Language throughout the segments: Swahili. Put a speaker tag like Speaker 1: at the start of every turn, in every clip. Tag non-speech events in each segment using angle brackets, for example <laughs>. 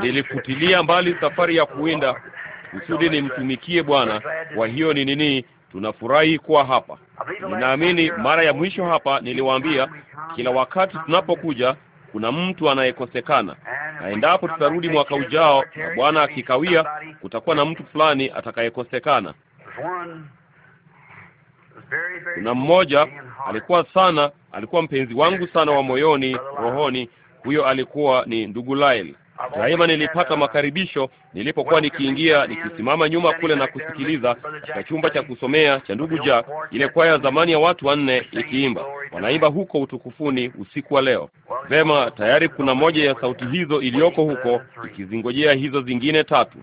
Speaker 1: Nilifutilia mbali safari ya kuwinda <laughs> kusudi nimtumikie Bwana. Kwa hiyo ni nini? Tunafurahi kuwa hapa.
Speaker 2: Ninaamini mara
Speaker 1: ya mwisho hapa niliwaambia, kila wakati tunapokuja kuna mtu anayekosekana,
Speaker 2: na endapo tutarudi mwaka ujao na Bwana
Speaker 1: akikawia, kutakuwa na mtu fulani atakayekosekana. Kuna mmoja alikuwa sana, alikuwa mpenzi wangu sana wa moyoni, rohoni huyo alikuwa ni ndugu Lyle. Daima nilipata makaribisho nilipokuwa nikiingia, nikisimama nyuma kule na kusikiliza katika chumba cha kusomea cha ndugu Jack, ile kwaya zamani ya watu wanne ikiimba. Wanaimba huko utukufuni usiku wa leo. Vema, tayari kuna moja ya sauti hizo iliyoko huko ikizingojea hizo zingine tatu.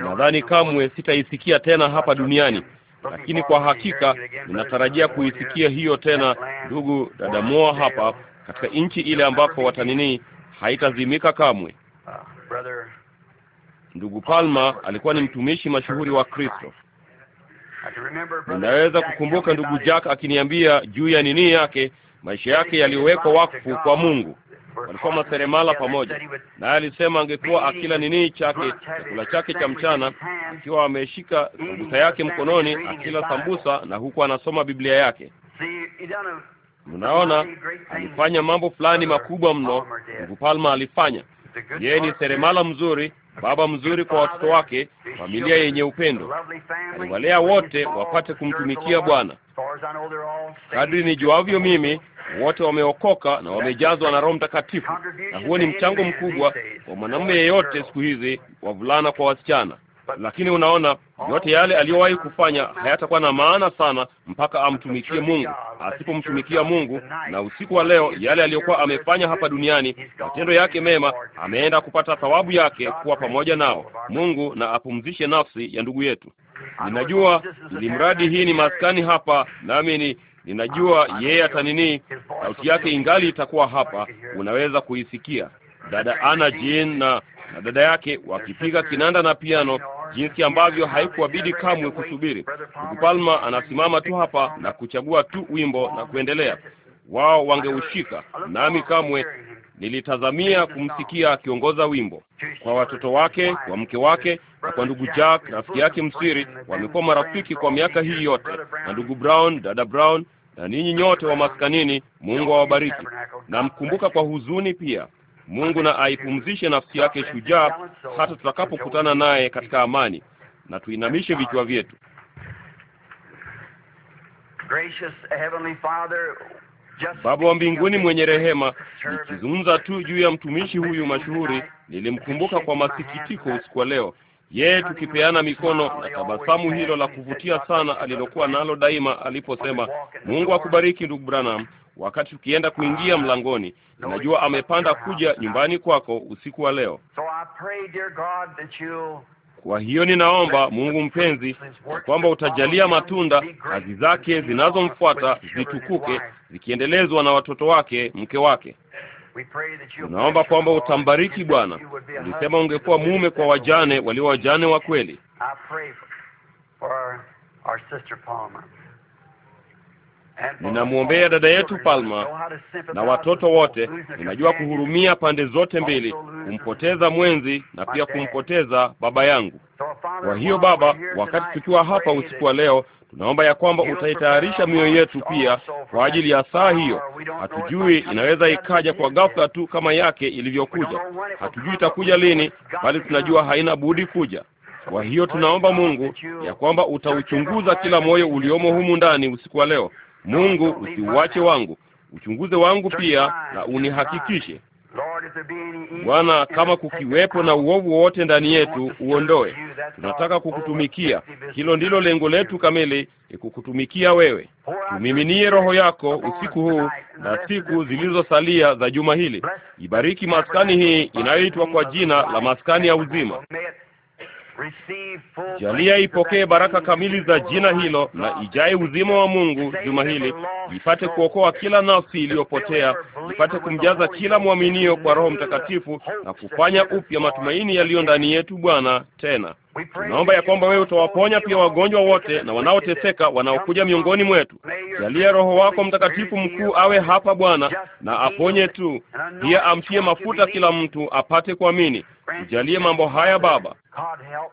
Speaker 1: Nadhani kamwe sitaisikia tena hapa duniani, lakini kwa hakika ninatarajia kuisikia hiyo tena, ndugu dadamoa hapa katika nchi ile ambapo watanini haitazimika kamwe. Ndugu Palma alikuwa ni mtumishi mashuhuri wa Kristo. Ninaweza kukumbuka ndugu Jack akiniambia juu ya nini yake, maisha yake yaliyowekwa wakfu kwa Mungu. Walikuwa maseremala pamoja, naye alisema angekuwa akila nini chake, chakula chake cha mchana, akiwa ameshika sambusa yake mkononi, akila sambusa na huku anasoma Biblia yake. Mnaona, alifanya mambo fulani makubwa mno. Ndugu Palma alifanya. Yeye ni seremala mzuri, baba mzuri kwa watoto wake, familia yenye upendo. Aliwalea wote wapate kumtumikia Bwana. Kadri nijuavyo mimi, wote wameokoka na wamejazwa na Roho Mtakatifu,
Speaker 2: na huo ni mchango mkubwa
Speaker 1: wa mwanamume yeyote siku hizi, wavulana kwa wasichana. Lakini unaona, yote yale aliyowahi kufanya hayatakuwa na maana sana mpaka amtumikie Mungu. Asipomtumikia Mungu, na usiku wa leo, yale aliyokuwa amefanya hapa duniani, matendo yake mema, ameenda kupata thawabu yake kuwa pamoja nao. Mungu na apumzishe nafsi ya ndugu yetu. Ninajua ili mradi hii ni maskani hapa, nami ni ninajua yeye atanini, sauti yake ingali itakuwa hapa, unaweza kuisikia dada Ana Jean na na dada yake wakipiga kinanda na piano, jinsi ambavyo haikuwabidi kamwe kusubiri. Ndugu Palma anasimama tu hapa na kuchagua tu wimbo na kuendelea. Wao wangeushika, nami kamwe nilitazamia kumsikia akiongoza wimbo kwa watoto wake, kwa mke wake na kwa ndugu Jack, rafiki yake msiri. Wamekuwa marafiki kwa miaka hii yote, na ndugu Brown, dada Brown na ninyi nyote wa maskanini. Mungu awabariki. Namkumbuka kwa huzuni pia Mungu na aipumzishe nafsi yake shujaa hata tutakapokutana naye katika amani, na tuinamishe vichwa vyetu. Baba wa mbinguni mwenye rehema, nikizungumza tu juu ya mtumishi huyu mashuhuri, nilimkumbuka kwa masikitiko usiku wa leo yeye tukipeana mikono na tabasamu hilo la kuvutia sana alilokuwa nalo daima aliposema, Mungu akubariki ndugu Branham, wakati tukienda kuingia mlangoni. Najua amepanda kuja nyumbani kwako usiku wa leo. Kwa hiyo ninaomba Mungu mpenzi, kwamba utajalia matunda, kazi zake zinazomfuata zitukuke, zikiendelezwa na watoto wake, mke wake Naomba kwamba utambariki Bwana. Ulisema ungekuwa mume kwa wajane walio wajane wa kweli. Ninamwombea dada yetu Palma na watoto wote. Ninajua kuhurumia pande zote mbili, kumpoteza mwenzi na pia kumpoteza baba yangu. Kwa hiyo, Baba, wakati tukiwa hapa usiku wa leo, tunaomba ya kwamba utaitayarisha mioyo yetu pia kwa ajili ya saa hiyo. Hatujui, inaweza ikaja kwa ghafla tu kama yake ilivyokuja. Hatujui itakuja lini, bali tunajua haina budi kuja. Kwa hiyo tunaomba Mungu ya kwamba utauchunguza kila moyo uliomo humu ndani usiku wa leo. Mungu, usiuache wangu, uchunguze wangu pia na unihakikishe
Speaker 2: Bwana, kama kukiwepo
Speaker 1: na uovu wowote ndani yetu, uondoe. Tunataka kukutumikia. Hilo ndilo lengo letu kamili, ni kukutumikia wewe. Tumiminie Roho yako usiku huu na siku zilizosalia za juma hili. Ibariki maskani hii inayoitwa kwa jina la maskani ya uzima. Jalia ipokee baraka kamili za jina hilo na ijae uzima wa Mungu juma hili, ipate kuokoa kila nafsi iliyopotea, ipate kumjaza kila mwaminio kwa Roho Mtakatifu na kufanya upya matumaini yaliyo ndani yetu Bwana tena Tunaomba ya kwamba wewe utawaponya pia wagonjwa wote na wanaoteseka wanaokuja miongoni mwetu. Jalia Roho wako Mtakatifu mkuu awe hapa Bwana, na aponye tu, pia amtie mafuta kila mtu apate kuamini.
Speaker 2: Tujalie mambo
Speaker 1: haya Baba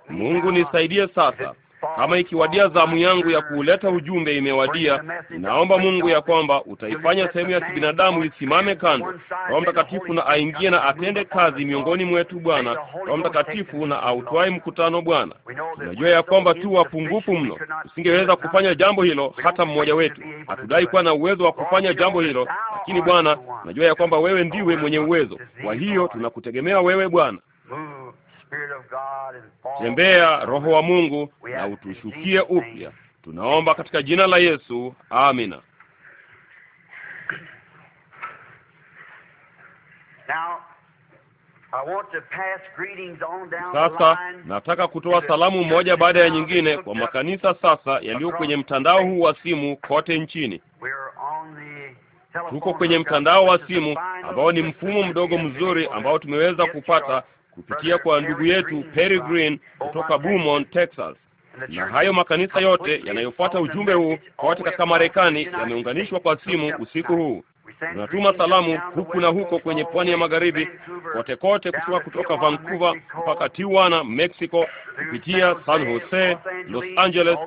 Speaker 1: Mungu, nisaidie sasa kama ikiwadia zamu yangu ya kuuleta ujumbe, imewadia, naomba Mungu ya kwamba utaifanya sehemu ya kibinadamu isimame kando. Roho Mtakatifu na aingie na atende kazi miongoni mwetu, Bwana. Roho Mtakatifu na autwae mkutano, Bwana. Tunajua ya kwamba tu wapungufu mno, usingeweza kufanya jambo hilo, hata mmoja wetu. Hatudai kuwa na uwezo wa kufanya jambo hilo, lakini Bwana, najua ya kwamba wewe ndiwe mwenye uwezo. Kwa hiyo tunakutegemea wewe, Bwana tembea Roho wa Mungu na utushukie upya. Tunaomba katika jina la Yesu, amina. Sasa nataka kutoa salamu moja baada ya nyingine kwa makanisa sasa yaliyo kwenye mtandao huu wa simu kote nchini. Tuko kwenye mtandao wa simu ambao ni mfumo mdogo mzuri ambao tumeweza kupata kupitia kwa ndugu yetu Perry Green kutoka Beaumont, Texas. Na hayo makanisa yote yanayofuata ujumbe huu kote katika Marekani yameunganishwa kwa simu usiku huu. Tunatuma salamu huku na huko kwenye pwani ya magharibi kote kote, kutoka kutoka Vancouver mpaka Tijuana, Mexico, kupitia San Jose, Los Angeles,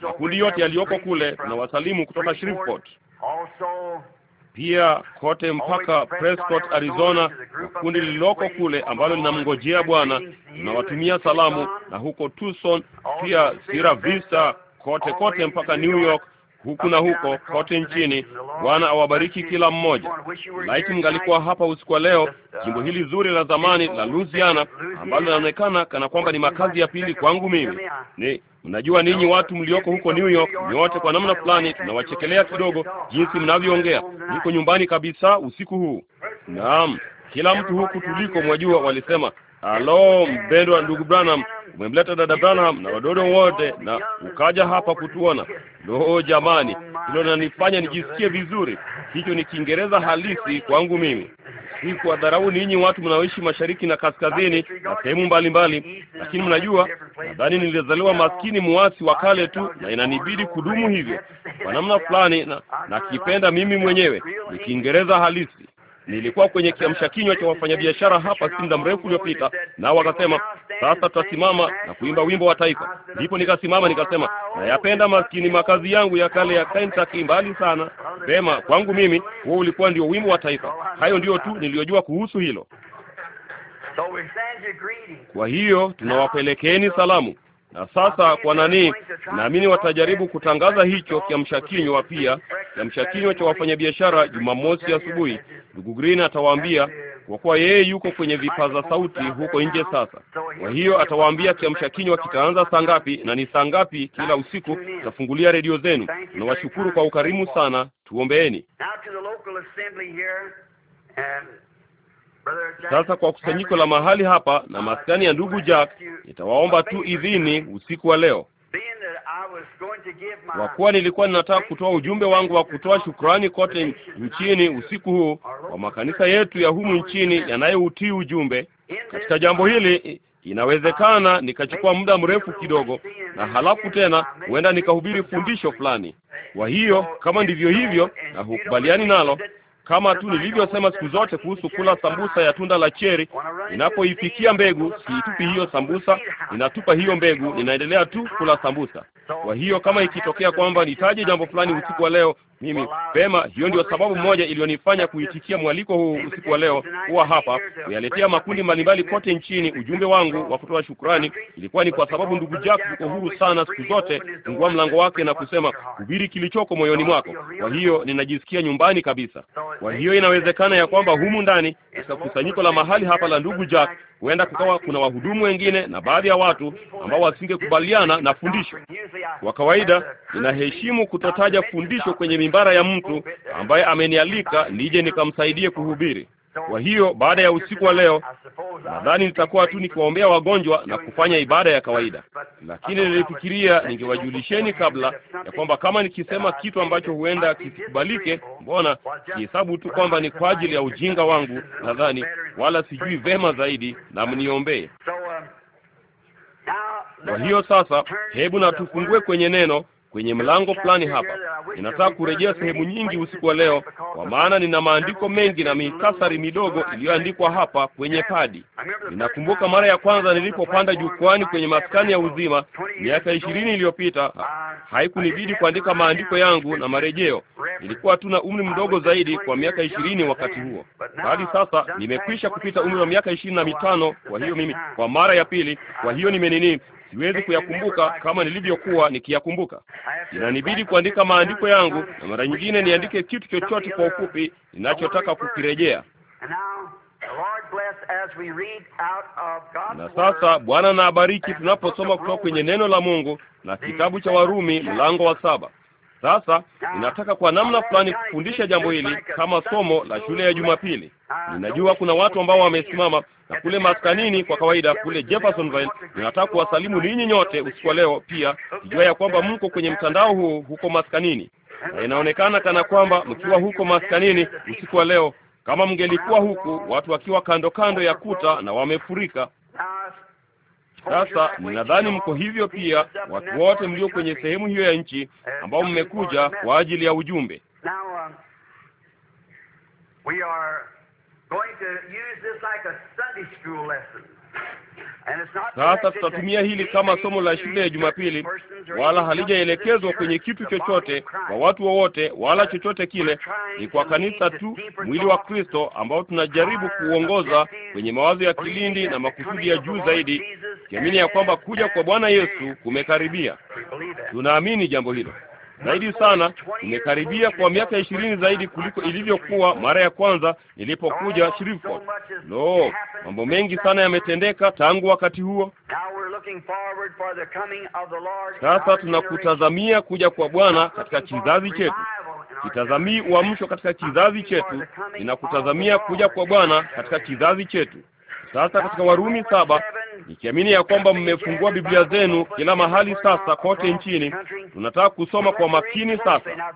Speaker 1: makundi yote yaliyoko kule. na wasalimu kutoka Shreveport pia kote mpaka Prescott, Arizona, na kundi lililoko kule ambalo linamngojea Bwana. Tunawatumia salamu na huko Tucson pia, Sierra Vista, kote kote mpaka New York huku na huko kote nchini. Bwana awabariki kila mmoja. Laiti mngalikuwa hapa usiku wa leo, jimbo hili zuri la zamani la Louisiana ambalo linaonekana kana kwamba ni makazi ya pili kwangu mimi. Ni mnajua ninyi watu mlioko huko New York, nyote kwa namna fulani tunawachekelea kidogo jinsi mnavyoongea. Niko nyumbani kabisa usiku huu. Naam, kila mtu huku tuliko, mwajua, walisema Alo, mpendwa ndugu Branham, umemleta dada Branham na wadodo wote na ukaja hapa kutuona. Lo, jamani, hilo nanifanya nijisikie vizuri. Hicho ni Kiingereza halisi kwangu mimi. Si dharau ninyi watu mnaoishi mashariki na kaskazini na sehemu mbalimbali, lakini mnajua, nadhani nilizaliwa maskini muasi wa kale tu, na inanibidi kudumu hivyo kwa namna fulani, na nakipenda mimi mwenyewe. Ni Kiingereza halisi. Nilikuwa kwenye kiamsha kinywa cha wafanyabiashara hapa si muda mrefu uliopita, nao wakasema, sasa tutasimama na kuimba wimbo wa taifa. Ndipo nikasimama nikasema, nayapenda maskini makazi yangu ya kale ya Kentucky, mbali sana. Vema, kwangu mimi huo ulikuwa ndio wimbo wa taifa. Hayo ndiyo tu niliyojua kuhusu hilo. Kwa hiyo tunawapelekeni salamu. Na sasa kwa nani, naamini watajaribu kutangaza hicho kiamsha kinywa pia, kiamsha kinywa cha wafanyabiashara Jumamosi asubuhi. Ndugu Green atawaambia kwa kuwa yeye yuko kwenye vipaza sauti huko nje sasa. Kwa hiyo atawaambia kiamsha kinywa kitaanza saa ngapi na ni saa ngapi kila usiku. Tafungulia redio zenu. Tunawashukuru kwa ukarimu sana, tuombeeni. Sasa kwa kusanyiko la mahali hapa na maskani ya ndugu Jack, nitawaomba tu idhini usiku wa leo, kwa kuwa nilikuwa ninataka kutoa ujumbe wangu wa kutoa shukrani kote nchini usiku huu kwa makanisa yetu ya humu nchini yanayoutii ujumbe katika jambo hili. Inawezekana nikachukua muda mrefu kidogo, na halafu tena huenda nikahubiri fundisho fulani. Kwa hiyo kama ndivyo hivyo na hukubaliani nalo, kama tu nilivyosema siku zote kuhusu kula sambusa ya tunda la cheri, ninapoifikia mbegu, siitupi hiyo sambusa, ninatupa hiyo mbegu, ninaendelea tu kula sambusa. Kwa hiyo kama ikitokea kwamba nitaje jambo fulani usiku wa leo mimi pema. Hiyo ndio sababu moja iliyonifanya kuitikia mwaliko huu usiku wa leo kuwa hapa kuyaletea makundi mbalimbali kote nchini ujumbe wangu wa kutoa shukrani. Ilikuwa ni kwa sababu ndugu Jack yuko huru sana siku zote kufungua mlango wake na kusema, hubiri kilichoko moyoni mwako. Kwa hiyo ninajisikia nyumbani kabisa. Kwa hiyo inawezekana ya kwamba humu ndani katika kusanyiko la mahali hapa la ndugu Jack huenda kukawa kuna wahudumu wengine na baadhi ya watu ambao wasingekubaliana na fundisho.
Speaker 2: Kwa kawaida,
Speaker 1: ninaheshimu kutotaja fundisho kwenye mimbara ya mtu ambaye amenialika nije nikamsaidie kuhubiri. Kwa hiyo baada ya usiku wa leo, nadhani nitakuwa tu nikiwaombea wagonjwa na kufanya ibada ya kawaida, lakini nilifikiria ningewajulisheni kabla ya kwamba kama nikisema kitu ambacho huenda kisikubalike, mbona kihesabu tu kwamba ni kwa ajili ya ujinga wangu, nadhani wala sijui vema zaidi, na mniombee. Kwa hiyo sasa, hebu natufungue kwenye neno kwenye mlango fulani hapa. Ninataka kurejea sehemu nyingi usiku wa leo, kwa maana nina maandiko mengi na mikasari midogo iliyoandikwa hapa kwenye padi. Ninakumbuka mara ya kwanza nilipopanda jukwani kwenye maskani ya uzima miaka ishirini iliyopita. Haikunibidi kuandika maandiko yangu na marejeo, nilikuwa tu na umri mdogo zaidi kwa miaka ishirini wakati huo, bali sasa nimekwisha kupita umri wa miaka ishirini na mitano. Kwa hiyo mimi kwa mara ya pili, kwa hiyo nimenini siwezi kuyakumbuka kama nilivyokuwa nikiyakumbuka. Inanibidi kuandika maandiko yangu, na mara nyingine niandike kitu chochote kwa ufupi ninachotaka kukirejea. Na sasa Bwana na abariki tunaposoma kutoka kwenye neno la Mungu na kitabu cha Warumi mlango wa saba. Sasa ah, ninataka kwa namna fulani kufundisha jambo hili kama somo la shule ya Jumapili. Ah, Ninajua kuna watu ambao wamesimama na kule maskanini, kwa kawaida kule Jeffersonville. Ninataka kuwasalimu ninyi nyote usiku wa leo, pia kijua ya kwamba mko kwenye mtandao huu huko maskanini, na inaonekana kana kwamba mkiwa huko maskanini usiku wa leo, kama mngelikuwa huku watu wakiwa kando kando ya kuta na wamefurika sasa ninadhani mko hivyo pia, watu wote mlio kwenye sehemu hiyo ya nchi ambao mmekuja kwa ajili ya ujumbe.
Speaker 3: Sasa tutatumia hili kama
Speaker 1: somo la shule ya Jumapili, wala halijaelekezwa kwenye kitu chochote kwa watu wowote wa wala chochote kile. Ni kwa kanisa tu, mwili wa Kristo ambao tunajaribu kuuongoza kwenye mawazo ya kilindi na makusudi ya juu zaidi, kiamini ya kwamba kuja kwa Bwana Yesu kumekaribia. Tunaamini jambo hilo zaidi sana. Imekaribia kwa miaka ishirini zaidi kuliko ilivyokuwa mara ya kwanza nilipokuja Shreveport. Lo, mambo mengi sana yametendeka tangu wakati huo.
Speaker 3: Sasa tunakutazamia
Speaker 1: kuja kwa Bwana katika kizazi chetu, kitazamii uamsho katika kizazi chetu, ninakutazamia kuja kwa Bwana katika kizazi chetu. Sasa katika Warumi saba, nikiamini ya kwamba mmefungua Biblia zenu kila mahali sasa kote nchini, tunataka kusoma kwa makini sasa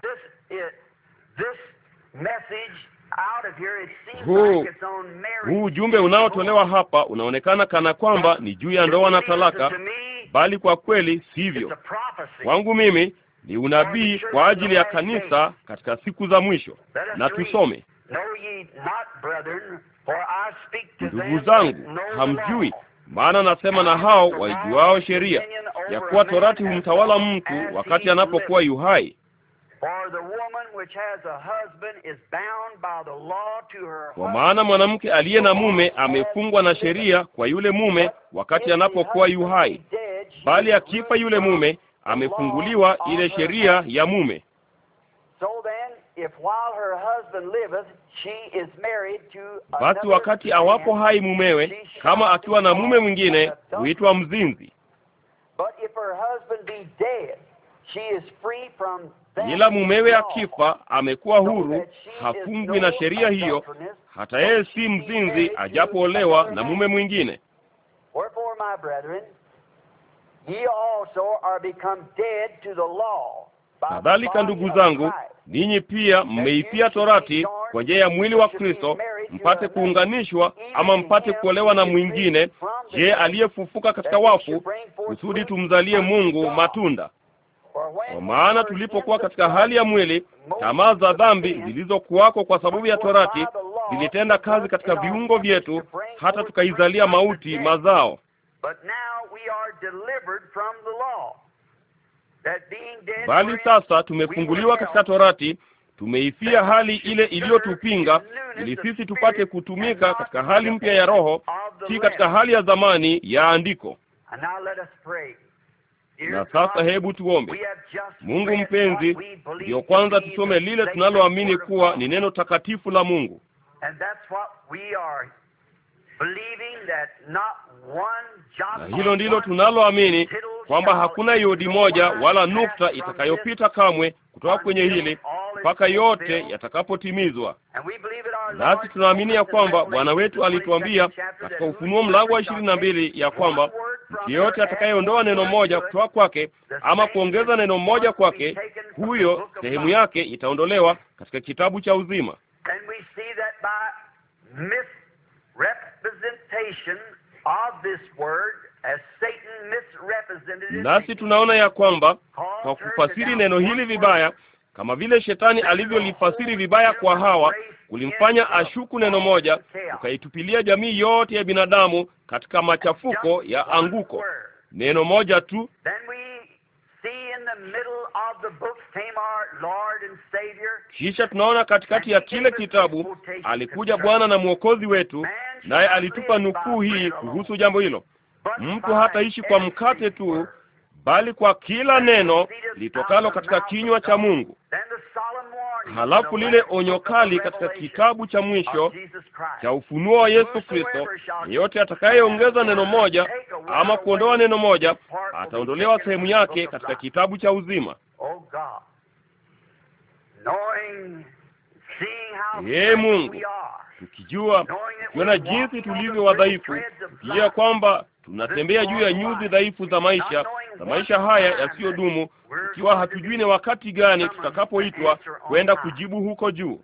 Speaker 3: huu huu
Speaker 1: ujumbe unaotolewa hapa unaonekana kana kwamba ni juu ya ndoa na talaka, bali kwa kweli sivyo. Kwangu mimi ni unabii kwa ajili ya kanisa katika siku za mwisho. Na tusome Ndugu zangu, hamjui maana nasema na hao waijuao sheria
Speaker 3: ya kuwa torati
Speaker 1: humtawala mtu wakati anapokuwa yuhai, kwa maana mwanamke aliye na mume amefungwa na sheria kwa yule mume wakati anapokuwa yuhai, bali akifa yule mume amefunguliwa ile sheria ya mume.
Speaker 3: Basi wakati
Speaker 1: awapo hai mumewe, kama akiwa na mume mwingine, huitwa mzinzi. Ila mumewe akifa, amekuwa huru, hafungwi na sheria hiyo. Hata yeye si mzinzi, ajapoolewa na mume mwingine. Kadhalika ndugu zangu, ninyi pia mmeipia torati kwa njia ya mwili wa Kristo, mpate kuunganishwa ama mpate kuolewa na mwingine, je, aliyefufuka katika wafu, kusudi tumzalie Mungu matunda. Kwa maana tulipokuwa katika hali ya mwili, tamaa za dhambi zilizokuwako kwa sababu ya torati zilitenda kazi katika viungo vyetu, hata tukaizalia mauti mazao bali sasa tumefunguliwa katika torati, tumeifia hali ile iliyotupinga ili sisi tupate kutumika katika hali mpya ya roho,
Speaker 3: si katika hali ya
Speaker 1: zamani ya andiko. Na sasa hebu tuombe. Mungu mpenzi, ndiyo kwanza tusome lile tunaloamini kuwa ni neno takatifu la Mungu,
Speaker 3: na hilo ndilo
Speaker 1: tunaloamini
Speaker 3: kwamba hakuna
Speaker 1: yodi moja wala nukta itakayopita kamwe kutoka kwenye hili mpaka yote yatakapotimizwa. Nasi tunaamini ya kwamba Bwana wetu alituambia katika Ufunuo mlango wa ishirini na mbili ya kwamba mtu yeyote atakayeondoa neno moja kutoka kwake ama kuongeza neno moja kwake,
Speaker 3: huyo sehemu yake
Speaker 1: itaondolewa katika kitabu cha uzima. Nasi tunaona ya kwamba kwa kufasiri neno hili vibaya, kama vile shetani alivyolifasiri vibaya kwa Hawa, kulimfanya ashuku neno moja, ukaitupilia jamii yote ya binadamu katika machafuko ya anguko. Neno moja tu kisha tunaona katikati ya kile kitabu alikuja Bwana na Mwokozi wetu, naye alitupa nukuu hii kuhusu jambo hilo: mtu hataishi kwa mkate tu, bali kwa kila neno litokalo katika kinywa cha Mungu. Halafu lile onyo kali katika kitabu cha mwisho cha ufunuo wa Yesu Kristo, yeyote atakayeongeza neno moja
Speaker 2: ama kuondoa neno moja
Speaker 1: ataondolewa sehemu yake katika kitabu cha uzima.
Speaker 3: Ee Mungu,
Speaker 1: tukijua tukiona jinsi tulivyo wadhaifu, tukijua kwamba tunatembea juu ya nyuzi dhaifu za maisha za maisha haya yasiyodumu, ikiwa hatujui ni wakati gani tutakapoitwa kwenda kujibu huko juu.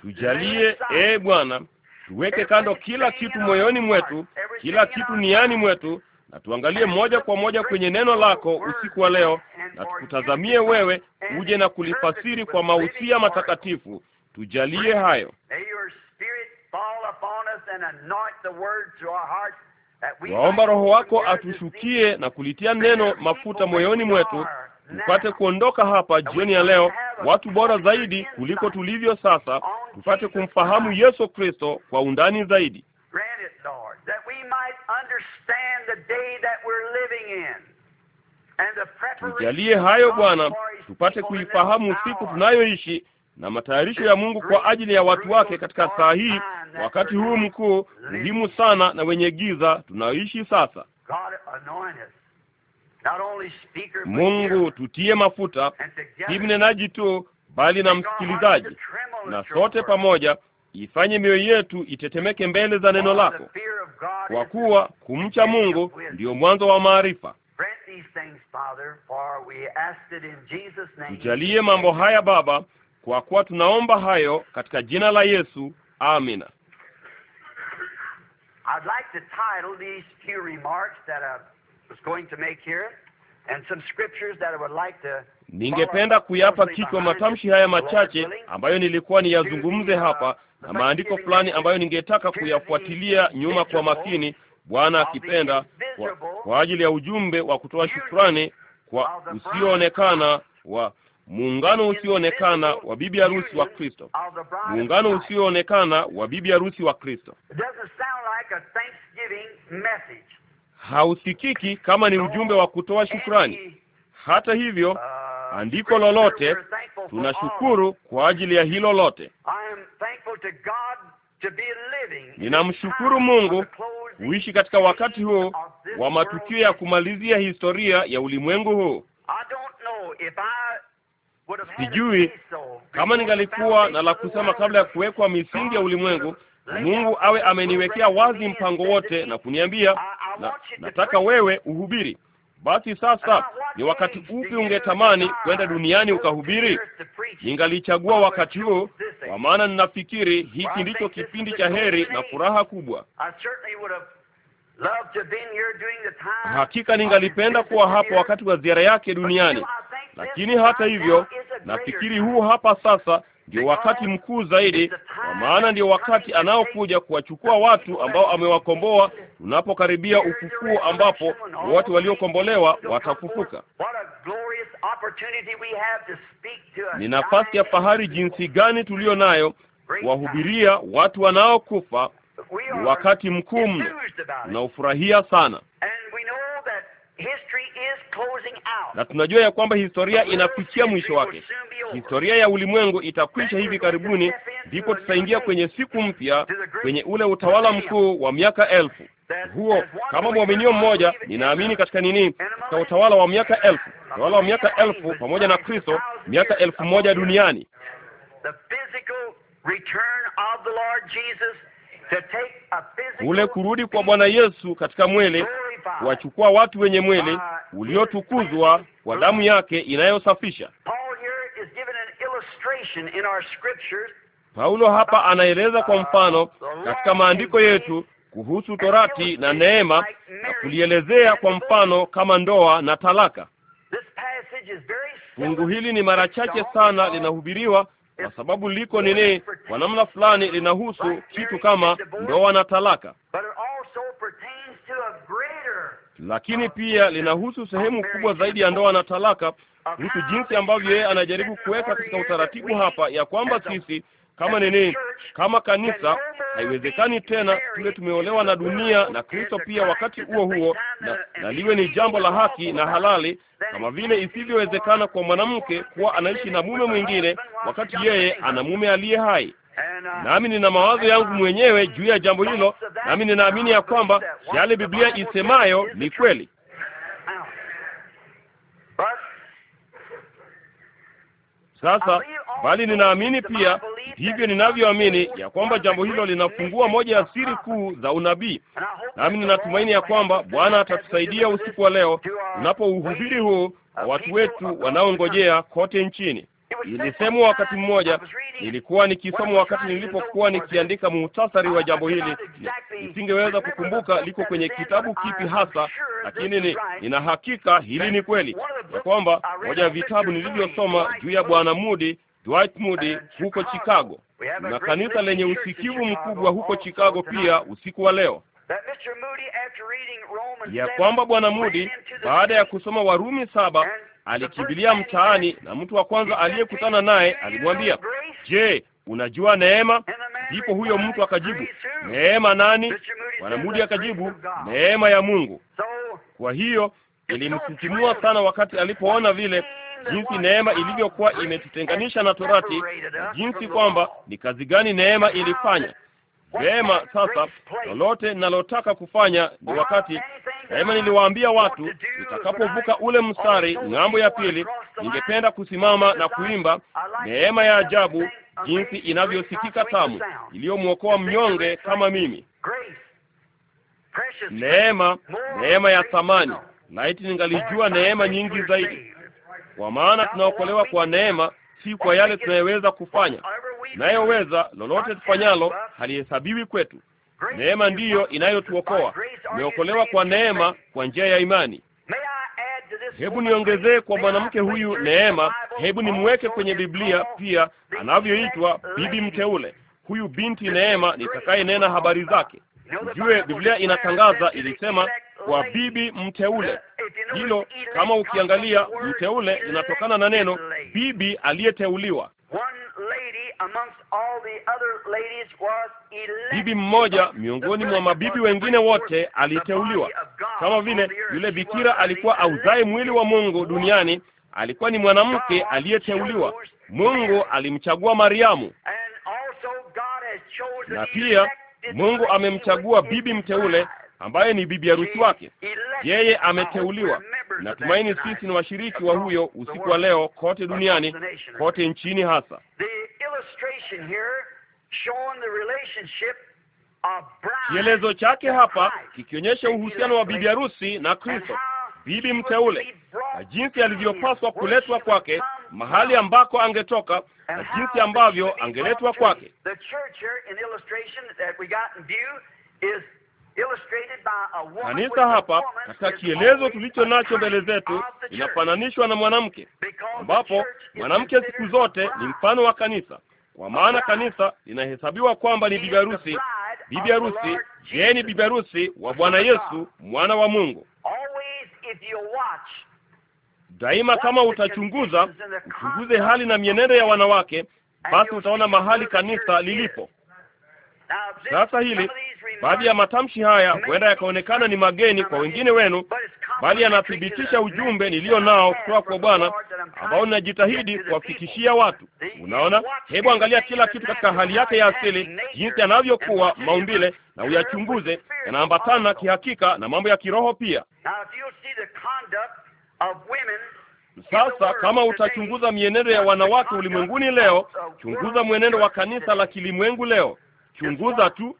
Speaker 1: Tujalie e Bwana, tuweke kando kila kitu moyoni mwetu, kila kitu niani mwetu, na tuangalie moja kwa moja kwenye neno lako usiku wa leo, na tukutazamie wewe uje na kulifasiri kwa mausia matakatifu. Tujalie hayo. Waomba Roho wako atushukie na kulitia neno mafuta moyoni mwetu, tupate kuondoka hapa jioni ya leo watu bora zaidi kuliko tulivyo sasa, tupate kumfahamu Yesu Kristo kwa undani zaidi.
Speaker 3: Tujalie hayo Bwana, tupate kuifahamu
Speaker 1: siku tunayoishi na matayarisho ya Mungu kwa ajili ya watu wake katika saa hii, wakati huu mkuu, muhimu sana na wenye giza tunaoishi sasa.
Speaker 3: Mungu
Speaker 1: tutie mafuta,
Speaker 3: si mnenaji
Speaker 1: tu, bali na msikilizaji, na sote pamoja ifanye mioyo yetu itetemeke mbele za neno lako, kwa kuwa kumcha Mungu ndiyo mwanzo wa maarifa. Tujalie mambo haya Baba kwa kuwa tunaomba hayo katika jina la Yesu, amina.
Speaker 3: I'd like to title these few remarks that I was going to make here and some scriptures that I would like to
Speaker 1: Ningependa kuyapa kichwa matamshi haya machache ambayo nilikuwa niyazungumze uh, hapa na maandiko fulani ambayo ningetaka kuyafuatilia nyuma kwa makini, Bwana akipenda, kwa, kwa ajili ya ujumbe wa kutoa shukrani kwa usioonekana wa muungano usioonekana wa bibi harusi wa Kristo, muungano usioonekana wa bibi harusi wa Kristo. Hausikiki kama ni ujumbe wa kutoa shukrani. Hata hivyo, andiko lolote,
Speaker 3: tunashukuru
Speaker 1: kwa ajili ya hilo lote.
Speaker 3: Ninamshukuru Mungu
Speaker 1: kuishi katika wakati huu wa matukio ya kumalizia historia ya ulimwengu huu. Sijui kama ningalikuwa na la kusema kabla ya kuwekwa misingi ya ulimwengu, Mungu awe ameniwekea wazi mpango wote na kuniambia na, nataka wewe uhubiri. Basi sasa ni wakati upi ungetamani kwenda duniani ukahubiri? Ningalichagua wakati huu, kwa maana ninafikiri hiki ndicho kipindi cha heri na furaha kubwa. Hakika ningalipenda kuwa hapo wakati wa ziara yake duniani, lakini hata hivyo, nafikiri huu hapa sasa ndio wakati mkuu zaidi, kwa maana ndio wakati anaokuja kuwachukua watu ambao amewakomboa, tunapokaribia ufufuo, ambapo wote waliokombolewa watafufuka. Ni nafasi ya fahari jinsi gani tuliyo nayo
Speaker 2: kuwahubiria watu
Speaker 1: wanaokufa. Ni wakati mkuu mno, tunaufurahia sana na tunajua ya kwamba historia inafikia mwisho wake. Historia ya ulimwengu itakwisha hivi karibuni, ndipo tutaingia kwenye siku mpya, kwenye ule utawala mkuu wa miaka elfu huo. Kama mwaminio mmoja, ninaamini katika nini? Katika utawala wa miaka elfu, utawala wa miaka elfu pamoja na Kristo, miaka elfu moja duniani ule kurudi kwa Bwana Yesu katika mwele kuwachukua watu wenye mwili uliotukuzwa kwa damu yake inayosafisha. Paulo hapa anaeleza kwa mfano katika maandiko yetu kuhusu torati na neema na kulielezea kwa mfano kama ndoa na talaka. Fungu hili ni mara chache sana linahubiriwa kwa sababu liko nini, kwa namna fulani linahusu kitu kama ndoa na talaka, lakini pia linahusu sehemu kubwa zaidi ya ndoa na talaka, kuhusu jinsi ambavyo yeye anajaribu kuweka katika utaratibu hapa, ya kwamba sisi kama nini, kama kanisa, haiwezekani tena tule tumeolewa na dunia na Kristo pia wakati huo huo, na, na liwe ni jambo la haki na halali, kama vile isivyowezekana kwa mwanamke kuwa anaishi na mume mwingine wakati yeye ana mume aliye hai nami nina mawazo yangu mwenyewe juu ya jambo hilo, nami ninaamini ya kwamba yale Biblia isemayo ni kweli. Sasa
Speaker 2: bali ninaamini pia, hivyo ninavyoamini ya kwamba jambo hilo
Speaker 1: linafungua moja ya siri kuu za unabii, nami ninatumaini ya kwamba Bwana atatusaidia usiku wa leo unapouhubiri huu kwa watu wetu wanaongojea kote nchini. Ilisemwa wakati mmoja, nilikuwa nikisoma wakati nilipokuwa nikiandika muhtasari wa jambo hili. Nisingeweza kukumbuka liko kwenye kitabu kipi hasa, lakini ni nina hakika hili ni kweli ya kwamba moja ya vitabu nilivyosoma juu ya Bwana Moody, Dwight Moody huko Chicago,
Speaker 2: na kanisa
Speaker 1: lenye usikivu mkubwa huko Chicago pia usiku wa leo
Speaker 3: ya kwamba Bwana Moody
Speaker 1: baada ya kusoma Warumi saba alikimbilia mtaani na mtu wa kwanza aliyekutana naye alimwambia, je, unajua neema? Ndipo huyo mtu akajibu, neema nani? Bwana Mudi akajibu, neema ya Mungu. Kwa hiyo ilimsisimua sana wakati alipoona vile jinsi neema ilivyokuwa imetutenganisha na torati, na jinsi kwamba ni kazi gani neema ilifanya Vema, sasa lolote ninalotaka kufanya ni wakati daima niliwaambia watu, nitakapovuka ule mstari ng'ambo ya pili, ningependa kusimama na kuimba neema ya ajabu, jinsi inavyosikika tamu, iliyomwokoa mnyonge kama mimi.
Speaker 2: Neema, neema
Speaker 1: ya thamani! Laiti ningalijua neema nyingi zaidi, kwa maana tunaokolewa kwa neema, si kwa yale tunayoweza kufanya,
Speaker 2: nayoweza
Speaker 1: lolote tufanyalo halihesabiwi kwetu. Neema ndiyo inayotuokoa. Tumeokolewa kwa neema kwa njia ya imani. Hebu niongezee kwa mwanamke huyu Neema, hebu nimweke kwenye Biblia pia anavyoitwa bibi mteule. Huyu binti Neema nitakayenena habari zake, jue Biblia inatangaza ilisema, kwa bibi mteule. Uh, Hilo kama ukiangalia mteule linatokana na neno bibi aliyeteuliwa bibi mmoja miongoni mwa mabibi wengine wote aliteuliwa. Kama vile yule bikira alikuwa auzae mwili wa Mungu duniani, alikuwa ni mwanamke aliyeteuliwa. Mungu alimchagua Mariamu, na pia Mungu amemchagua bibi mteule ambaye ni bibi harusi wake. Yeye ameteuliwa. Natumaini sisi ni washiriki wa huyo usiku wa leo kote duniani, kote nchini hasa kielezo chake hapa kikionyesha uhusiano wa bibi harusi na Kristo, bibi mteule, na jinsi alivyopaswa kuletwa kwake, mahali ambako angetoka, na jinsi ambavyo angeletwa kwake.
Speaker 3: Kanisa hapa
Speaker 1: katika kielezo tulicho nacho mbele zetu inafananishwa na mwanamke, ambapo mwanamke siku zote ni mfano wa kanisa, kwa maana kanisa linahesabiwa kwamba ni bibi harusi.
Speaker 3: Bibi harusi,
Speaker 1: ni bibi harusi wa Bwana Yesu mwana wa Mungu. Daima kama utachunguza, uchunguze hali na mienendo ya wanawake, basi utaona mahali kanisa lilipo. Sasa hili Baadhi ya matamshi haya huenda yakaonekana ni mageni kwa wengine wenu, bali yanathibitisha ujumbe nilio nao kutoka kwa Bwana ambao ninajitahidi kuwafikishia watu. Unaona, hebu angalia kila kitu katika hali yake ya asili, jinsi yanavyokuwa maumbile, na uyachunguze. Yanaambatana kihakika na mambo ya kiroho pia. Sasa kama utachunguza mienendo ya wanawake ulimwenguni leo, chunguza mwenendo wa kanisa la kilimwengu leo chunguza tu.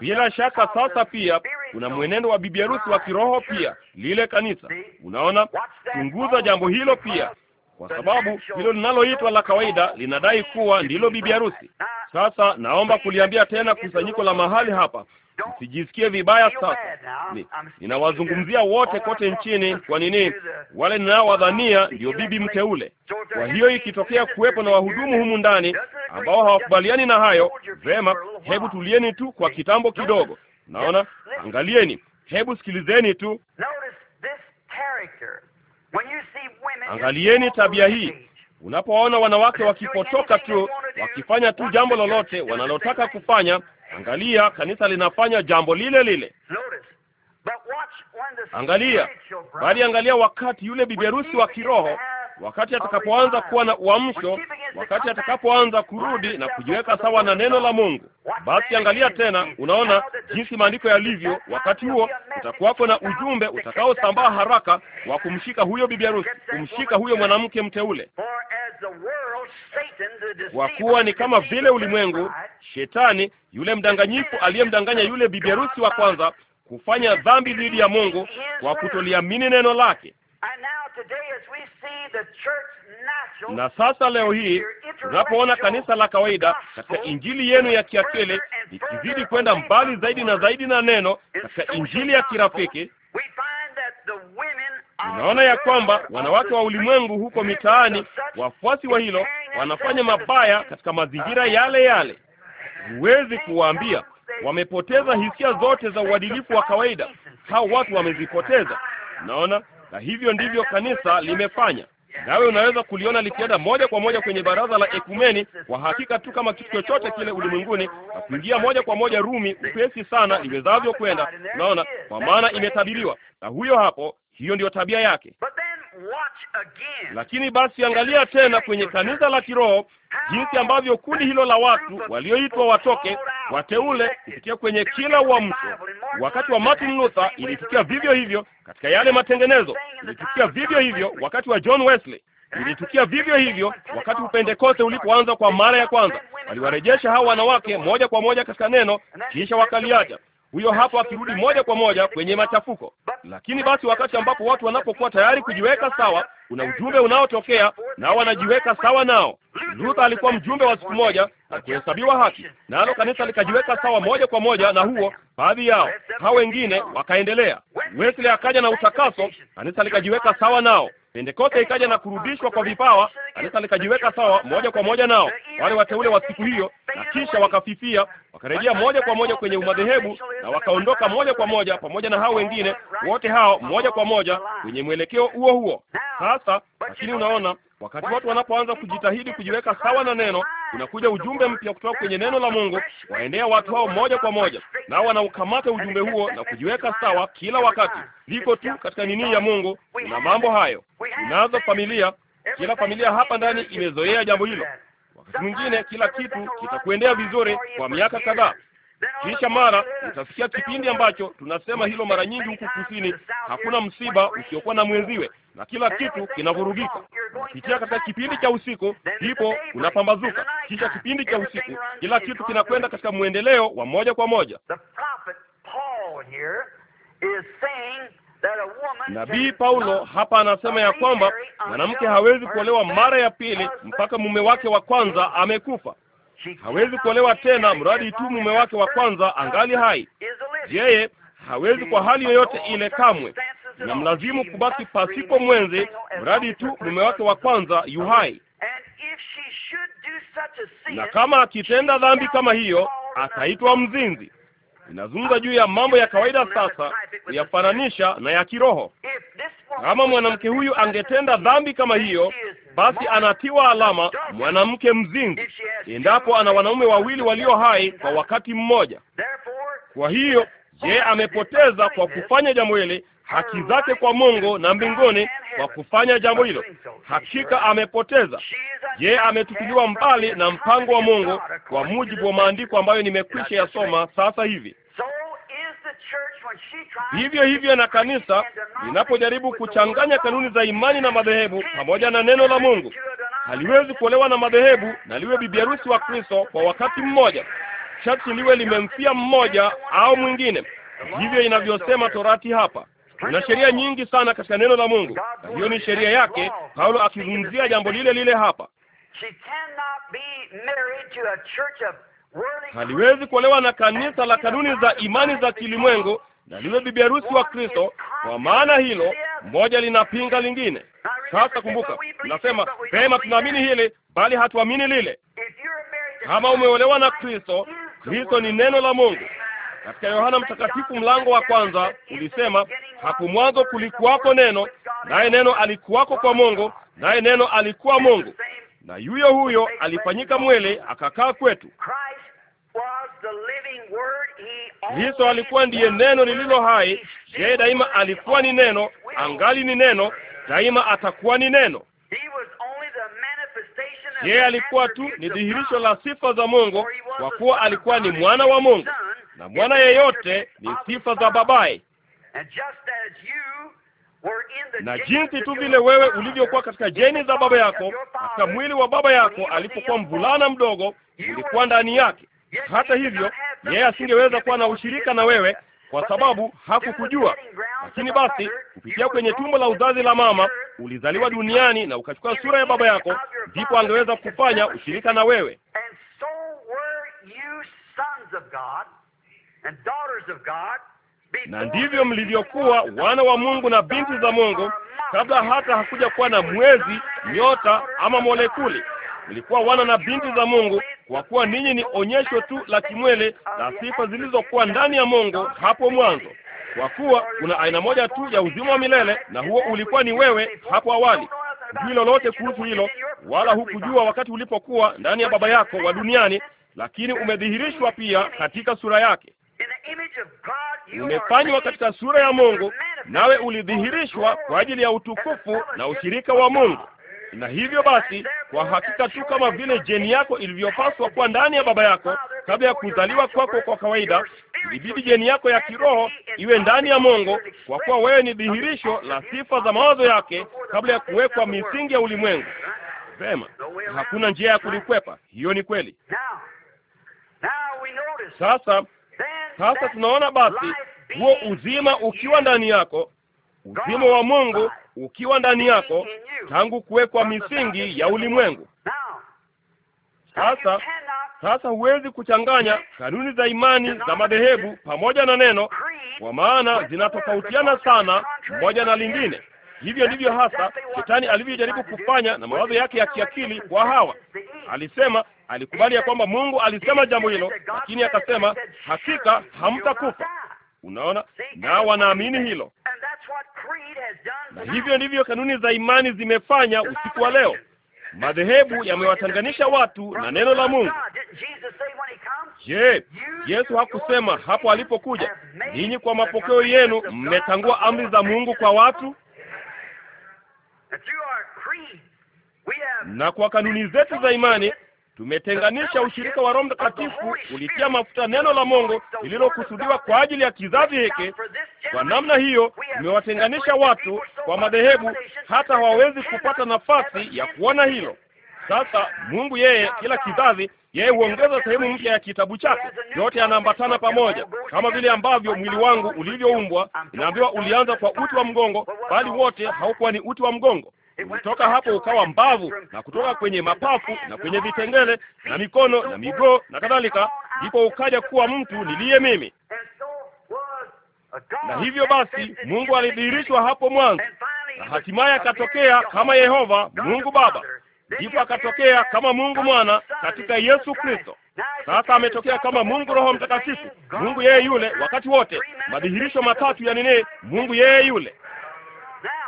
Speaker 1: Bila shaka sasa pia kuna mwenendo wa bibi harusi wa kiroho pia, lile kanisa. Unaona, chunguza jambo hilo pia, kwa sababu hilo linaloitwa la kawaida linadai kuwa ndilo bibi harusi. Sasa naomba kuliambia tena kusanyiko la mahali hapa msijisikie vibaya sasa. Ninawazungumzia wote kote nchini. Kwa nini? Wale ninaowadhania ndio bibi mteule. Kwa hiyo ikitokea kuwepo na wahudumu humu ndani ambao hawakubaliani na hayo, vema, hebu tulieni tu kwa kitambo kidogo. Naona, angalieni, hebu sikilizeni tu, angalieni tabia hii unapoona wanawake wakipotoka tu, wakifanya tu jambo lolote wanalotaka kufanya, Angalia, kanisa linafanya jambo lile lile.
Speaker 2: Angalia bali, angalia
Speaker 1: wakati yule bibi harusi wa kiroho wakati atakapoanza kuwa na uamsho, wakati atakapoanza kurudi na kujiweka sawa na neno la Mungu. Basi angalia tena, unaona jinsi maandiko yalivyo. Wakati huo utakuwako na ujumbe utakaosambaa haraka wa kumshika huyo bibi harusi, kumshika huyo mwanamke mteule, kwa kuwa ni kama vile ulimwengu, shetani yule mdanganyifu aliyemdanganya yule bibi harusi wa kwanza kufanya dhambi dhidi ya Mungu kwa kutoliamini neno lake. Na sasa leo hii tunapoona kanisa la kawaida katika injili yenu ya kiakili ikizidi kwenda mbali zaidi na zaidi na neno katika injili ya kirafiki, tunaona ya kwamba wanawake wa ulimwengu huko mitaani, wafuasi wa hilo, wanafanya mabaya katika mazingira yale yale. Huwezi kuwaambia wamepoteza hisia zote za uadilifu wa kawaida. Hao watu wamezipoteza. Naona na hivyo ndivyo kanisa limefanya. Nawe unaweza kuliona likienda moja kwa moja kwenye baraza la ekumeni kwa hakika tu kama kitu chochote kile ulimwenguni, na kuingia moja kwa moja Rumi upesi sana iwezavyo kwenda. Unaona, kwa maana imetabiriwa, na huyo hapo, hiyo ndiyo tabia yake. Lakini basi angalia tena kwenye kanisa la kiroho, jinsi ambavyo kundi hilo la watu walioitwa watoke wateule kupitia kwenye kila uamsho. Wakati wa Martin Luther ilitukia vivyo hivyo, katika yale matengenezo ilitukia vivyo hivyo, wakati wa John Wesley ilitukia vivyo hivyo wakati upendekose ulipoanza kwa mara ya kwanza, waliwarejesha hao wanawake moja kwa moja katika neno, kisha wakaliacha huyo hapo akirudi moja kwa moja kwenye machafuko. Lakini basi wakati ambapo watu wanapokuwa tayari kujiweka sawa, kuna ujumbe unaotokea nao wanajiweka sawa nao. Luther alikuwa mjumbe wa siku moja na kuhesabiwa haki, nalo kanisa likajiweka sawa moja kwa moja na huo, baadhi yao hao, wengine wakaendelea. Wesley akaja na utakaso, kanisa likajiweka sawa nao. Pentekoste ikaja na kurudishwa kwa vipawa, kanisa likajiweka sawa moja kwa moja nao wale wateule wa siku hiyo, na kisha wakafifia, wakarejea moja kwa moja kwenye umadhehebu na wakaondoka moja kwa moja pamoja na hao wengine wote hao moja kwa moja kwenye mwelekeo huo huo. Sasa lakini unaona, wakati watu wanapoanza kujitahidi kujiweka sawa na neno, unakuja ujumbe mpya kutoka kwenye neno la Mungu, waendea watu hao moja kwa moja, nao wanaukamata ujumbe huo na kujiweka sawa kila wakati. Liko tu katika nini ya Mungu, na mambo hayo. Unazo familia, kila familia hapa ndani imezoea jambo hilo. Wakati mwingine kila kitu kitakuendea vizuri kwa miaka kadhaa, kisha mara utasikia kipindi ambacho tunasema hilo mara nyingi huku kusini, hakuna msiba usiokuwa na mwenziwe, na kila kitu kinavurugika. Ukifikia katika kipindi cha usiku, ndipo unapambazuka. Kisha kipindi cha usiku, kila kitu kinakwenda katika mwendeleo wa moja kwa moja.
Speaker 3: Nabii Paulo
Speaker 1: hapa anasema ya kwamba mwanamke hawezi kuolewa mara ya pili mpaka mume wake wa kwanza amekufa hawezi kuolewa tena, mradi tu mume wake wa kwanza angali hai. Yeye hawezi kwa hali yoyote ile kamwe, na mlazimu kubaki pasipo mwenzi, mradi tu mume wake wa kwanza yu hai. Na kama akitenda dhambi kama hiyo, ataitwa mzinzi. Inazungumza juu ya mambo ya kawaida sasa, kuyafananisha na ya kiroho.
Speaker 2: Kama mwanamke
Speaker 1: huyu angetenda dhambi kama hiyo,
Speaker 2: basi anatiwa alama mwanamke mzinzi,
Speaker 1: endapo ana wanaume wawili walio hai kwa wakati mmoja. Kwa hiyo, je, amepoteza kwa kufanya jambo hili haki zake kwa Mungu na mbinguni kwa kufanya jambo hilo? Hakika amepoteza. Je, ametupiliwa mbali na mpango wa Mungu kwa mujibu wa maandiko ambayo nimekwisha yasoma sasa hivi? hivyo hivyo na kanisa linapojaribu kuchanganya kanuni za imani na madhehebu pamoja na neno la Mungu, haliwezi kuolewa na madhehebu na liwe bibi harusi wa Kristo kwa wakati mmoja. Sharti liwe limemfia mmoja au mwingine. Hivyo inavyosema Torati hapa. Kuna sheria nyingi sana katika neno la Mungu, na hiyo ni sheria yake. Paulo akizungumzia jambo lile lile hapa haliwezi kuolewa na kanisa la kanuni za imani za kilimwengu na liwe bibi harusi wa Kristo. Kwa maana hilo moja linapinga lingine. Sasa kumbuka, tunasema pema, tunaamini hili bali hatuamini lile. Kama umeolewa na Kristo, Kristo ni neno la Mungu. Katika Yohana mtakatifu mlango wa kwanza ulisema, hapo mwanzo kulikuwako neno, naye neno alikuwako kwa Mungu, naye neno alikuwa Mungu na yuyo huyo alifanyika mwele akakaa kwetu. Kristo alikuwa ndiye neno lililo hai. Yeye daima alikuwa ni neno, angali ni neno, daima atakuwa ni neno. Yeye alikuwa tu ni dhihirisho la sifa za Mungu, kwa kuwa alikuwa ni mwana wa Mungu, na mwana yeyote ni sifa za babaye
Speaker 3: na jinsi tu
Speaker 1: vile wewe ulivyokuwa katika jeni za baba yako, katika mwili wa baba yako alipokuwa mvulana mdogo, ulikuwa ndani yake. Hata hivyo, yeye asingeweza kuwa na ushirika na wewe kwa sababu hakukujua. Lakini basi kupitia kwenye tumbo la uzazi la mama ulizaliwa duniani na ukachukua sura ya baba yako, ndipo angeweza kufanya ushirika na wewe na ndivyo mlivyokuwa wana wa Mungu na binti za Mungu kabla hata hakuja kuwa na mwezi, nyota ama molekuli. Mlikuwa wana na binti za Mungu kwa kuwa ninyi ni onyesho tu la kimwele la sifa zilizokuwa ndani ya Mungu hapo mwanzo, kwa kuwa kuna aina moja tu ya uzima wa milele, na huo ulikuwa ni wewe hapo awali. Hujui lolote kuhusu hilo, wala hukujua wakati ulipokuwa ndani ya baba yako wa duniani, lakini umedhihirishwa pia katika sura yake umefanywa katika sura ya Mungu, nawe ulidhihirishwa kwa ajili ya utukufu na ushirika wa Mungu. Na hivyo basi, kwa hakika tu kama vile jeni yako ilivyopaswa kuwa ndani ya baba yako kabla ya kuzaliwa kwako kwa kawaida, ilibidi jeni yako ya kiroho iwe ndani ya Mungu, kwa kuwa wewe ni dhihirisho la sifa za mawazo yake kabla ya kuwekwa misingi ya ulimwengu. Vema, hakuna njia ya kulikwepa. Hiyo ni kweli. Sasa
Speaker 3: sasa tunaona basi
Speaker 1: huo uzima ukiwa ndani yako, uzima wa Mungu ukiwa ndani yako tangu kuwekwa misingi ya ulimwengu. Sasa sasa huwezi kuchanganya kanuni za imani za madhehebu pamoja na neno, kwa maana zinatofautiana sana moja na lingine. Hivyo ndivyo hasa shetani alivyojaribu kufanya na mawazo yake ya kiakili kwa Hawa. Alisema alikubali ya kwamba Mungu alisema jambo hilo, lakini akasema hakika hamtakufa. Unaona, nao wanaamini hilo, na hivyo ndivyo kanuni za imani zimefanya usiku wa leo. Madhehebu yamewatanganisha watu na neno la Mungu.
Speaker 3: Je, Yesu hakusema hapo alipokuja,
Speaker 1: ninyi kwa mapokeo yenu mmetangua amri za Mungu kwa watu? na kwa kanuni zetu za imani tumetenganisha ushirika wa Roho Mtakatifu ulitia mafuta neno la Mungu lililokusudiwa kwa ajili ya kizazi hiki. Kwa namna hiyo tumewatenganisha watu kwa madhehebu, hata hawawezi kupata nafasi ya kuona hilo. Sasa Mungu yeye, kila kizazi yeye huongeza sehemu mpya ya kitabu chake. Yote yanaambatana pamoja, kama vile ambavyo mwili wangu ulivyoumbwa. Inaambiwa ulianza kwa uti wa mgongo, bali wote haukuwa ni uti wa mgongo Kutoka hapo ukawa mbavu, na kutoka kwenye mapafu na kwenye vitengele na mikono na miguu na kadhalika, ndipo ukaja kuwa mtu niliye mimi. Na hivyo basi, Mungu alidhihirishwa hapo mwanzo, na hatimaye akatokea kama Yehova Mungu Baba, ndipo akatokea kama Mungu Mwana katika Yesu Kristo. Sasa ametokea kama Mungu Roho Mtakatifu, Mungu yeye yule wakati wote, madhihirisho matatu ya nini? Mungu yeye yule.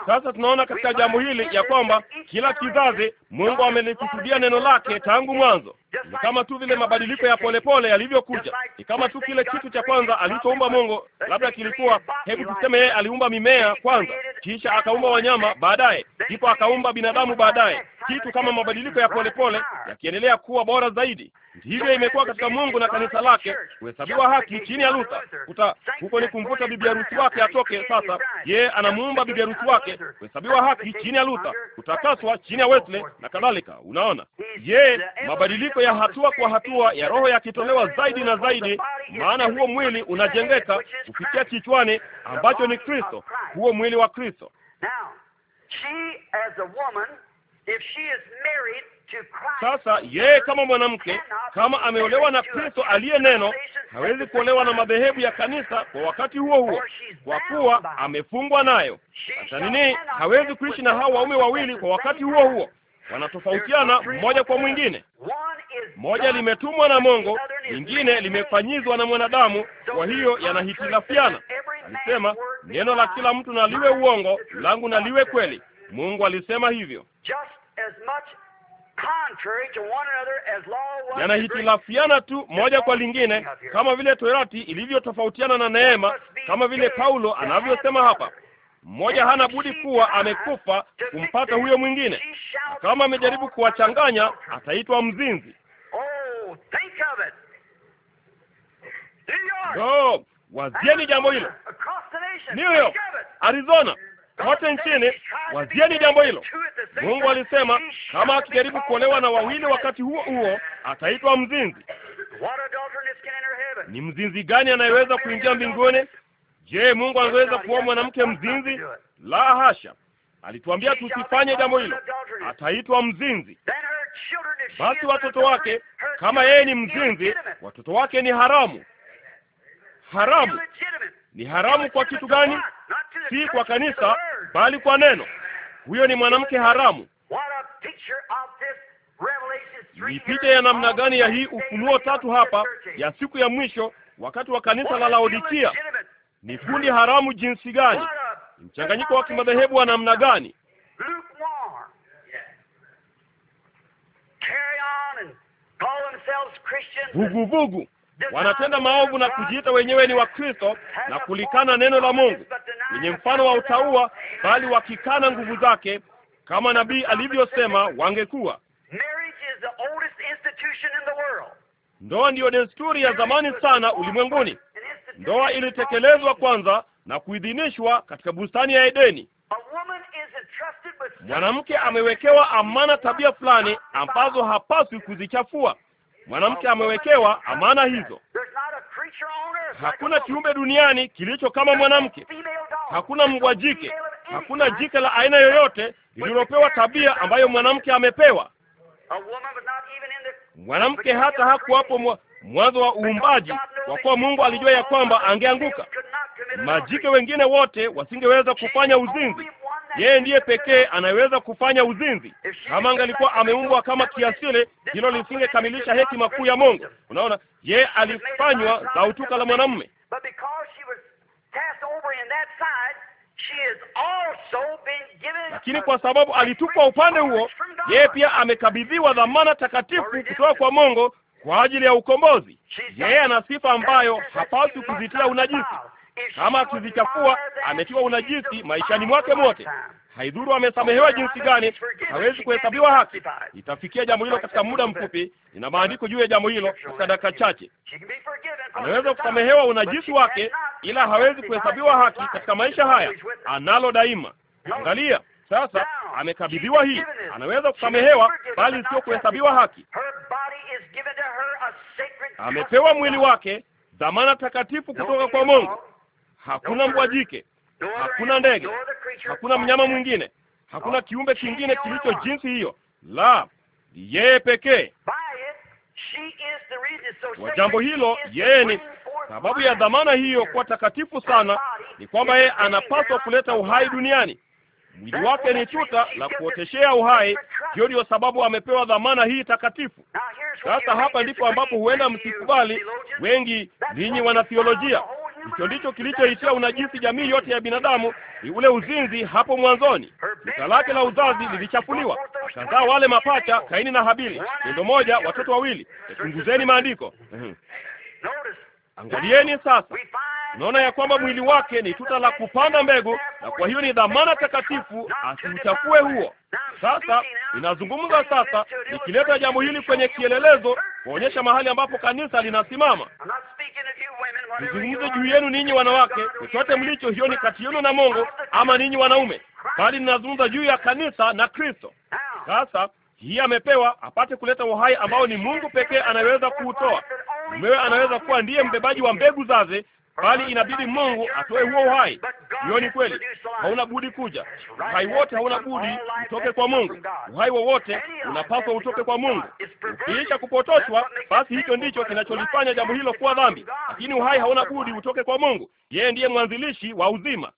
Speaker 1: Sasa tunaona katika jambo hili ya kwamba kila kizazi Mungu amelikusudia neno lake tangu mwanzo. Ni kama tu vile mabadiliko ya polepole yalivyokuja. Ni kama tu kile kitu cha kwanza alichoumba Mungu, labda kilikuwa, hebu tuseme, yeye aliumba mimea kwanza, kisha akaumba wanyama baadaye, ndipo akaumba binadamu baadaye, kitu kama mabadiliko ya polepole yakiendelea kuwa bora zaidi. Ndivyo imekuwa katika Mungu na kanisa lake, kuhesabiwa haki chini ya Luther. Kuta huko ni kumvuta bibi harusi wake atoke. Sasa yeye anamuumba bibi harusi wake, kuhesabiwa haki chini ya Luther, kutakaswa chini ya Wesley, na kadhalika. Unaona, je, mabadiliko ya hatua kwa hatua ya roho yakitolewa zaidi na zaidi, maana huo mwili unajengeka kufikia kichwani ambacho ni Kristo, huo mwili wa Kristo. Sasa yeye kama mwanamke, kama ameolewa na Kristo aliye neno, hawezi kuolewa na madhehebu ya kanisa kwa wakati huo huo, kwa kuwa amefungwa nayo. Sasa nini? Hawezi kuishi na hao waume wawili kwa wakati huo huo wanatofautiana mmoja kwa mwingine. Moja limetumwa na Mungu, lingine limefanyizwa na mwanadamu, kwa hiyo yanahitilafiana. Alisema neno la kila mtu na liwe uongo, langu na liwe kweli. Mungu alisema hivyo, yanahitilafiana tu moja kwa lingine, kama vile Torati ilivyotofautiana na neema, kama vile Paulo anavyosema hapa mmoja hana budi kuwa amekufa kumpata huyo mwingine,
Speaker 3: kama amejaribu
Speaker 1: kuwachanganya ataitwa mzinzi. No, wazieni jambo hilo. New York, Arizona, kote nchini, wazieni jambo hilo. Mungu alisema kama akijaribu kuolewa na wawili wakati huo huo ataitwa mzinzi. Ni mzinzi gani anayeweza kuingia mbinguni? Je, Mungu angeweza kuwa mwanamke mzinzi? La hasha. Alituambia tusifanye jambo hilo, ataitwa mzinzi. Basi watoto wake, kama yeye ni mzinzi, watoto wake ni haramu. Haramu ni haramu kwa kitu gani?
Speaker 3: Si kwa kanisa, bali
Speaker 1: kwa neno. Huyo ni mwanamke haramu. Ni picha ya namna gani ya hii Ufunuo tatu hapa ya siku ya mwisho, wakati wa kanisa la Laodikia ni kundi haramu jinsi gani,
Speaker 3: ni mchanganyiko wa kimadhehebu wa
Speaker 1: namna gani. Vuguvugu wanatenda maovu na kujiita wenyewe ni Wakristo na kulikana neno la Mungu lenye mfano wa utaua, bali wakikana nguvu zake, kama nabii alivyosema wangekuwa. Ndoa ndiyo desturi ya zamani sana ulimwenguni. Ndoa ilitekelezwa kwanza na kuidhinishwa katika bustani ya Edeni. Mwanamke amewekewa amana tabia fulani ambazo hapaswi kuzichafua. Mwanamke amewekewa amana hizo. Hakuna kiumbe duniani kilicho kama mwanamke. Hakuna mbwa jike,
Speaker 3: hakuna jike
Speaker 1: la aina yoyote lililopewa tabia ambayo mwanamke amepewa.
Speaker 3: Mwanamke hata hakuwapo
Speaker 1: mwanzo wa uumbaji, kwa kuwa Mungu alijua ya kwamba angeanguka. Majike wengine wote wasingeweza kufanya uzinzi. Yeye ndiye pekee anayeweza kufanya uzinzi. Kama angalikuwa ameumbwa kama kiasile, hilo lisingekamilisha hekima kuu ya Mungu. Unaona, yeye alifanywa za utuka la mwanamume, lakini kwa sababu alitupwa upande huo, yeye pia amekabidhiwa dhamana takatifu kutoka kwa Mungu kwa ajili ya ukombozi. Yeye ana sifa ambayo hapaswi kuzitia unajisi. Kama akizichafua, ametiwa unajisi maishani mwake mote. Haidhuru amesamehewa jinsi gani, hawezi kuhesabiwa haki. Itafikia jambo hilo katika muda mfupi. Nina maandiko juu ya jambo hilo katika dakika chache.
Speaker 2: Anaweza kusamehewa unajisi wake, ila hawezi kuhesabiwa haki katika maisha haya,
Speaker 1: analo daima. Angalia sasa amekabidhiwa hii, anaweza kusamehewa, bali sio kuhesabiwa haki. Amepewa mwili wake, dhamana takatifu kutoka kwa Mungu. Hakuna mbwa jike, hakuna ndege, hakuna mnyama mwingine, hakuna kiumbe kingine kilicho jinsi hiyo, la ni yeye pekee.
Speaker 3: Kwa jambo hilo, yeye ni
Speaker 1: sababu ya dhamana hiyo kuwa takatifu sana, ni kwamba yeye anapaswa kuleta uhai duniani. Mwili wake ni tuta la kuoteshea uhai. Hiyo ndiyo sababu amepewa dhamana hii takatifu. Sasa hapa ndipo ambapo huenda msikubali wengi ninyi wanathiolojia Hicho ndicho kilichoitia unajisi jamii yote ya binadamu, ni ule uzinzi hapo mwanzoni. Tuta lake la uzazi lilichafuliwa, akazaa wale mapacha, Kaini na Habili. Tendo moja, watoto wawili. Chunguzeni maandiko. Angalieni sasa Unaona ya kwamba mwili wake ni tuta la kupanda mbegu, na kwa hiyo ni dhamana takatifu asiuchafue huo. Sasa ninazungumza sasa, nikileta jambo hili kwenye kielelezo, kuonyesha mahali ambapo kanisa linasimama.
Speaker 2: Nizungumze juu yenu
Speaker 1: ninyi wanawake, chochote mlicho, hiyo ni kati yenu na Mungu, ama ninyi wanaume, bali ninazungumza juu ya kanisa na Kristo. Sasa hii amepewa apate kuleta uhai ambao ni Mungu pekee anaweza kuutoa. Mumewe anaweza kuwa ndiye mbebaji wa mbegu zaze bali inabidi Mungu atoe huo uhai. Hiyo ni kweli, hauna budi kuja uhai wote, hauna budi utoke kwa Mungu. Uhai wowote unapaswa utoke kwa Mungu. Ukiisha kupotoshwa, basi hicho ndicho kinacholifanya jambo hilo kuwa dhambi, lakini uhai hauna budi utoke kwa Mungu. Yeye ndiye mwanzilishi wa uzima.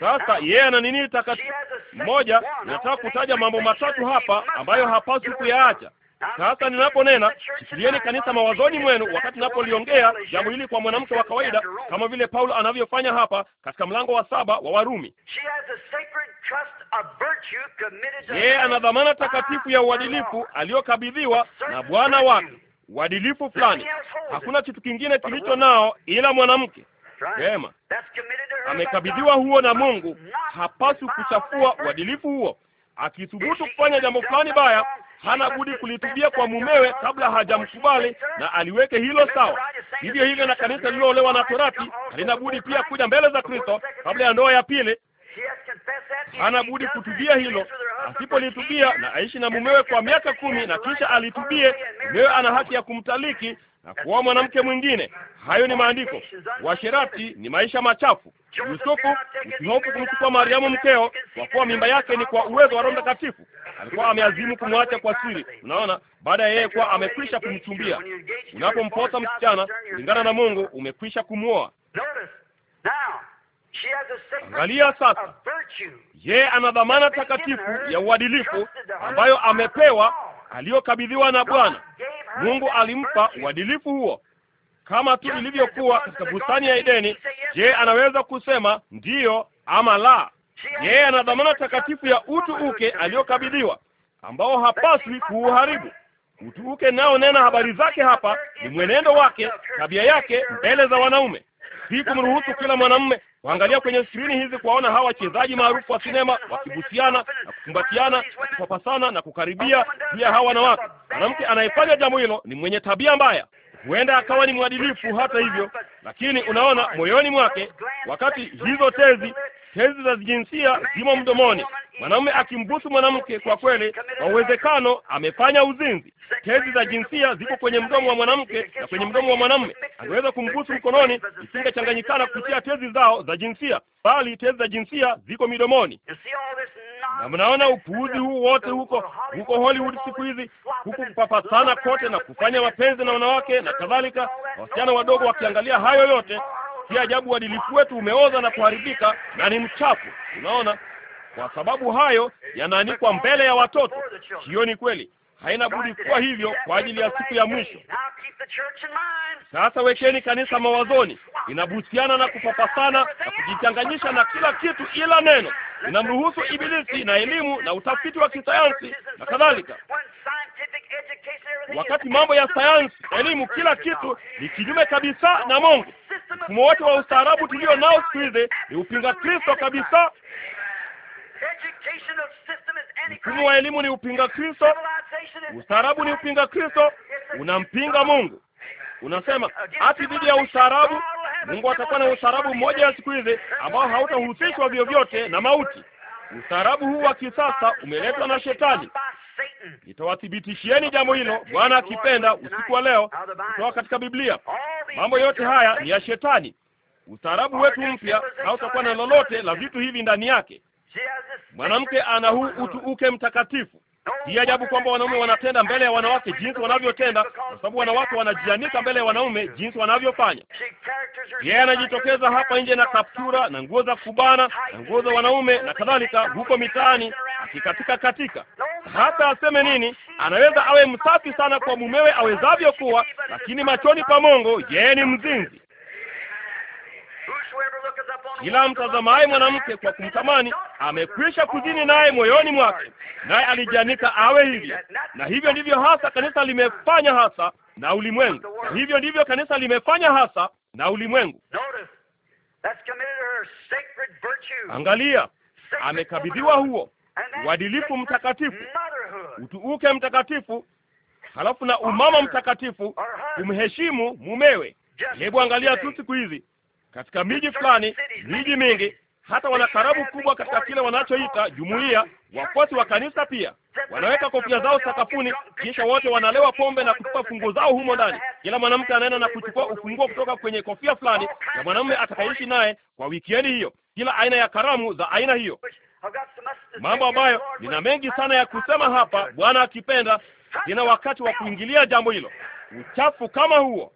Speaker 1: Sasa yeye ana nini takatifu? Mmoja, nataka kutaja mambo matatu hapa ambayo hapaswi kuyaacha. Sasa ninaponena, shikilieni kanisa mawazoni mwenu, wakati ninapoliongea jambo hili kwa mwanamke wa kawaida, kama vile Paulo anavyofanya hapa katika mlango wa saba wa Warumi.
Speaker 3: Yeye ana dhamana takatifu ya uadilifu
Speaker 1: aliyokabidhiwa na Bwana wake, uadilifu fulani. Hakuna kitu kingine kilicho nao ila mwanamke. Vema, amekabidhiwa huo na Mungu, hapaswi kuchafua uadilifu huo. Akithubutu kufanya jambo fulani baya, hana budi kulitubia kwa mumewe kabla hajamkubali na aliweke hilo sawa. Hivyo hivyo na kanisa lililoolewa na torati halina budi pia kuja mbele za Kristo kabla ya ndoa ya pili hana budi kutubia hilo. Asipolitubia na aishi na mumewe kwa miaka kumi na kisha alitubie, mumewe ana haki ya kumtaliki na kuoa mwanamke mwingine. Hayo ni maandiko. washerati ni maisha machafu. Yusufu, msihofu kumchukua Mariamu mkeo, kwa kuwa mimba yake ni kwa uwezo wa Roho Mtakatifu. Alikuwa ameazimu kumwacha kwa siri. Unaona, baada ya yeye kuwa amekwisha kumchumbia. Unapomposa msichana kulingana na Mungu, umekwisha kumwoa. Angalia sasa, yeye ana dhamana takatifu ya uadilifu ambayo amepewa aliyokabidhiwa na Bwana. Mungu alimpa uadilifu huo kama tu ilivyokuwa katika bustani ya Edeni. Je, anaweza kusema ndiyo ama la? Yeye ana dhamana takatifu ya utu uke aliyokabidhiwa, ambao hapaswi kuuharibu. Utu uke nao nena habari zake hapa ni mwenendo wake, tabia yake mbele za wanaume si kumruhusu kila mwanamume waangalia kwenye skrini hizi kuwaona hawa wachezaji maarufu wa sinema wakibusiana na kukumbatiana na kupapasana na kukaribia pia hawa wanawake. Mwanamke anayefanya jambo hilo ni mwenye tabia mbaya. Huenda akawa ni mwadilifu hata hivyo, lakini unaona moyoni mwake, wakati hizo tezi tezi za jinsia zimo mdomoni. Mwanamume akimbusu mwanamke, kwa kweli, kwa uwezekano amefanya uzinzi. Tezi za jinsia ziko kwenye mdomo wa mwanamke na kwenye mdomo wa mwanamume. Angeweza kumbusu mkononi, isingechanganyikana kupitia tezi zao za jinsia, bali tezi za jinsia ziko midomoni. Na mnaona upuuzi huu wote huko huko Hollywood siku hizi, huku kupapasana kote na kufanya mapenzi na wanawake na kadhalika, wasichana wadogo wakiangalia hayo yote si ajabu uadilifu wetu umeoza na kuharibika na ni mchafu. Unaona, kwa sababu hayo yanaandikwa mbele ya watoto. Hiyo ni kweli, haina budi kuwa hivyo kwa ajili ya siku ya mwisho. Sasa wekeni kanisa mawazoni, inabusiana na kupapasana na kujichanganyisha na kila kitu ila neno. Inamruhusu Ibilisi na elimu na utafiti wa kisayansi na kadhalika
Speaker 4: wakati mambo ya
Speaker 1: sayansi, elimu, kila kitu ni kinyume kabisa na Mungu. Mfumo wote wa ustaarabu tulio nao siku hizi ni upinga Kristo kabisa.
Speaker 3: Mfumo wa elimu ni
Speaker 1: upinga Kristo, ustaarabu ni upinga Kristo, unampinga Mungu. Unasema hati dhidi ya ustaarabu. Mungu atakuwa na ustaarabu mmoja ya siku hizi ambao hautahusishwa vyovyote na mauti. Ustaarabu huu wa kisasa umeletwa na Shetani, Nitawathibitishieni jambo hilo, Bwana akipenda, usiku wa leo kutoka katika Biblia. Mambo yote haya ni ya Shetani. Ustaarabu wetu mpya hautakuwa na lolote la vitu hivi ndani yake. Mwanamke ana huu utu uke mtakatifu Si ajabu kwamba wanaume wanatenda mbele ya wanawake jinsi wanavyotenda, kwa sababu wanawake wanajianika mbele ya wanaume jinsi wanavyofanya. Yeye anajitokeza hapa nje na kaptura na nguo za kubana na nguo za wanaume na kadhalika, huko mitaani akikatika katika. Hata aseme nini, anaweza awe msafi sana kwa mumewe awezavyo kuwa, lakini machoni pa Mungu yeye ni mzinzi ila mtazamaye mwanamke kwa kumtamani amekwisha kuzini naye moyoni mwake, naye alijianika awe hivyo. Na hivyo ndivyo hasa kanisa limefanya hasa na ulimwengu, na hivyo ndivyo kanisa limefanya hasa na ulimwengu.
Speaker 3: Angalia, amekabidhiwa huo uadilifu mtakatifu,
Speaker 1: utuuke mtakatifu, halafu na umama mtakatifu, kumheshimu mumewe.
Speaker 2: Hebu angalia tu
Speaker 1: siku hizi katika miji fulani, miji mingi, hata wana karamu kubwa katika kile wanachoita jumuiya. Wafuasi wa kanisa pia wanaweka kofia zao sakafuni, kisha wote wanalewa pombe na kutupa funguo zao humo ndani. Kila mwanamke anaenda na kuchukua ufunguo kutoka kwenye kofia fulani ya mwanamume atakaishi naye kwa wikendi hiyo, kila aina ya karamu za aina hiyo. Mambo ambayo nina mengi sana ya kusema hapa, Bwana akipenda, nina wakati wa kuingilia jambo hilo uchafu kama huo,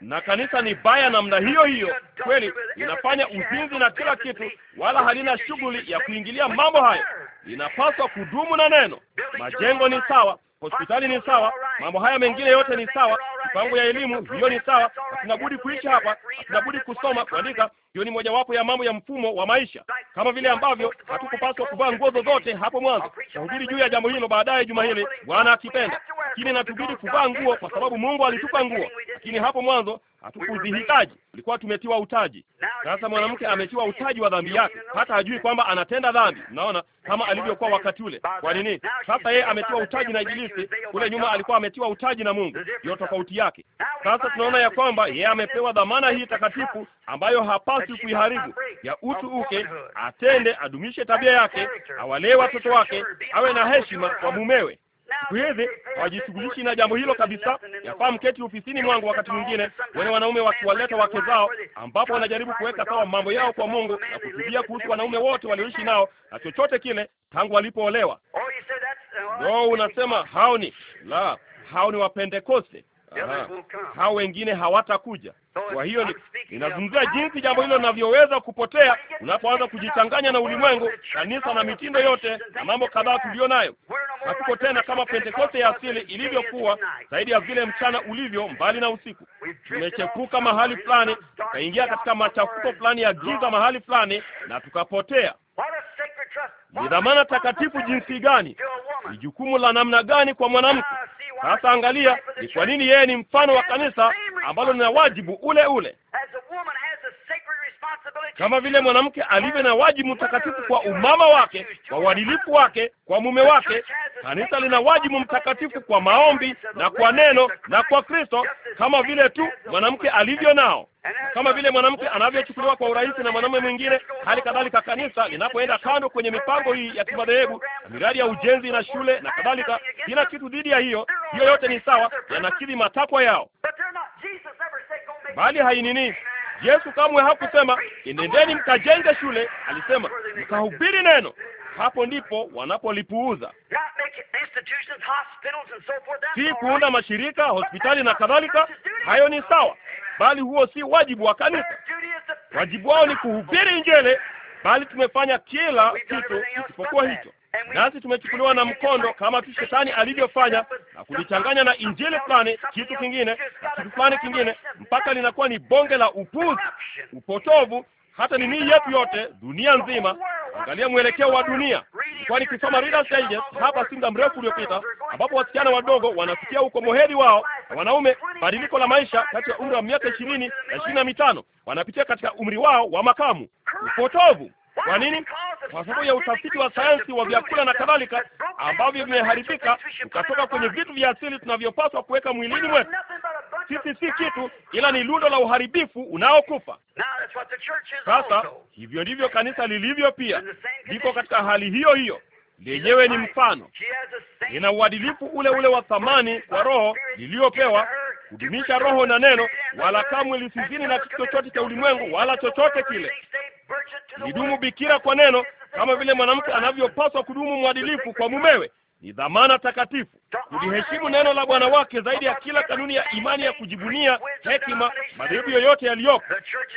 Speaker 1: na kanisa ni baya namna hiyo hiyo. Kweli linafanya uzinzi na kila kitu, wala halina shughuli ya kuingilia mambo hayo. Linapaswa kudumu na neno. Majengo ni sawa, hospitali ni sawa, mambo haya mengine yote ni sawa, mipango ya elimu hiyo ni sawa. Hatunabudi kuishi hapa, hatunabudi kusoma, kuandika. Hiyo ni mojawapo ya mambo ya mfumo wa maisha, kama vile ambavyo hatukupaswa kuvaa nguo zozote hapo mwanzo. Tahubiri juu ya jambo hilo baadaye juma hili, Bwana akipenda. Lakini natubidi kuvaa nguo, kwa sababu Mungu alitupa nguo, lakini hapo mwanzo hatukuzihitaji, ulikuwa tumetiwa utaji. Sasa mwanamke ametiwa utaji wa dhambi yake, hata hajui kwamba anatenda dhambi. Mnaona kama alivyokuwa wakati ule. Kwa nini sasa yeye ametiwa utaji na Ibilisi? Kule nyuma alikuwa ametiwa utaji na Mungu, ndiyo tofauti yake. Sasa tunaona ya kwamba yeye amepewa dhamana hii takatifu ambayo hapaswi kuiharibu, ya utu uke, atende, adumishe tabia yake, awalee watoto wake, awe na heshima kwa mumewe siku hizi hawajishughulishi na jambo hilo kabisa. Yafaa mketi ofisini mwangu wakati mwingine, wale wanaume wakiwaleta wake zao, ambapo wanajaribu kuweka sawa mambo yao kwa Mungu na kutubia kuhusu wanaume wote walioishi nao na chochote kile tangu walipoolewa.
Speaker 3: Oh, uh,
Speaker 1: no, unasema hao ni la, hao ni Wapentekoste hao wengine hawatakuja. Kwa hiyo ninazungumzia jinsi jambo hilo linavyoweza kupotea unapoanza kujichanganya na ulimwengu, kanisa na mitindo yote na mambo kadhaa nayo. Hatuko tena kama Pentekoste ya asili ilivyokuwa, zaidi ya vile mchana ulivyo mbali na usiku. Tumechepuka mahali fulani, tukaingia katika machafuko fulani ya giza mahali fulani, na tukapotea. Ni dhamana takatifu jinsi gani! Ni jukumu la namna gani kwa mwanamke! Sasa angalia, ni kwa nini yeye ni mfano wa kanisa ambalo lina wajibu ule ule kama vile mwanamke alivyo na wajibu mtakatifu kwa umama wake, kwa uadilifu wake, kwa mume wake, kanisa lina wajibu mtakatifu kwa maombi na kwa neno na kwa Kristo, kama vile tu mwanamke alivyo nao kama vile mwanamke anavyochukuliwa kwa urahisi na mwanamume mwingine, hali kadhalika kanisa linapoenda kando kwenye mipango hii ya kimadhehebu na miradi ya ujenzi na shule na kadhalika, kila kitu dhidi ya hiyo hiyo, yote ni sawa, yanakidhi matakwa yao,
Speaker 3: bali hainini
Speaker 1: Yesu kamwe hakusema inendeni mkajenge shule, alisema mkahubiri neno. Hapo ndipo wanapolipuuza, si kuunda mashirika, hospitali na kadhalika. Hayo ni sawa, bali huo si wajibu wa kanisa. Wajibu wao ni kuhubiri Injili, bali tumefanya kila kitu isipokuwa hicho nasi tumechukuliwa na mkondo, kama tu shetani alivyofanya na kulichanganya na injili fulani, kitu kingine na kitu fulani kingine, mpaka linakuwa ni bonge la upuzi, upotovu hata ni nini yetu yote dunia nzima. Angalia mwelekeo wa dunia. Nilikuwa nikisoma Reader's Digest hapa si muda mrefu uliopita, ambapo wasichana wadogo wanafikia moheri wao na wanaume, badiliko la maisha kati ya umri wa miaka ishirini na ishirini na mitano wanapitia katika umri wao wa makamu, upotovu kwa nini? Kwa sababu ya utafiti wa sayansi wa vyakula na kadhalika ambavyo vimeharibika, tukatoka kwenye vitu vya asili tunavyopaswa kuweka mwilini mwetu. Sisi si kitu ila ni lundo la uharibifu unaokufa. Sasa hivyo ndivyo kanisa lilivyo, pia liko katika hali hiyo hiyo lenyewe ni mfano,
Speaker 2: ina uadilifu
Speaker 1: ule ule wa thamani kwa roho liliyopewa kudumisha roho na neno, wala kamwe lisizini na kitu chochote cha ulimwengu wala chochote kile dumu bikira kwa neno, kama vile mwanamke anavyopaswa kudumu mwadilifu kwa mumewe. Ni dhamana takatifu kuliheshimu neno la Bwana wake zaidi ya kila kanuni ya imani ya kujibunia hekima, madhehebu yoyote yaliyoko.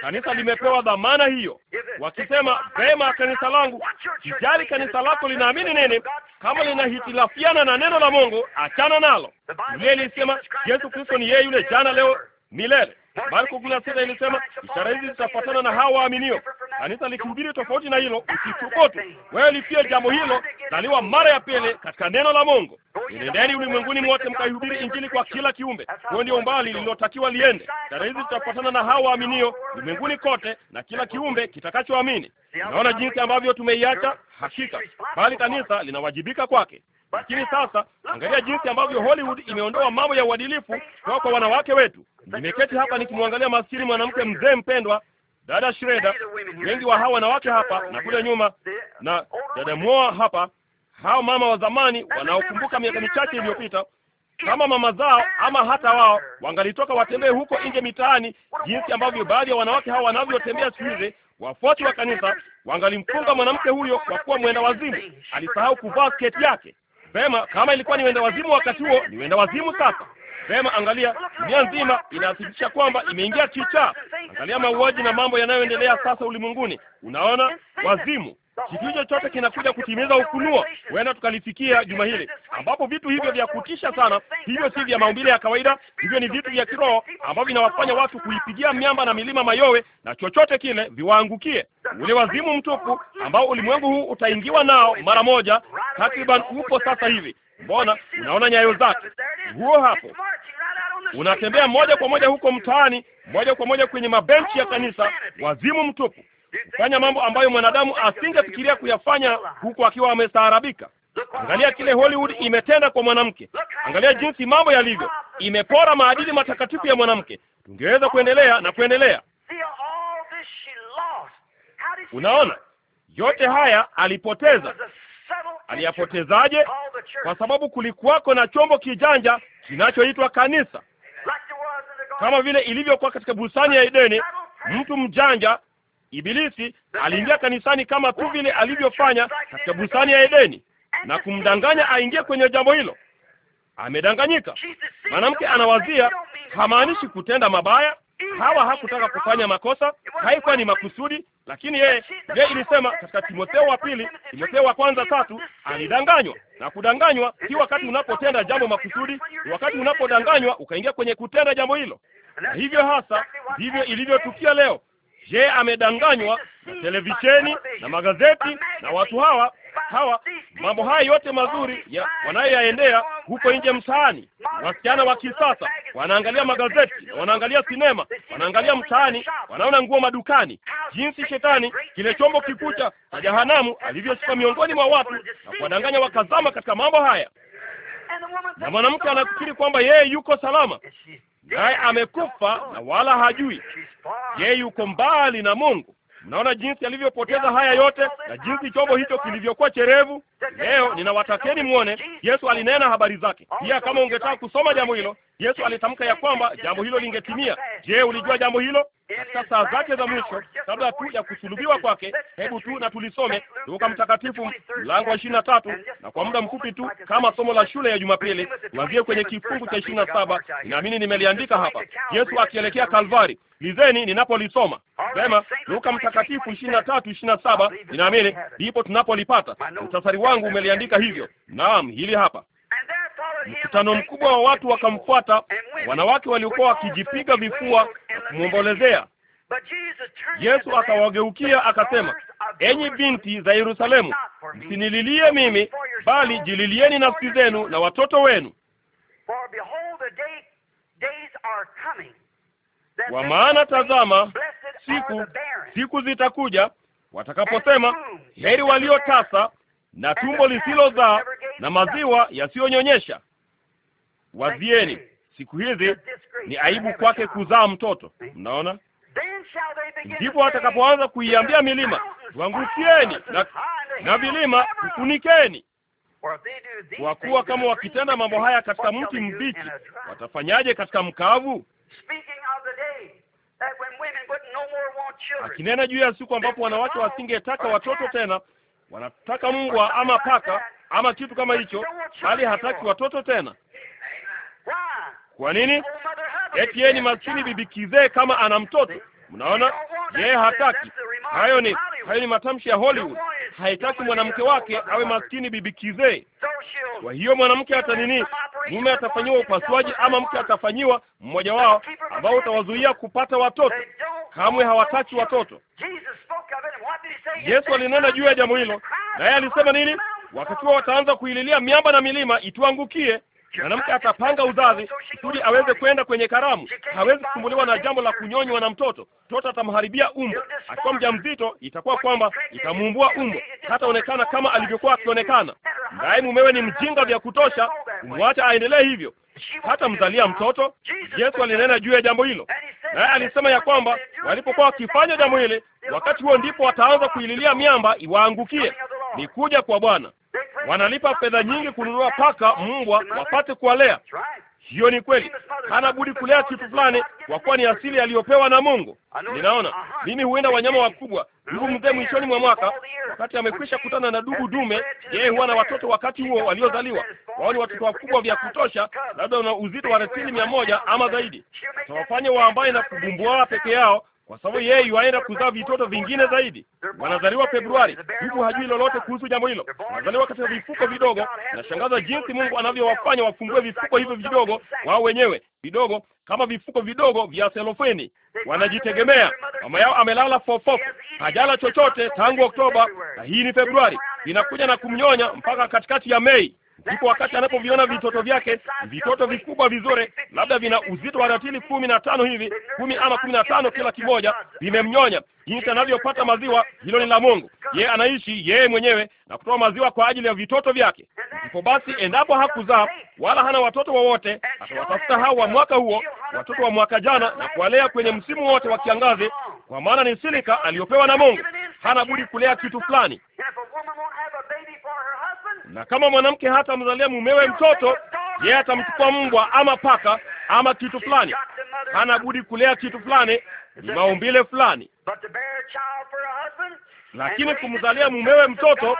Speaker 1: Kanisa limepewa dhamana hiyo, wakisema vema, kanisa langu. Sijali kanisa lako linaamini nini, kama linahitilafiana na neno la Mungu, achana nalo. Biblia ilisema Yesu Kristo ni yeye yule jana, leo, milele. Marko kumi na sita ilisema ishara hizi zitafuatana na hawa waaminio. Kanisa likihubiri tofauti na hilo, ukithubutu wewe lifie jambo hilo, zaliwa mara ya pili katika neno la Mungu. Nendeni ulimwenguni mwote mkaihubiri Injili kwa kila kiumbe. Huo ndio umbali lililotakiwa liende. Ishara hizi zitafuatana na hawa waaminio ulimwenguni kote, na kila kiumbe kitakachoamini. Naona jinsi ambavyo tumeiacha hakika, bali kanisa linawajibika kwake. Lakini sasa angalia jinsi ambavyo Hollywood imeondoa mambo ya uadilifu kutoka kwa wanawake wetu. Nimeketi hapa nikimwangalia maskini mwanamke mzee mpendwa, dada Shreda, wengi wa hawa wanawake hapa na kule nyuma, na dada Moa hapa, hao mama wa zamani wanaokumbuka miaka michache iliyopita kama mama zao ama hata wao wangalitoka watembee huko nje mitaani, jinsi ambavyo baadhi ya wanawake hao wanavyotembea siku hizi, wafuasi wa kanisa wangalimfunga mwanamke huyo kwa kuwa mwenda wazimu, alisahau kuvaa sketi yake. Vema, kama ilikuwa ni wenda wazimu wakati huo, ni wenda wazimu sasa. Vema, angalia, dunia nzima inathibitisha kwamba imeingia kichaa. Angalia mauaji na mambo yanayoendelea sasa ulimwenguni. Unaona, wazimu kitu hicho chote kinakuja kutimiza ufunuo, huenda tukalifikia juma hili, ambapo vitu hivyo vya kutisha sana, hivyo si vya maumbile ya kawaida, hivyo ni vitu vya kiroho ambavyo vinawafanya watu kuipigia miamba na milima mayowe na chochote kile viwaangukie, ule wazimu mtupu ambao ulimwengu huu utaingiwa nao mara moja. Takriban upo sasa hivi, mbona unaona nyayo zake, huo hapo unatembea moja kwa moja huko mtaani, moja kwa moja kwenye mabenchi ya kanisa, wazimu mtupu fanya mambo ambayo mwanadamu asingefikiria kuyafanya huku akiwa amestaarabika. Angalia kile Hollywood imetenda kwa mwanamke, angalia jinsi mambo yalivyo, imepora maadili matakatifu ya mwanamke. Tungeweza kuendelea na kuendelea. Unaona, yote haya alipoteza.
Speaker 3: Aliyapotezaje?
Speaker 1: Kwa sababu kulikuwako na chombo kijanja kinachoitwa kanisa, kama vile ilivyokuwa katika bustani ya Edeni. Mtu mjanja Ibilisi aliingia kanisani kama tu vile alivyofanya katika bustani ya Edeni na kumdanganya aingie kwenye jambo hilo. Amedanganyika.
Speaker 2: Mwanamke anawazia
Speaker 1: hamaanishi kutenda mabaya. Hawa hakutaka kufanya makosa, haikuwa ni makusudi. Lakini yeye ye ilisema katika Timotheo wa pili, Timotheo wa kwanza tatu, alidanganywa na kudanganywa. Si wakati unapotenda jambo makusudi, ni wakati unapodanganywa ukaingia kwenye kutenda jambo hilo. Na hivyo hasa ndivyo ilivyotukia leo. Je, amedanganywa na televisheni na magazeti na watu hawa hawa mambo haya yote mazuri ya wanayoyaendea huko nje mtaani. Wasichana wa kisasa wanaangalia magazeti na wanaangalia sinema, wanaangalia mtaani, wanaona nguo madukani, jinsi shetani kile chombo kikuu cha jahanamu alivyoshika miongoni mwa watu na kuwadanganya wakazama katika mambo haya, na mwanamke anafikiri kwamba yeye yuko salama, naye amekufa na wala hajui. Yeye yuko mbali na Mungu. Mnaona jinsi alivyopoteza haya yote na jinsi chombo hicho kilivyokuwa cherevu. Leo ninawatakeni mwone Yesu alinena habari zake. Pia kama ungetaka kusoma jambo hilo, Yesu alitamka ya kwamba jambo hilo lingetimia. Je, ulijua jambo hilo? Katika saa zake za mwisho kabla tu ya kusulubiwa kwake, hebu tu na tulisome Luka Mtakatifu mlango wa ishirini na tatu na kwa muda mfupi tu kama somo la shule ya Jumapili, tuanzie kwenye kifungu cha ishirini na saba. Naamini nimeliandika hapa, Yesu akielekea Kalvari. Lizeni ninapolisoma sema, Luka Mtakatifu ishirini na tatu ishirini na saba. Ninaamini ndipo tunapolipata. utasari wangu umeliandika hivyo. Naam, hili hapa mkutano mkubwa wa watu wakamfuata, wanawake waliokuwa wakijipiga vifua na kumwombolezea. Yesu akawageukia akasema, enyi binti za Yerusalemu, msinililie mimi, bali jililieni nafsi zenu na watoto wenu,
Speaker 3: kwa maana tazama, siku siku
Speaker 1: zitakuja watakaposema, heri waliotasa na tumbo lisilozaa na maziwa yasiyonyonyesha wazieni siku hizi ni aibu kwake kuzaa mtoto. Mnaona,
Speaker 3: ndipo atakapoanza
Speaker 1: kuiambia milima, tuangukieni na, na vilima kufunikeni. Kwa kuwa kama wakitenda mambo haya katika mti mbichi, watafanyaje katika mkavu? Akinena juu ya siku ambapo wanawake wasingetaka watoto tena, wanataka mbwa ama paka ama kitu kama hicho, bali hataki watoto tena.
Speaker 3: Kwa nini? Eti yeye ni maskini
Speaker 1: bibi kizee, kama ana mtoto. Mnaona, yeye hataki hayo. Ni hayo ni matamshi ya Hollywood. Haitaki mwanamke wake awe maskini bibi kizee. Kwa hiyo mwanamke hata nini, mume atafanyiwa upasuaji ama mke atafanyiwa, mmoja wao ambao utawazuia kupata watoto.
Speaker 3: Kamwe hawataki watoto. Yesu alinena juu ya jambo hilo,
Speaker 1: naye alisema nini? Wakati wao wataanza kuililia miamba na milima ituangukie, mwanamke atapanga uzazi kusudi aweze kwenda kwenye karamu. Hawezi kusumbuliwa na jambo la kunyonywa na mtoto. Mtoto atamharibia umbo. Akiwa mjamzito, itakuwa kwamba itamuumbua umbo, hataonekana kama alivyokuwa akionekana. ndaye mumewe ni mjinga vya kutosha kumwacha aendelee hivyo, hata mzalia mtoto. Yesu alinena juu ya jambo hilo, naye alisema ya kwamba walipokuwa wakifanya jambo hili, wakati huo ndipo wataanza kuililia miamba iwaangukie. Ni kuja kwa Bwana wanalipa fedha nyingi kununua paka, mbwa wapate kuwalea. Hiyo ni kweli, hana budi kulea kitu fulani, kwa kuwa ni asili aliyopewa na Mungu. Ninaona mimi huenda wanyama wakubwa, ndugu mzee, mwishoni mwa mwaka, wakati amekwisha kutana na dubu dume, yeye huwa na watoto wakati huo waliozaliwa. Wao ni watoto wakubwa vya kutosha, labda na uzito wa ratili mia moja ama zaidi. tawafanye waambaye na kugumbua peke yao kwa sababu yeye yuaenda kuzaa vitoto vingine zaidi. Wanazaliwa Februari, mtu hajui lolote kuhusu jambo hilo. Wanazaliwa katika vifuko vidogo. nashangaza jinsi Mungu anavyowafanya wafungue vifuko hivyo vidogo wao wenyewe, vidogo kama vifuko vidogo vya selofeni. Wanajitegemea. Mama yao amelala fofofo, hajala chochote tangu Oktoba, na hii ni Februari, inakuja na kumnyonya mpaka katikati ya Mei. Ndipo wakati anapoviona vitoto vyake, vitoto vikubwa vizuri, labda vina uzito wa ratili kumi na tano hivi, kumi ama kumi na tano kila kimoja, vimemnyonya jinsi anavyopata maziwa. Hilo ni la Mungu. Yeye anaishi yeye mwenyewe na kutoa maziwa kwa ajili ya vitoto vyake. Ndipo basi, endapo hakuzaa wala hana watoto wowote wa atawatafuta hao wa mwaka huo, watoto wa mwaka jana, na kuwalea kwenye msimu wote wa kiangazi, kwa maana ni silika aliyopewa na Mungu.
Speaker 3: Hana budi kulea kitu fulani. Na kama mwanamke
Speaker 1: hatamzalia mumewe mtoto, yeye atamchukua mbwa ama paka ama kitu fulani. Hana budi kulea kitu fulani, ni maumbile fulani. Lakini kumzalia mumewe mtoto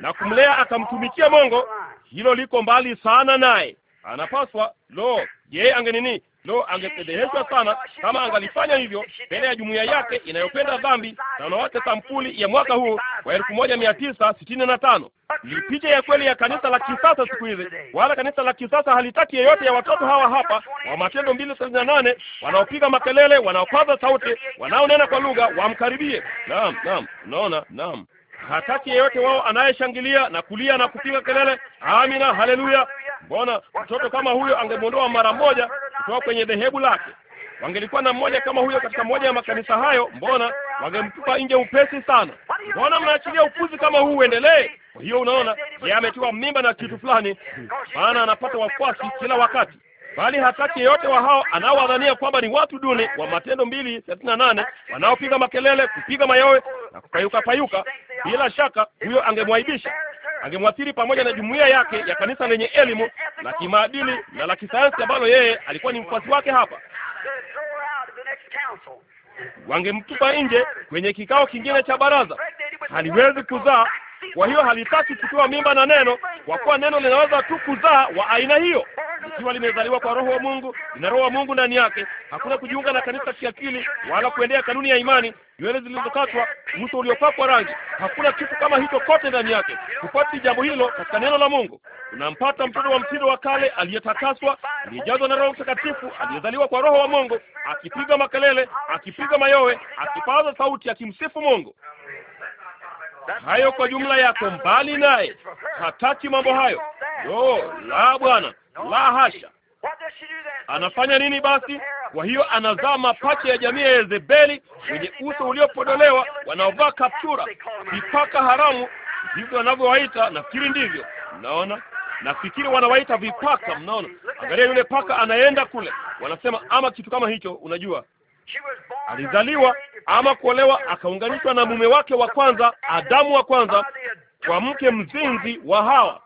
Speaker 1: na kumlea akamtumikia Mungu, hilo liko mbali sana naye. Anapaswa lo, yeye angenini Lo, angefedheheshwa sana kama angalifanya hivyo mbele ya jumuiya yake inayopenda dhambi na wanawake sampuli ya mwaka huu wa elfu moja mia tisa sitini na tano. Ni picha ya kweli ya kanisa la kisasa siku hizi. Wala kanisa la kisasa halitaki yeyote ya watoto hawa hapa wa Matendo mbili thelathini na nane wanaopiga makelele, wanaopaza sauti, wanaonena kwa lugha, wamkaribie. Naam, naam, unaona, naam hataki yeyote wao anayeshangilia na kulia na kupiga kelele amina, haleluya. Mbona mtoto kama huyo angemwondoa mara moja kutoka kwenye dhehebu lake. Wangelikuwa na mmoja kama huyo katika moja ya makanisa hayo, mbona wangemtupa nje upesi sana? Mbona mnaachilia upuzi kama huu uendelee? Kwa hiyo unaona, yeye ametiwa mimba na kitu fulani, maana anapata wafuasi kila wakati bali hataki yeyote wa hao anaowadhania kwamba ni watu duni wa Matendo mbili thelathini na nane wanaopiga makelele, kupiga mayowe na kupayuka payuka. Bila shaka huyo angemwaibisha, angemwathiri pamoja na jumuiya yake ya kanisa lenye elimu la kimaadili na la kisayansi ambalo yeye alikuwa ni mfuasi wake. Hapa wangemtupa nje kwenye kikao kingine cha baraza. Haliwezi kuzaa kwa hiyo halitaki kutoa mimba na neno, kwa kuwa neno linaweza tu kuzaa wa aina hiyo. Ikiwa limezaliwa kwa roho wa Mungu, lina roho wa Mungu ndani yake. Hakuna kujiunga na kanisa kiakili, wala kuendea kanuni ya imani, nywele zilizokatwa, mso uliopakwa rangi. Hakuna kitu kama hicho kote ndani yake. Hupati jambo hilo katika neno la Mungu. Unampata mtoto wa mtindo wa kale aliyetakaswa, aliyejazwa na Roho Mtakatifu, aliyezaliwa kwa roho wa Mungu, akipiga makelele, akipiga mayowe, akipaza sauti, akimsifu Mungu hayo kwa jumla yako mbali naye, hataki mambo hayo. No, la bwana, la hasha. Anafanya nini basi? Kwa hiyo anazaa mapacha ya jamii ya Yezebeli wenye uso uliopodolewa, wanaovaa kaptura, vipaka haramu, ndivyo wanavyowaita. Nafikiri ndivyo, mnaona nafikiri wanawaita vipaka. Mnaona, angalia yule paka anaenda kule, wanasema ama kitu kama hicho, unajua alizaliwa ama kuolewa, akaunganishwa na mume wake wa kwanza, Adamu wa kwanza, kwa mke mzinzi wa Hawa,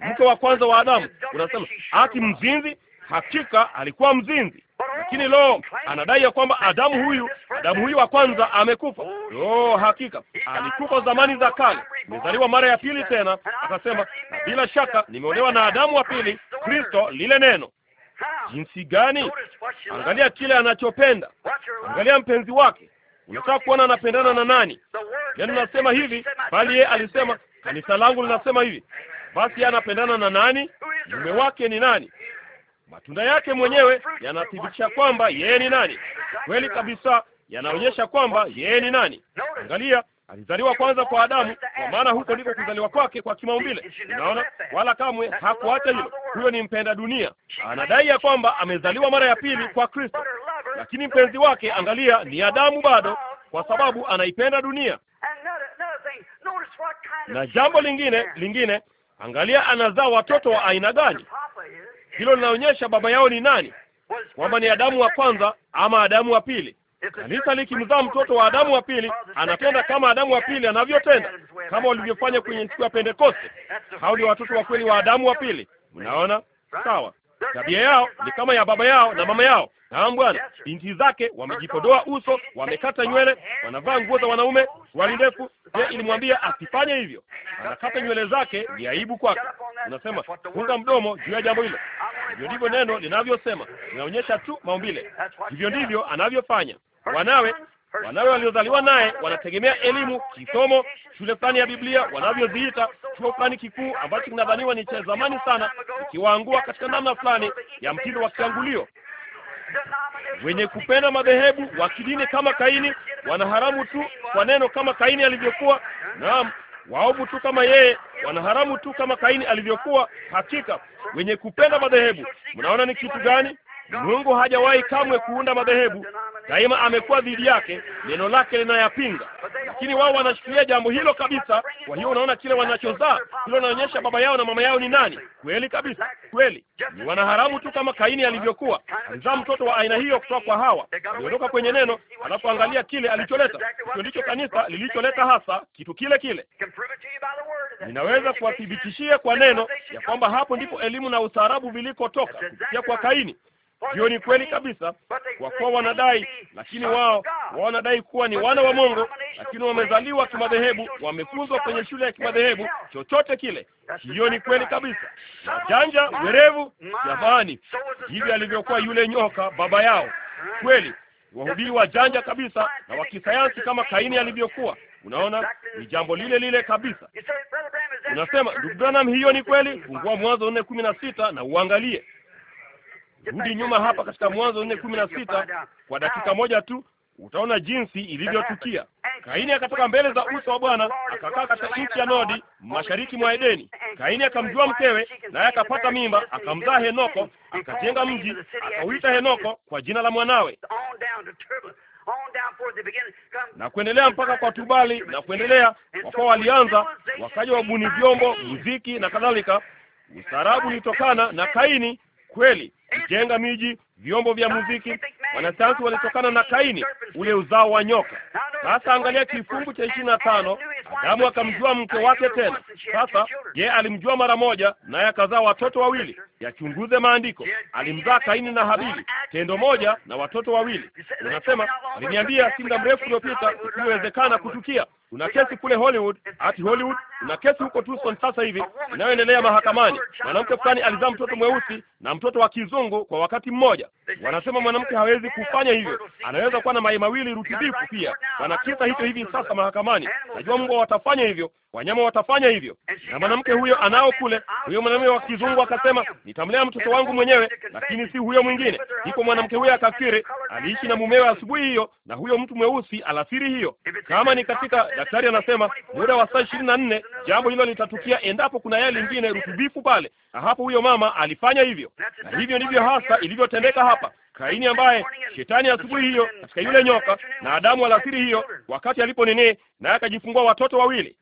Speaker 1: mke wa kwanza wa Adamu. Unasema ati mzinzi? Hakika alikuwa mzinzi, lakini lo, anadai ya kwamba Adamu huyu, Adamu huyu wa kwanza amekufa. Lo, hakika alikufa zamani za kale, amezaliwa mara ya pili tena. Akasema na bila shaka nimeolewa na Adamu wa pili, Kristo, lile neno Jinsi gani? Angalia kile anachopenda, angalia mpenzi wake. Unataka kuona anapendana na nani? Yani nasema hivi, bali yeye alisema kanisa langu linasema hivi. Basi yeye anapendana na nani? Mume wake ni nani? Matunda yake mwenyewe yanathibitisha kwamba yeye ni nani. Kweli kabisa, yanaonyesha kwamba yeye ni nani. Angalia Alizaliwa kwanza kwa Adamu, kwa maana huko ndiko kuzaliwa kwake kwa kimaumbile. Unaona, wala kamwe hakuacha hilo. Huyo ni mpenda dunia, anadai ya kwamba amezaliwa mara ya pili kwa Kristo, lakini mpenzi wake, angalia, ni Adamu bado, kwa sababu anaipenda dunia.
Speaker 3: Na jambo lingine
Speaker 1: lingine, angalia, anazaa watoto wa aina gani? Hilo linaonyesha baba yao ni nani, kwamba ni Adamu wa kwanza ama Adamu wa pili. Kanisa likimzaa mtoto wa Adamu wa pili, anatenda kama Adamu wa pili anavyotenda, kama walivyofanya kwenye siku ya Pentekoste. Hao ni watoto wa kweli wa Adamu wa pili. Mnaona sawa? Tabia yao ni kama ya baba yao na mama yao. Naam Bwana. Binti zake wamejipodoa uso, wamekata nywele, wanavaa nguo za wanaume, swali ndefu. Je, ilimwambia asifanye hivyo? Anakata nywele zake, ni aibu kwake. Unasema funga mdomo juu ya jambo hilo. Hivyo ndivyo neno linavyosema, linaonyesha tu maumbile, hivyo ndivyo anavyofanya wanawe wanawe waliozaliwa naye wanategemea elimu, kisomo, shule fulani ya Biblia wanavyoziita, chuo fulani kikuu ambacho kinadhaniwa ni cha zamani sana, ikiwaangua katika namna fulani ya mtindo wa kiangulio. Wenye kupenda madhehebu wa kidini kama Kaini wanaharamu tu kwa neno, kama Kaini alivyokuwa. Naam, waovu tu kama yeye, wanaharamu tu kama Kaini alivyokuwa. Hakika wenye kupenda madhehebu, mnaona ni kitu gani? Mungu hajawahi kamwe kuunda madhehebu, daima amekuwa dhidi yake, neno lake linayapinga, lakini wao wanashikilia jambo hilo kabisa. Kwa hiyo unaona kile wanachozaa, hilo linaonyesha baba yao na mama yao ni nani. Kweli kabisa, kweli ni wanaharamu tu, kama Kaini alivyokuwa. Alizaa mtoto wa aina hiyo kutoka kwa Hawa, aliondoka kwenye neno, anapoangalia kile alicholeta. Hicho ndicho kanisa lilicholeta hasa, kitu kile kile. Ninaweza kuwathibitishia kwa neno ya kwamba hapo ndipo elimu na ustaarabu vilikotoka kupitia kwa Kaini. Hiyo ni kweli kabisa, kwa kuwa wanadai, lakini wao wanadai kuwa ni wana wa Mungu, lakini wamezaliwa kimadhehebu, wamefunzwa kwenye shule ya kimadhehebu, chochote kile. Hiyo ni kweli kabisa. Wajanja, werevu, jamani, hivi alivyokuwa yule nyoka baba yao, kweli wahubiri wajanja kabisa na wa kisayansi kama Kaini alivyokuwa. Unaona, ni jambo lile lile kabisa.
Speaker 3: Unasema, ndugu Branham, hiyo ni kweli. Fungua
Speaker 1: Mwanzo nne kumi na sita na uangalie. Rudi nyuma hapa katika Mwanzo nne kumi na sita kwa dakika moja tu, utaona jinsi ilivyotukia. Kaini akatoka mbele za uso wa Bwana akakaa katika nchi ya Nodi mashariki mwa Edeni. Kaini akamjua mkewe, naye akapata mimba, akamzaa Henoko, akajenga mji, akauita Henoko kwa jina la mwanawe na kuendelea mpaka kwa Tubali na kuendelea, kwa kuwa walianza wakaja wabuni vyombo, muziki na kadhalika. Ustaarabu ulitokana na Kaini kweli, kujenga miji, vyombo vya muziki. Wanasayansi walitokana na Kaini, ule uzao wa nyoka. Sasa angalia kifungu cha ishirini na tano Adamu akamjua mke wake tena. Sasa ye alimjua mara moja, naye akazaa watoto wawili. Yachunguze maandiko, alimzaa Kaini na Habili, tendo moja na watoto wawili. Unasema aliniambia si muda mrefu uliopita isiyowezekana kutukia. Kuna kesi kule Hollywood, ati Hollywood, kuna kesi huko Tucson sasa hivi inayoendelea mahakamani. Mwanamke fulani alizaa mtoto mweusi na mtoto wa kizu kizungu kwa wakati mmoja. Wanasema mwanamke hawezi kufanya hivyo, anaweza kuwa na mayai mawili rutubifu Pia wanakisa hicho hivi sasa mahakamani. Najua Mungu watafanya hivyo, wanyama watafanya hivyo. Na mwanamke huyo anao kule, huyo mwanamume wa kizungu akasema, nitamlea mtoto wangu mwenyewe, lakini si huyo mwingine. Ndipo mwanamke huyo akafikiri, aliishi na mumewe asubuhi hiyo na huyo mtu mweusi alasiri hiyo. Kama ni katika, daktari anasema muda wa saa ishirini na nne jambo hilo litatukia endapo kuna yale lingine rutubifu pale, na hapo huyo mama alifanya hivyo, na hivyo ndivyo hasa ilivyotendeka hapa. Kaini ambaye shetani asubuhi hiyo katika yule nyoka na Adamu alasiri hiyo, wakati alipo nini, naye akajifungua watoto wawili.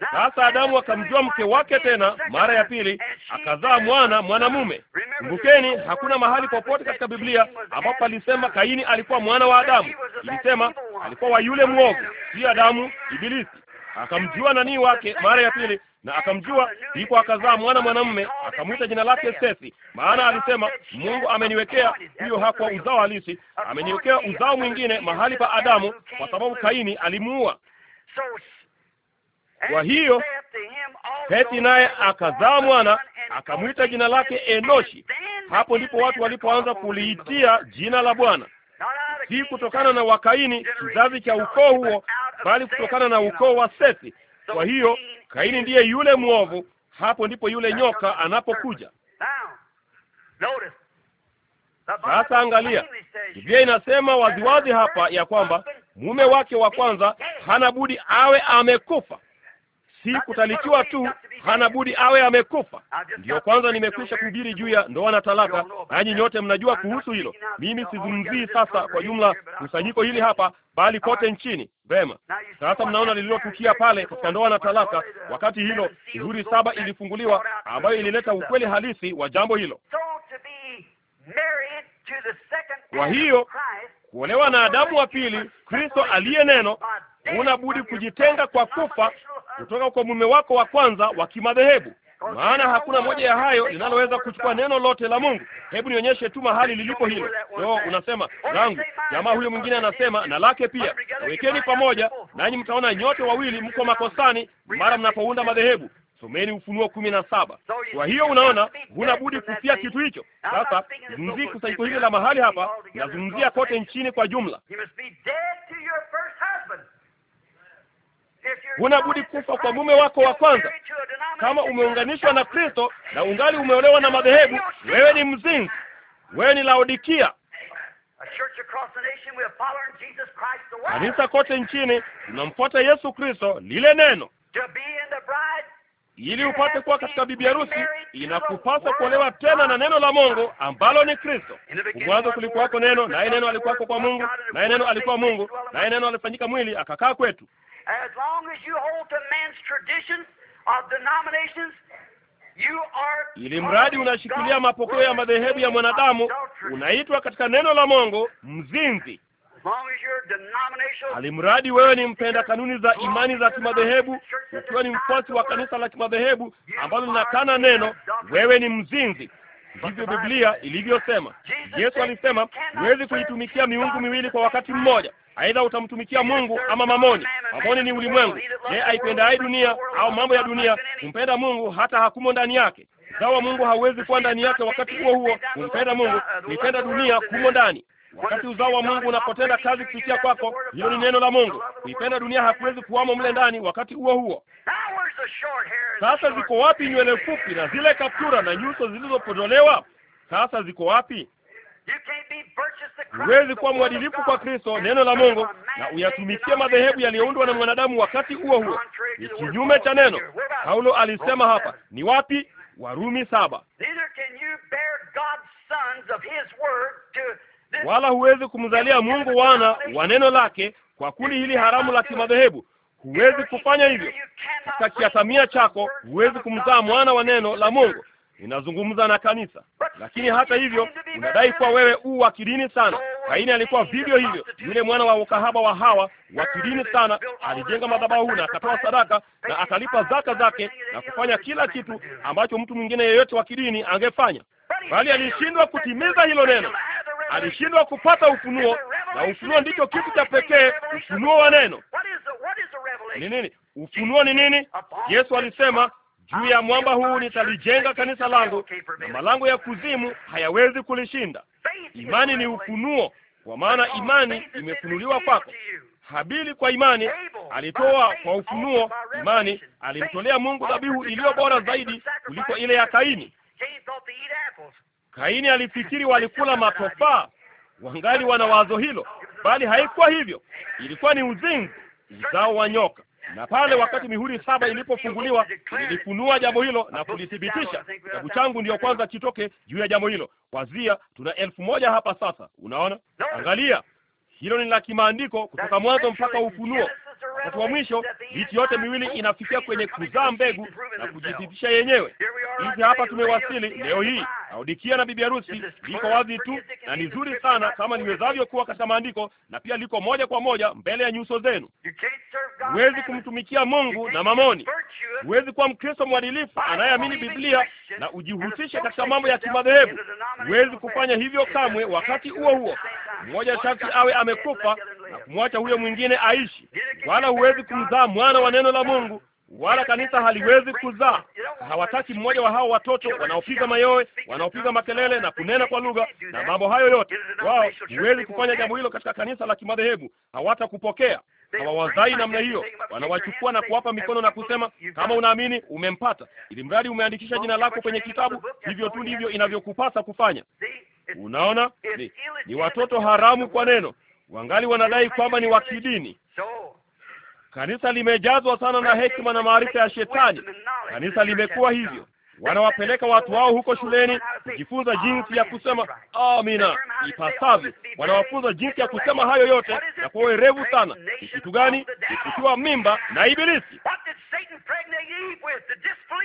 Speaker 1: Sasa Adamu akamjua mke wake tena mara ya pili, akazaa mwana mwanamume. Kumbukeni, hakuna mahali popote katika Biblia ambapo alisema Kaini alikuwa mwana wa Adamu. Ilisema alikuwa wa yule mwovu, si Adamu, Ibilisi. Akamjua nani wake mara ya pili na akamjua, ndipo akazaa mwana mwanamume, akamwita jina lake Sethi, maana alisema Mungu ameniwekea huyo. Hakuwa uzao halisi, ameniwekea uzao mwingine mahali pa Adamu, kwa sababu Kaini alimuua. Kwa hiyo
Speaker 3: Heti oh, naye
Speaker 1: akazaa mwana akamwita jina lake Enoshi. Hapo ndipo watu walipoanza kuliitia jina la Bwana, si kutokana na Wakaini, kizazi cha ukoo huo, bali kutokana na ukoo wa Sethi. Kwa hiyo Kaini ndiye yule mwovu. Hapo ndipo yule nyoka anapokuja. Sasa angalia, Biblia inasema waziwazi hapa ya kwamba mume wake wa kwanza hana budi awe amekufa si kutalikiwa tu, hana budi awe amekufa. Ndiyo kwanza nimekwisha kuhubiri juu ya ndoa na talaka, nanyi nyote mnajua kuhusu hilo. Mimi sizungumzii sasa kwa jumla kusanyiko hili hapa, bali kote nchini. Vema, sasa mnaona lililotukia pale katika ndoa na talaka. Wakati hilo mihuri saba ilifunguliwa, ambayo ilileta ukweli halisi wa jambo hilo. Kwa hiyo kuolewa na Adamu wa pili, Kristo aliye neno budi kujitenga kwa kufa kutoka kwa mume wako wa kwanza wa kimadhehebu, maana hakuna moja ya hayo linaloweza kuchukua neno lote la Mungu. Hebu nionyeshe tu mahali lilipo hilo. Leo unasema langu, jamaa huyo mwingine anasema na lake pia, wekeni pamoja, nanyi mtaona nyote wawili mko makosani mara mnapounda madhehebu. Someni Ufunuo kumi na saba. Kwa hiyo unaona, huna budi kufia kitu hicho. Sasa zungumzii kusanyiko hili la mahali hapa, nazungumzia kote nchini kwa jumla. Unabudi kufa kwa mume wako wa kwanza. Kama umeunganishwa na Kristo na ungali umeolewa na madhehebu, wewe ni mzinzi, wewe ni Laodikia. Kanisa kote nchini tunamfuata Yesu Kristo, lile neno ili upate kuwa katika bibi harusi inakupasa kuolewa tena na neno la Mungu ambalo ni Kristo. Mwanzo kulikuwako neno, naye neno alikuwako kwa Mungu, naye neno alikuwa Mungu, naye neno alifanyika mwili akakaa kwetu.
Speaker 3: As long as you hold to man's tradition of denominations, you are ili mradi unashikilia mapokeo ya madhehebu ya mwanadamu,
Speaker 1: unaitwa katika neno la Mungu mzinzi. Alimradi wewe ni mpenda kanuni za imani za kimadhehebu, ukiwa ni mfuasi wa kanisa la kimadhehebu ambalo linakana neno, wewe ni mzinzi. Ndivyo Biblia ilivyosema. Yesu alisema, huwezi kuitumikia miungu miwili kwa wakati mmoja, aidha utamtumikia Mungu ama mamoni. Mamoni ni ulimwengu, ye aipendaye dunia au mambo ya dunia, kumpenda Mungu hata hakumo ndani yake. sawa Mungu hauwezi kuwa ndani yake wakati huo huo kumpenda Mungu, kuipenda dunia kumo ndani Wakati uzao wa Mungu unapotenda kazi kupitia kwako, hilo ni neno la Mungu. Kuipenda dunia hakuwezi kuwamo mle ndani. Wakati huo huo, sasa ziko wapi nywele fupi na zile kaptura na nyuso zilizopotolewa? Sasa ziko wapi?
Speaker 3: Huwezi kuwa mwadilifu kwa
Speaker 1: Kristo, neno la Mungu, na uyatumikie madhehebu yaliyoundwa na mwanadamu. Wakati huo huo ni kinyume cha neno. Paulo alisema hapa, ni wapi? Warumi saba wala huwezi kumzalia Mungu wana wa neno lake kwa kundi hili haramu la kimadhehebu. Huwezi kufanya hivyo katika kiatamia chako, huwezi kumzaa mwana wa neno la Mungu. Ninazungumza na kanisa,
Speaker 2: lakini hata hivyo unadai kuwa
Speaker 1: wewe u wa kidini sana. Kaini alikuwa vivyo hivyo, yule mwana wa ukahaba wa Hawa, wa kidini sana. Alijenga madhabahu na akatoa sadaka na akalipa zaka zake na kufanya kila kitu ambacho mtu mwingine yeyote wa kidini angefanya, bali alishindwa kutimiza hilo neno alishindwa kupata ufunuo, na ufunuo ndicho kitu cha pekee. Ufunuo wa neno ni nini? Ufunuo ni nini? Yesu alisema juu ya mwamba huu nitalijenga kanisa langu na malango ya kuzimu hayawezi kulishinda. Imani ni ufunuo, kwa maana imani imefunuliwa kwako. Habili kwa imani alitoa kwa ufunuo. Imani alimtolea Mungu dhabihu iliyo bora zaidi kuliko ile ya Kaini. Kaini alifikiri walikula matofaa, wangali wana wazo hilo, bali haikuwa hivyo, ilikuwa ni uzinzi, uzao wa nyoka. Na pale wakati mihuri saba ilipofunguliwa, nilifunua jambo hilo na kulithibitisha. Kitabu changu ndiyo kwanza kitoke juu ya jambo hilo. Wazia, tuna elfu moja hapa sasa. Unaona, angalia hilo ni la kimaandiko kutoka mwanzo mpaka Ufunuo. Wakati wa mwisho miti yote miwili inafikia kwenye kuzaa mbegu na kujithibitisha yenyewe. Hivi hapa tumewasili leo hii, naodikia na bibi harusi liko wazi tu na ni zuri sana kama niwezavyo kuwa katika maandiko, na pia liko moja kwa moja mbele ya nyuso zenu. Huwezi kumtumikia Mungu na mamoni. Huwezi kuwa Mkristo mwadilifu anayeamini Biblia na ujihusishe katika mambo ya kimadhehebu. Huwezi kufanya hivyo kamwe. Wakati huo huo mmoja sharti awe amekufa na kumwacha huyo mwingine aishi. Wala huwezi kumzaa mwana wa neno la Mungu, wala kanisa haliwezi kuzaa. Hawataki mmoja wa hao watoto wanaopiga mayowe, wanaopiga makelele na kunena kwa lugha na mambo hayo yote. Wao huwezi kufanya jambo hilo katika kanisa la kimadhehebu, hawatakupokea. Hawawazai namna hiyo, wanawachukua na kuwapa mikono na kusema, kama unaamini umempata, ili mradi umeandikisha jina lako kwenye kitabu. Hivyo tu ndivyo inavyokupasa kufanya. Unaona, ni, ni watoto haramu kwa neno wangali wanadai kwamba ni wa kidini. Kanisa limejazwa sana na hekima na maarifa ya Shetani. Kanisa limekuwa hivyo, wanawapeleka watu wao huko shuleni kujifunza jinsi ya kusema amina ipasavyo. Wanawafunza jinsi ya kusema hayo yote na kwa werevu sana. Ni kitu gani? Ni kutiwa mimba na Ibilisi.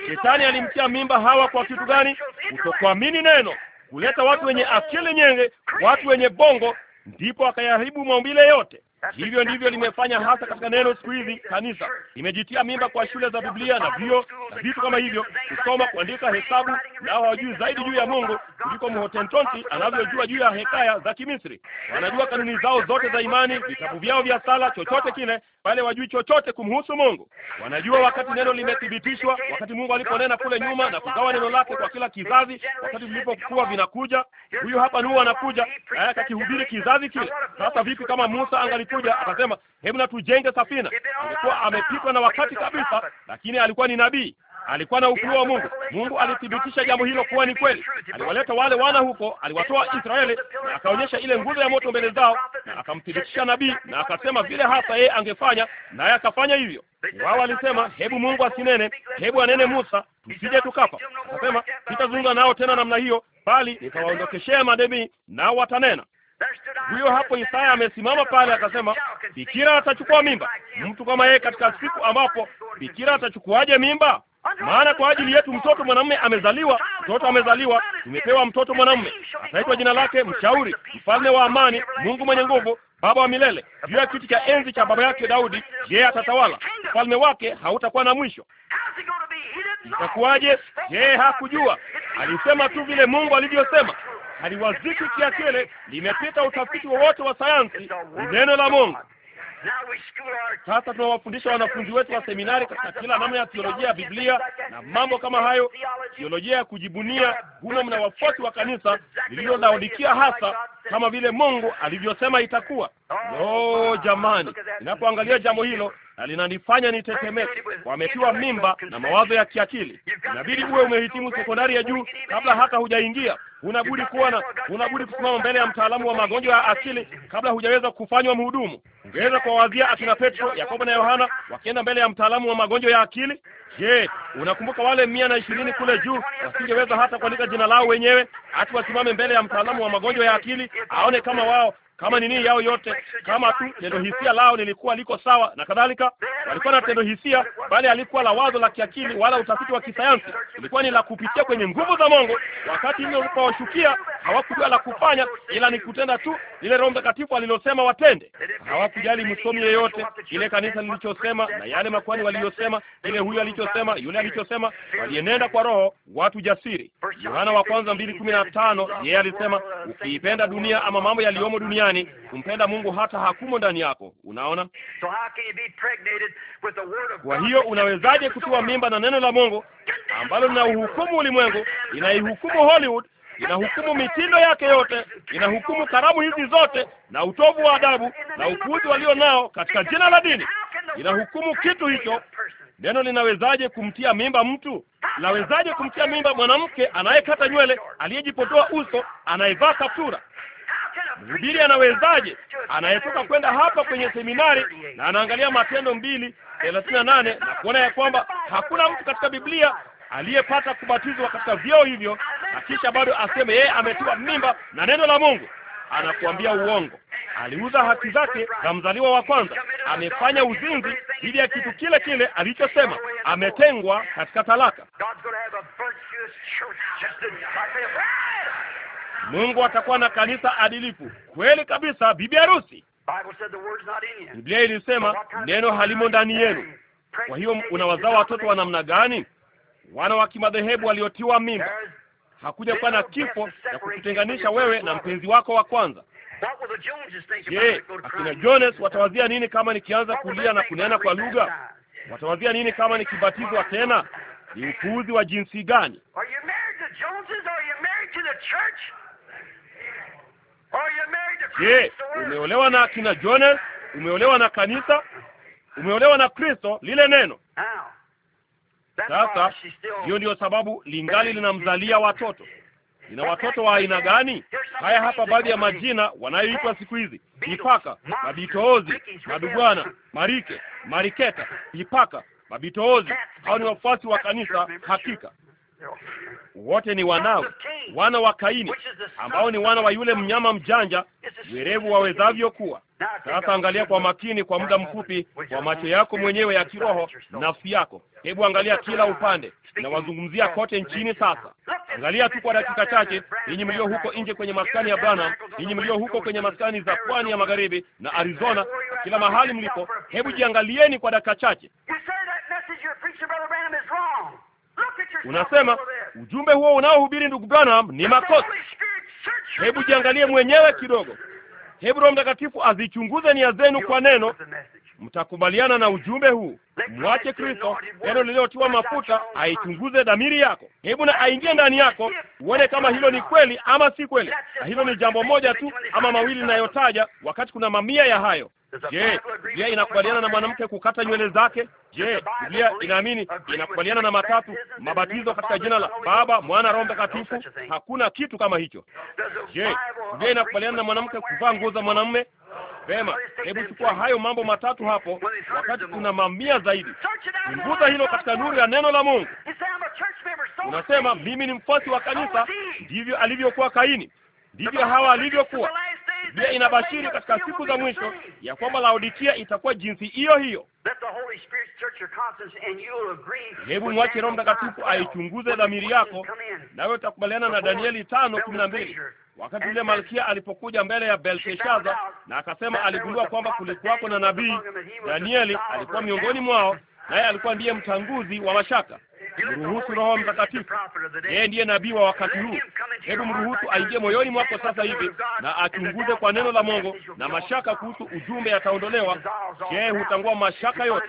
Speaker 3: Shetani alimtia
Speaker 1: mimba Hawa kwa kitu gani? Kutokuamini neno, kuleta watu wenye akili nyenge, watu wenye bongo, ndipo akayaribu maumbile yote Hivyo ndivyo limefanya hasa katika neno siku hizi. Kanisa limejitia mimba kwa shule za Biblia na vio na vitu kama hivyo, kusoma, kuandika, hesabu, nao hawajui zaidi juu ya Mungu kuliko Mhotentonti anavyojua juu ya hekaya za Kimisri. Wanajua kanuni zao zote za imani, vitabu vyao vya sala, chochote kile pale, wajui chochote kumhusu Mungu. Wanajua wakati neno limethibitishwa, wakati Mungu aliponena kule nyuma na kugawa neno lake kwa kila kizazi, wakati vilipokuwa vinakuja. Huyu hapa Nuhu anakuja naye akakihubiri kizazi kile. Sasa vipi kama Musa angali alikuja akasema, hebu na tujenge safina. Alikuwa amepitwa na wakati kabisa, lakini alikuwa ni nabii, alikuwa na ukuu wa Mungu. Mungu alithibitisha jambo hilo kuwa ni kweli. Aliwaleta wale wana huko, aliwatoa Israeli na akaonyesha ile nguzo ya moto mbele zao, na akamthibitisha nabii na akasema vile hasa yeye angefanya, naye akafanya hivyo. Wao walisema hebu Mungu asinene, hebu anene Musa, tusije tukapa. Akasema sitazungumza nao tena namna hiyo, bali nitawaondokeshea mademi, nao watanena. Huyo hapo Isaya amesimama pale akasema, bikira atachukua mimba. Mtu kama yeye katika siku ambapo bikira atachukuaje mimba? Maana kwa ajili yetu mtoto mwanamume amezaliwa, mtoto amezaliwa, tumepewa mtoto mwanamume, ataitwa jina lake Mshauri, Mfalme wa Amani, Mungu mwenye nguvu, Baba wa milele. Juu ya kiti cha enzi cha baba yake Daudi yeye atatawala, ufalme wake hautakuwa na mwisho. Itakuwaje? Yeye hakujua, alisema tu vile Mungu alivyosema haliwaziki kiakili, limepita utafiti wowote wa, wa sayansi. Neno la Mungu. Sasa tunawafundisha wanafunzi wetu wa seminari katika kila namna ya teolojia ya Biblia na mambo kama hayo, teolojia ya kujibunia. Humo mna wafuasi wa kanisa lililodaodikia hasa, kama vile Mungu alivyosema itakuwa. Oh, jamani, inapoangalia jambo hilo na linanifanya nitetemeke. Wamepiwa mimba na mawazo ya kiakili. Inabidi uwe umehitimu sekondari ya juu kabla hata hujaingia. Unabudi na unabudi kusimama mbele ya mtaalamu wa magonjwa ya akili kabla hujaweza kufanywa mhudumu. Ungeweza kuwawazia akina Petro, Yakobo na Yohana wakienda mbele ya mtaalamu wa magonjwa ya akili. Je, unakumbuka wale mia na ishirini kule juu wasingeweza hata kuandika jina lao wenyewe, hati wasimame mbele ya mtaalamu wa magonjwa ya akili aone kama wao kama nini yao yote, kama tu tendo hisia lao lilikuwa liko sawa na kadhalika. Walikuwa na tendo hisia, bali alikuwa la wazo la kiakili wala utafiti wa kisayansi, ilikuwa ni la kupitia kwenye nguvu za Mungu. Wakati hilo lilipowashukia, hawakujua la kufanya, ila ni kutenda tu ile Roho Mtakatifu alilosema watende. Hawakujali msomi yeyote, ile kanisa lilichosema na yale makwani waliyosema, ile huyu alichosema, yule alichosema, walienenda kwa roho, watu jasiri. Yohana wa kwanza mbili kumi na tano yeye alisema, ukiipenda dunia ama mambo yaliyomo dunia duniani, kumpenda Mungu hata hakumo ndani yako. Unaona? Kwa hiyo unawezaje kutoa mimba na neno la Mungu ambalo linauhukumu ulimwengu, inaihukumu Hollywood, inahukumu mitindo yake yote, inahukumu karamu hizi zote na utovu wa adabu na upuuzi walio nao katika jina la dini, inahukumu kitu hicho. Neno linawezaje kumtia mimba mtu? Linawezaje kumtia mimba mwanamke anayekata nywele, aliyejipotoa uso, anayevaa kaptura? mhubiri anawezaje, anayetoka kwenda hapa kwenye seminari na anaangalia Matendo mbili thelathini na nane na kuona ya kwamba hakuna mtu katika Biblia aliyepata kubatizwa katika vyeo hivyo, na kisha bado aseme yeye ametiwa mimba na neno la Mungu? Anakuambia uongo. Aliuza haki zake za mzaliwa wa kwanza, amefanya uzinzi dhidi ya kitu kile kile alichosema, ametengwa katika talaka. Mungu atakuwa na kanisa adilifu kweli kabisa, bibi harusi.
Speaker 3: Biblia ilisema neno halimo ndani yenu. Kwa hiyo unawazaa watoto wa namna
Speaker 1: gani? Wana wa kimadhehebu waliotiwa mimba. Hakuja kuwa na kifo ya kukutenganisha wewe na mpenzi wako wa kwanza.
Speaker 2: Je, akina Jones
Speaker 1: watawazia nini kama nikianza kulia na kunena kwa lugha? Watawazia nini kama nikibatizwa tena? Ni upuuzi wa jinsi gani?
Speaker 3: Je, umeolewa
Speaker 1: na kina jones Umeolewa na kanisa? Umeolewa na Kristo, lile neno? Sasa hiyo ndiyo sababu lingali linamzalia watoto. Ina watoto wa aina gani? Haya hapa baadhi ya majina wanayoitwa siku hizi: mipaka, mabitoozi, madugwana, marike, mariketa, mipaka, mabitoozi. Hao ni wafuasi wa kanisa hakika wote ni wanawe,
Speaker 2: wana wa Kaini, ambao ni wana wa yule
Speaker 1: mnyama mjanja, werevu wawezavyo kuwa. Sasa angalia kwa makini kwa muda mfupi kwa macho yako mwenyewe ya kiroho, nafsi yako. Hebu angalia kila upande, na wazungumzia kote nchini. Sasa
Speaker 2: angalia tu kwa dakika chache,
Speaker 1: ninyi mlio huko nje kwenye maskani ya Branham, ninyi mlio huko kwenye maskani za pwani ya magharibi na Arizona, kila mahali mlipo, hebu jiangalieni kwa dakika chache. Unasema ujumbe huo unaohubiri ndugu Branham ni makosa. Hebu jiangalie mwenyewe kidogo. Hebu Roho Mtakatifu azichunguze nia zenu kwa neno, mtakubaliana na ujumbe huu. Mwache Kristo, neno lililotiwa mafuta, aichunguze dhamiri yako. Hebu na aingie ndani yako, uone kama hilo ni kweli ama si kweli. Na hilo ni jambo moja tu ama mawili ninayotaja, wakati kuna mamia ya hayo. Je, Biblia inakubaliana na mwanamke kukata nywele zake? Je, Biblia inaamini, inakubaliana na matatu, mabatizo katika jina la Baba, Mwana, Roho Mtakatifu? Hakuna kitu kama hicho. Je, Biblia inakubaliana na mwanamke kuvaa nguo za mwanamume? Vema, hebu chukua hayo mambo matatu hapo, wakati kuna mamia zaidi. Punguza hilo katika nuru ya neno la Mungu. Unasema mimi ni mfuasi wa kanisa, ndivyo alivyokuwa Kaini ndivyo hawa alivyokuwa.
Speaker 3: Biblia inabashiri katika siku za mwisho ya kwamba
Speaker 1: Laodikia itakuwa jinsi hiyo hiyo. Hebu mwache Roho Mtakatifu aichunguze dhamiri yako, nawe utakubaliana na Danieli tano kumi na mbili wakati yule malkia alipokuja mbele ya Belteshaza na akasema, aligundua kwamba kulikuwako na nabii Danieli alikuwa miongoni mwao, naye alikuwa ndiye mtanguzi wa mashaka mruhusu Roho Mtakatifu, yeye ndiye nabii wa wakati huu. Hebu mruhusu aingie moyoni mwako sasa hivi na achunguze kwa neno la Mungu, na mashaka kuhusu ujumbe yataondolewa. Je, hutangua mashaka yote?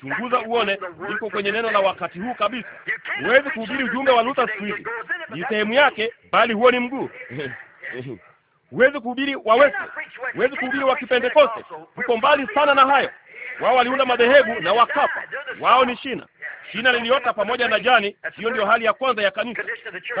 Speaker 1: Chunguza uone, liko kwenye neno la wakati huu kabisa. Huwezi kuhubiri ujumbe wa Luther siku hizi, ni sehemu yake, bali huo ni mguu <laughs> huwezi kuhubiri wa Wesley, huwezi kuhubiri wa Kipentekoste. Uko mbali sana na hayo. Wao waliunda madhehebu na wakafa. Wao ni shina, shina liliota pamoja na jani. Hiyo ndiyo hali ya kwanza ya kanisa.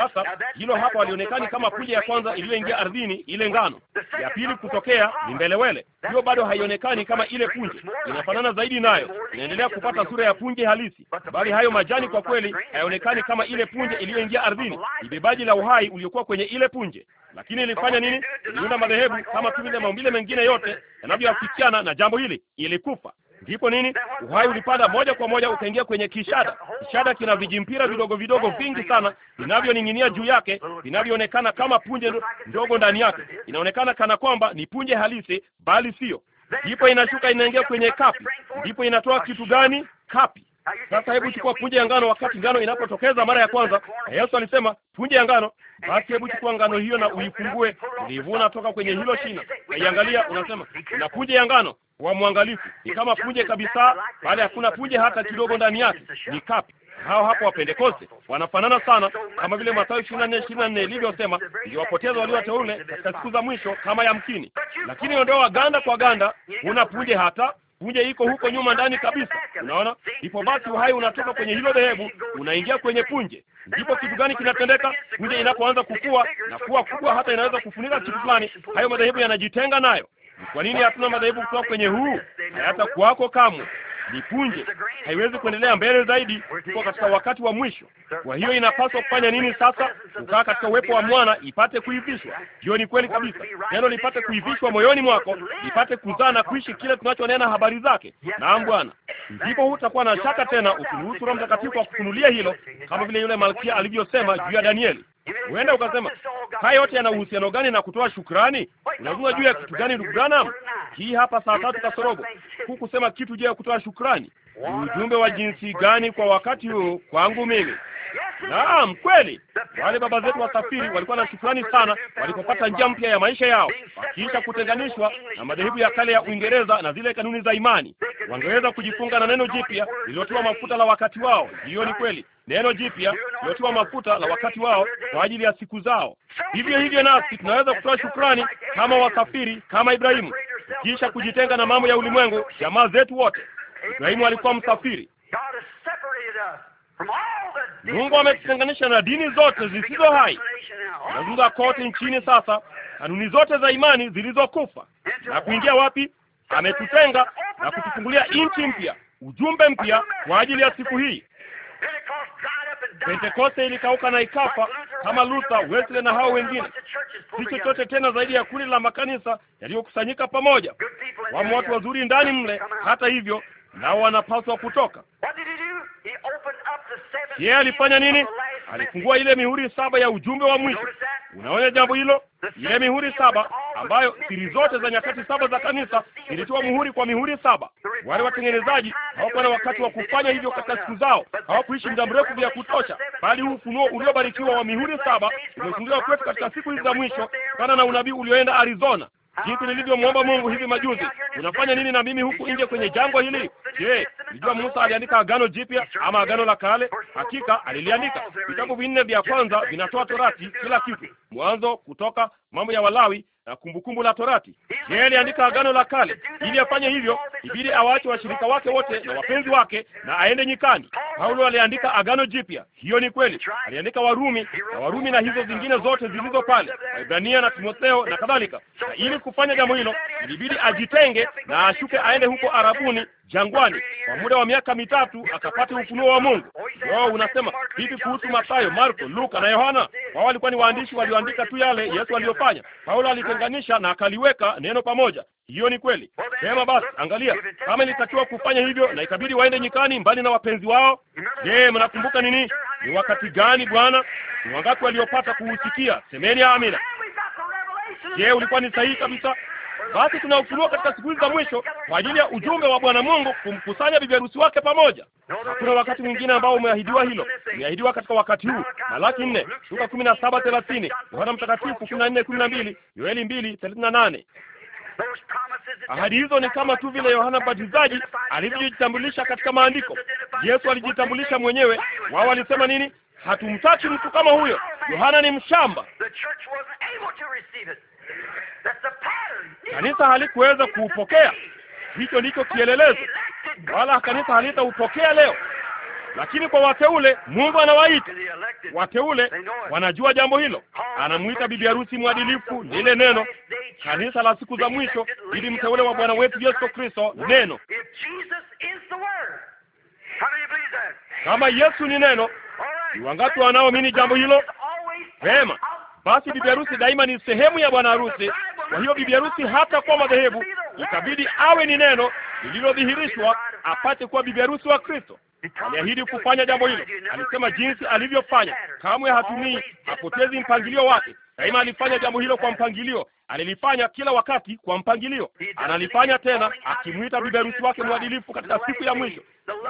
Speaker 1: Sasa hilo hapa halionekani kama kuja ya kwanza iliyoingia ardhini, ile ngano ya pili kutokea ni mbelewele. Hiyo bado haionekani kama ile punje, inafanana zaidi nayo, inaendelea kupata sura ya punje halisi, bali hayo majani kwa kweli hayaonekani kama ile punje iliyoingia ardhini. Ni bebaji la uhai uliokuwa kwenye ile punje, lakini ilifanya nini? Iliunda madhehebu kama tu vile maumbile mengine yote yanavyoafikiana na jambo hili, ilikufa. Ndipo nini? Uhai ulipanda moja kwa moja ukaingia kwenye kishada. Kishada kina vijimpira vidogo vidogo vingi sana vinavyoning'inia juu yake, vinavyoonekana kama punje ndogo ndani yake. Inaonekana kana kwamba ni punje halisi, bali sio.
Speaker 2: Ndipo inashuka inaingia kwenye
Speaker 1: kapi. Ndipo inatoa kitu gani? Kapi. Sasa hebu chukua punje ya ngano. Wakati ngano inapotokeza mara ya kwanza, Yesu alisema punje ya ngano. Basi hebu chukua ngano hiyo na uifungue, uivuna toka kwenye hilo shina, naiangalia, unasema na punje ya ngano wa mwangalifu, ni kama punje kabisa, baada hakuna punje hata kidogo ndani yake, ni kapi. Hao hapo Wapentekoste wanafanana sana, kama vile Mathayo ishirini na nne ishirini na nne ilivyosema, niliwapoteza walioteule katika siku za mwisho kama yamkini. Lakini ondoa ganda kwa ganda, huna punje hata punje iko huko nyuma ndani kabisa. Unaona, ndipo basi uhai unatoka kwenye hilo dhehebu unaingia kwenye punje. Ndipo kitu gani kinatendeka? Punje inapoanza kukua na kuwa kubwa hata inaweza kufunika kitu fulani, hayo madhehebu yanajitenga nayo. Ni kwa nini hatuna madhehebu kutoka kwenye huu? Hayata kuwako kamwe, lipunje, haiwezi kuendelea mbele zaidi. Tuko katika wakati wa mwisho. Kwa hiyo inapaswa kufanya nini sasa? Kukaa katika uwepo wa mwana ipate kuivishwa. Hiyo ni kweli kabisa, neno lipate kuivishwa moyoni mwako, lipate kuzaa na kuishi kile tunachonena habari zake. Naam Bwana, ndipo hutakuwa na shaka tena, ukiruhusu Roho Mtakatifu akufunulia hilo, kama vile yule malkia alivyosema juu ya Danieli. Huenda ukasema haya yote yana uhusiano gani na kutoa shukrani? Unajua juu ya kitu gani, ndugu Branham? Hii hapa saa tatu kasorobo hukusema kitu juu ya kutoa shukrani. Ujumbe wa jinsi gani kwa wakati huu kwangu mimi Naam, kweli wale baba zetu wasafiri walikuwa na shukrani sana walipopata njia mpya ya maisha yao, wakiisha kutenganishwa na madhehebu ya kale ya Uingereza na zile kanuni za imani, wangeweza kujifunga na neno jipya lililotiwa mafuta la wakati wao. Hiyo ni kweli, neno jipya lililotiwa mafuta la wakati wao kwa ajili ya siku zao. Hivyo hivyo nasi tunaweza kutoa shukrani kama wasafiri, kama Ibrahimu, kisha kujitenga na mambo ya ulimwengu, jamaa zetu wote. Ibrahimu alikuwa msafiri.
Speaker 3: Mungu ametutenganisha
Speaker 1: na dini zote zisizo hai. Nazungumza kote nchini sasa, kanuni zote za imani zilizokufa na kuingia wapi? Ametutenga na kutufungulia nchi mpya, ujumbe mpya kwa ajili ya siku hii. Pentekoste ilikauka na ikafa kama Luther, Wesley na hao wengine, si chochote tena zaidi ya kundi la makanisa yaliyokusanyika pamoja. Wamo watu wazuri ndani mle, hata hivyo nao wanapaswa kutoka.
Speaker 3: Yeye alifanya nini?
Speaker 1: Alifungua ile mihuri saba ya ujumbe wa mwisho. Unaona jambo hilo, ile mihuri saba ambayo siri zote za nyakati saba za kanisa ilitoa muhuri kwa mihuri saba. Wale watengenezaji hawakuwa na wakati wa kufanya hivyo katika siku zao, hawakuishi muda mrefu vya kutosha, bali huu ufunuo uliobarikiwa wa mihuri saba umefunguliwa kwetu katika siku hizi za mwisho, kana na unabii ulioenda Arizona jinsi nilivyomwomba Mungu hivi majuzi, unafanya nini na mimi huku nje kwenye jangwa hili? Je, unajua Musa aliandika agano jipya ama agano la kale? Hakika aliliandika. Vitabu vinne vya kwanza vinatoa torati, kila kitu, Mwanzo, Kutoka, mambo ya Walawi, na Kumbukumbu la Torati. Yeye aliandika Agano la Kale. Ili afanye hivyo, ibidi awaache washirika wake wote na wapenzi wake na aende nyikani. Paulo aliandika Agano Jipya, hiyo ni kweli. Aliandika Warumi na Warumi na hizo zingine zote zilizo pale, Waibrania na Timotheo na kadhalika. Na ili kufanya jambo hilo, ilibidi ajitenge na ashuke aende huko Arabuni jangwani kwa muda wa miaka mitatu akapate ufunuo wa Mungu. Wao unasema vipi kuhusu Mathayo, Marko, Luka na Yohana? Wao walikuwa ni waandishi walioandika tu yale Yesu aliyofanya. Paulo akalitenganisha na akaliweka neno pamoja. Hiyo ni kweli. Sema basi, angalia, kama ilitakiwa kufanya hivyo na ikabidi waende nyikani mbali na wapenzi wao. Je, mnakumbuka nini? Ni wakati gani Bwana? Ni wangapi waliopata kuusikia? Semeni amina.
Speaker 3: Je, ulikuwa ni sahihi
Speaker 1: kabisa? Basi tunaofunuliwa katika siku hizi za mwisho kwa ajili ya ujumbe wa Bwana Mungu kumkusanya bibi harusi wake pamoja. Hakuna wakati mwingine ambao umeahidiwa hilo, umeahidiwa katika wakati huu. Malaki nne, Luka kumi na saba thelathini, Yohana Mtakatifu kumi na nne kumi na mbili, Yoeli mbili thelathini na nane. Ahadi hizo ni kama tu vile Yohana Mbatizaji alivyojitambulisha katika maandiko. Yesu alijitambulisha mwenyewe. Wao walisema nini? Hatumtaki mtu kama huyo. Yohana ni mshamba. Kanisa halikuweza kuupokea. Hicho ndicho kielelezo, wala kanisa halitaupokea leo. Lakini kwa wateule, Mungu anawaita wateule, wanajua jambo hilo. Anamwita bibi harusi mwadilifu, lile neno, kanisa la siku za mwisho, ili mteule wa Bwana wetu Yesu Kristo, neno. Kama Yesu ni neno, ni wangapi wanaoamini jambo hilo? Vema, basi bibi harusi daima ni sehemu ya bwana harusi kwa hiyo bibi harusi hata kwa madhehebu itabidi awe ni neno lililodhihirishwa apate kuwa bibi harusi wa Kristo. Aliahidi kufanya jambo hilo, alisema jinsi alivyofanya. Kamwe hatumii, hapotezi mpangilio wake. Daima alifanya jambo hilo kwa mpangilio, alilifanya kila wakati kwa mpangilio, analifanya tena, akimwita bibi harusi wake mwadilifu katika siku ya mwisho,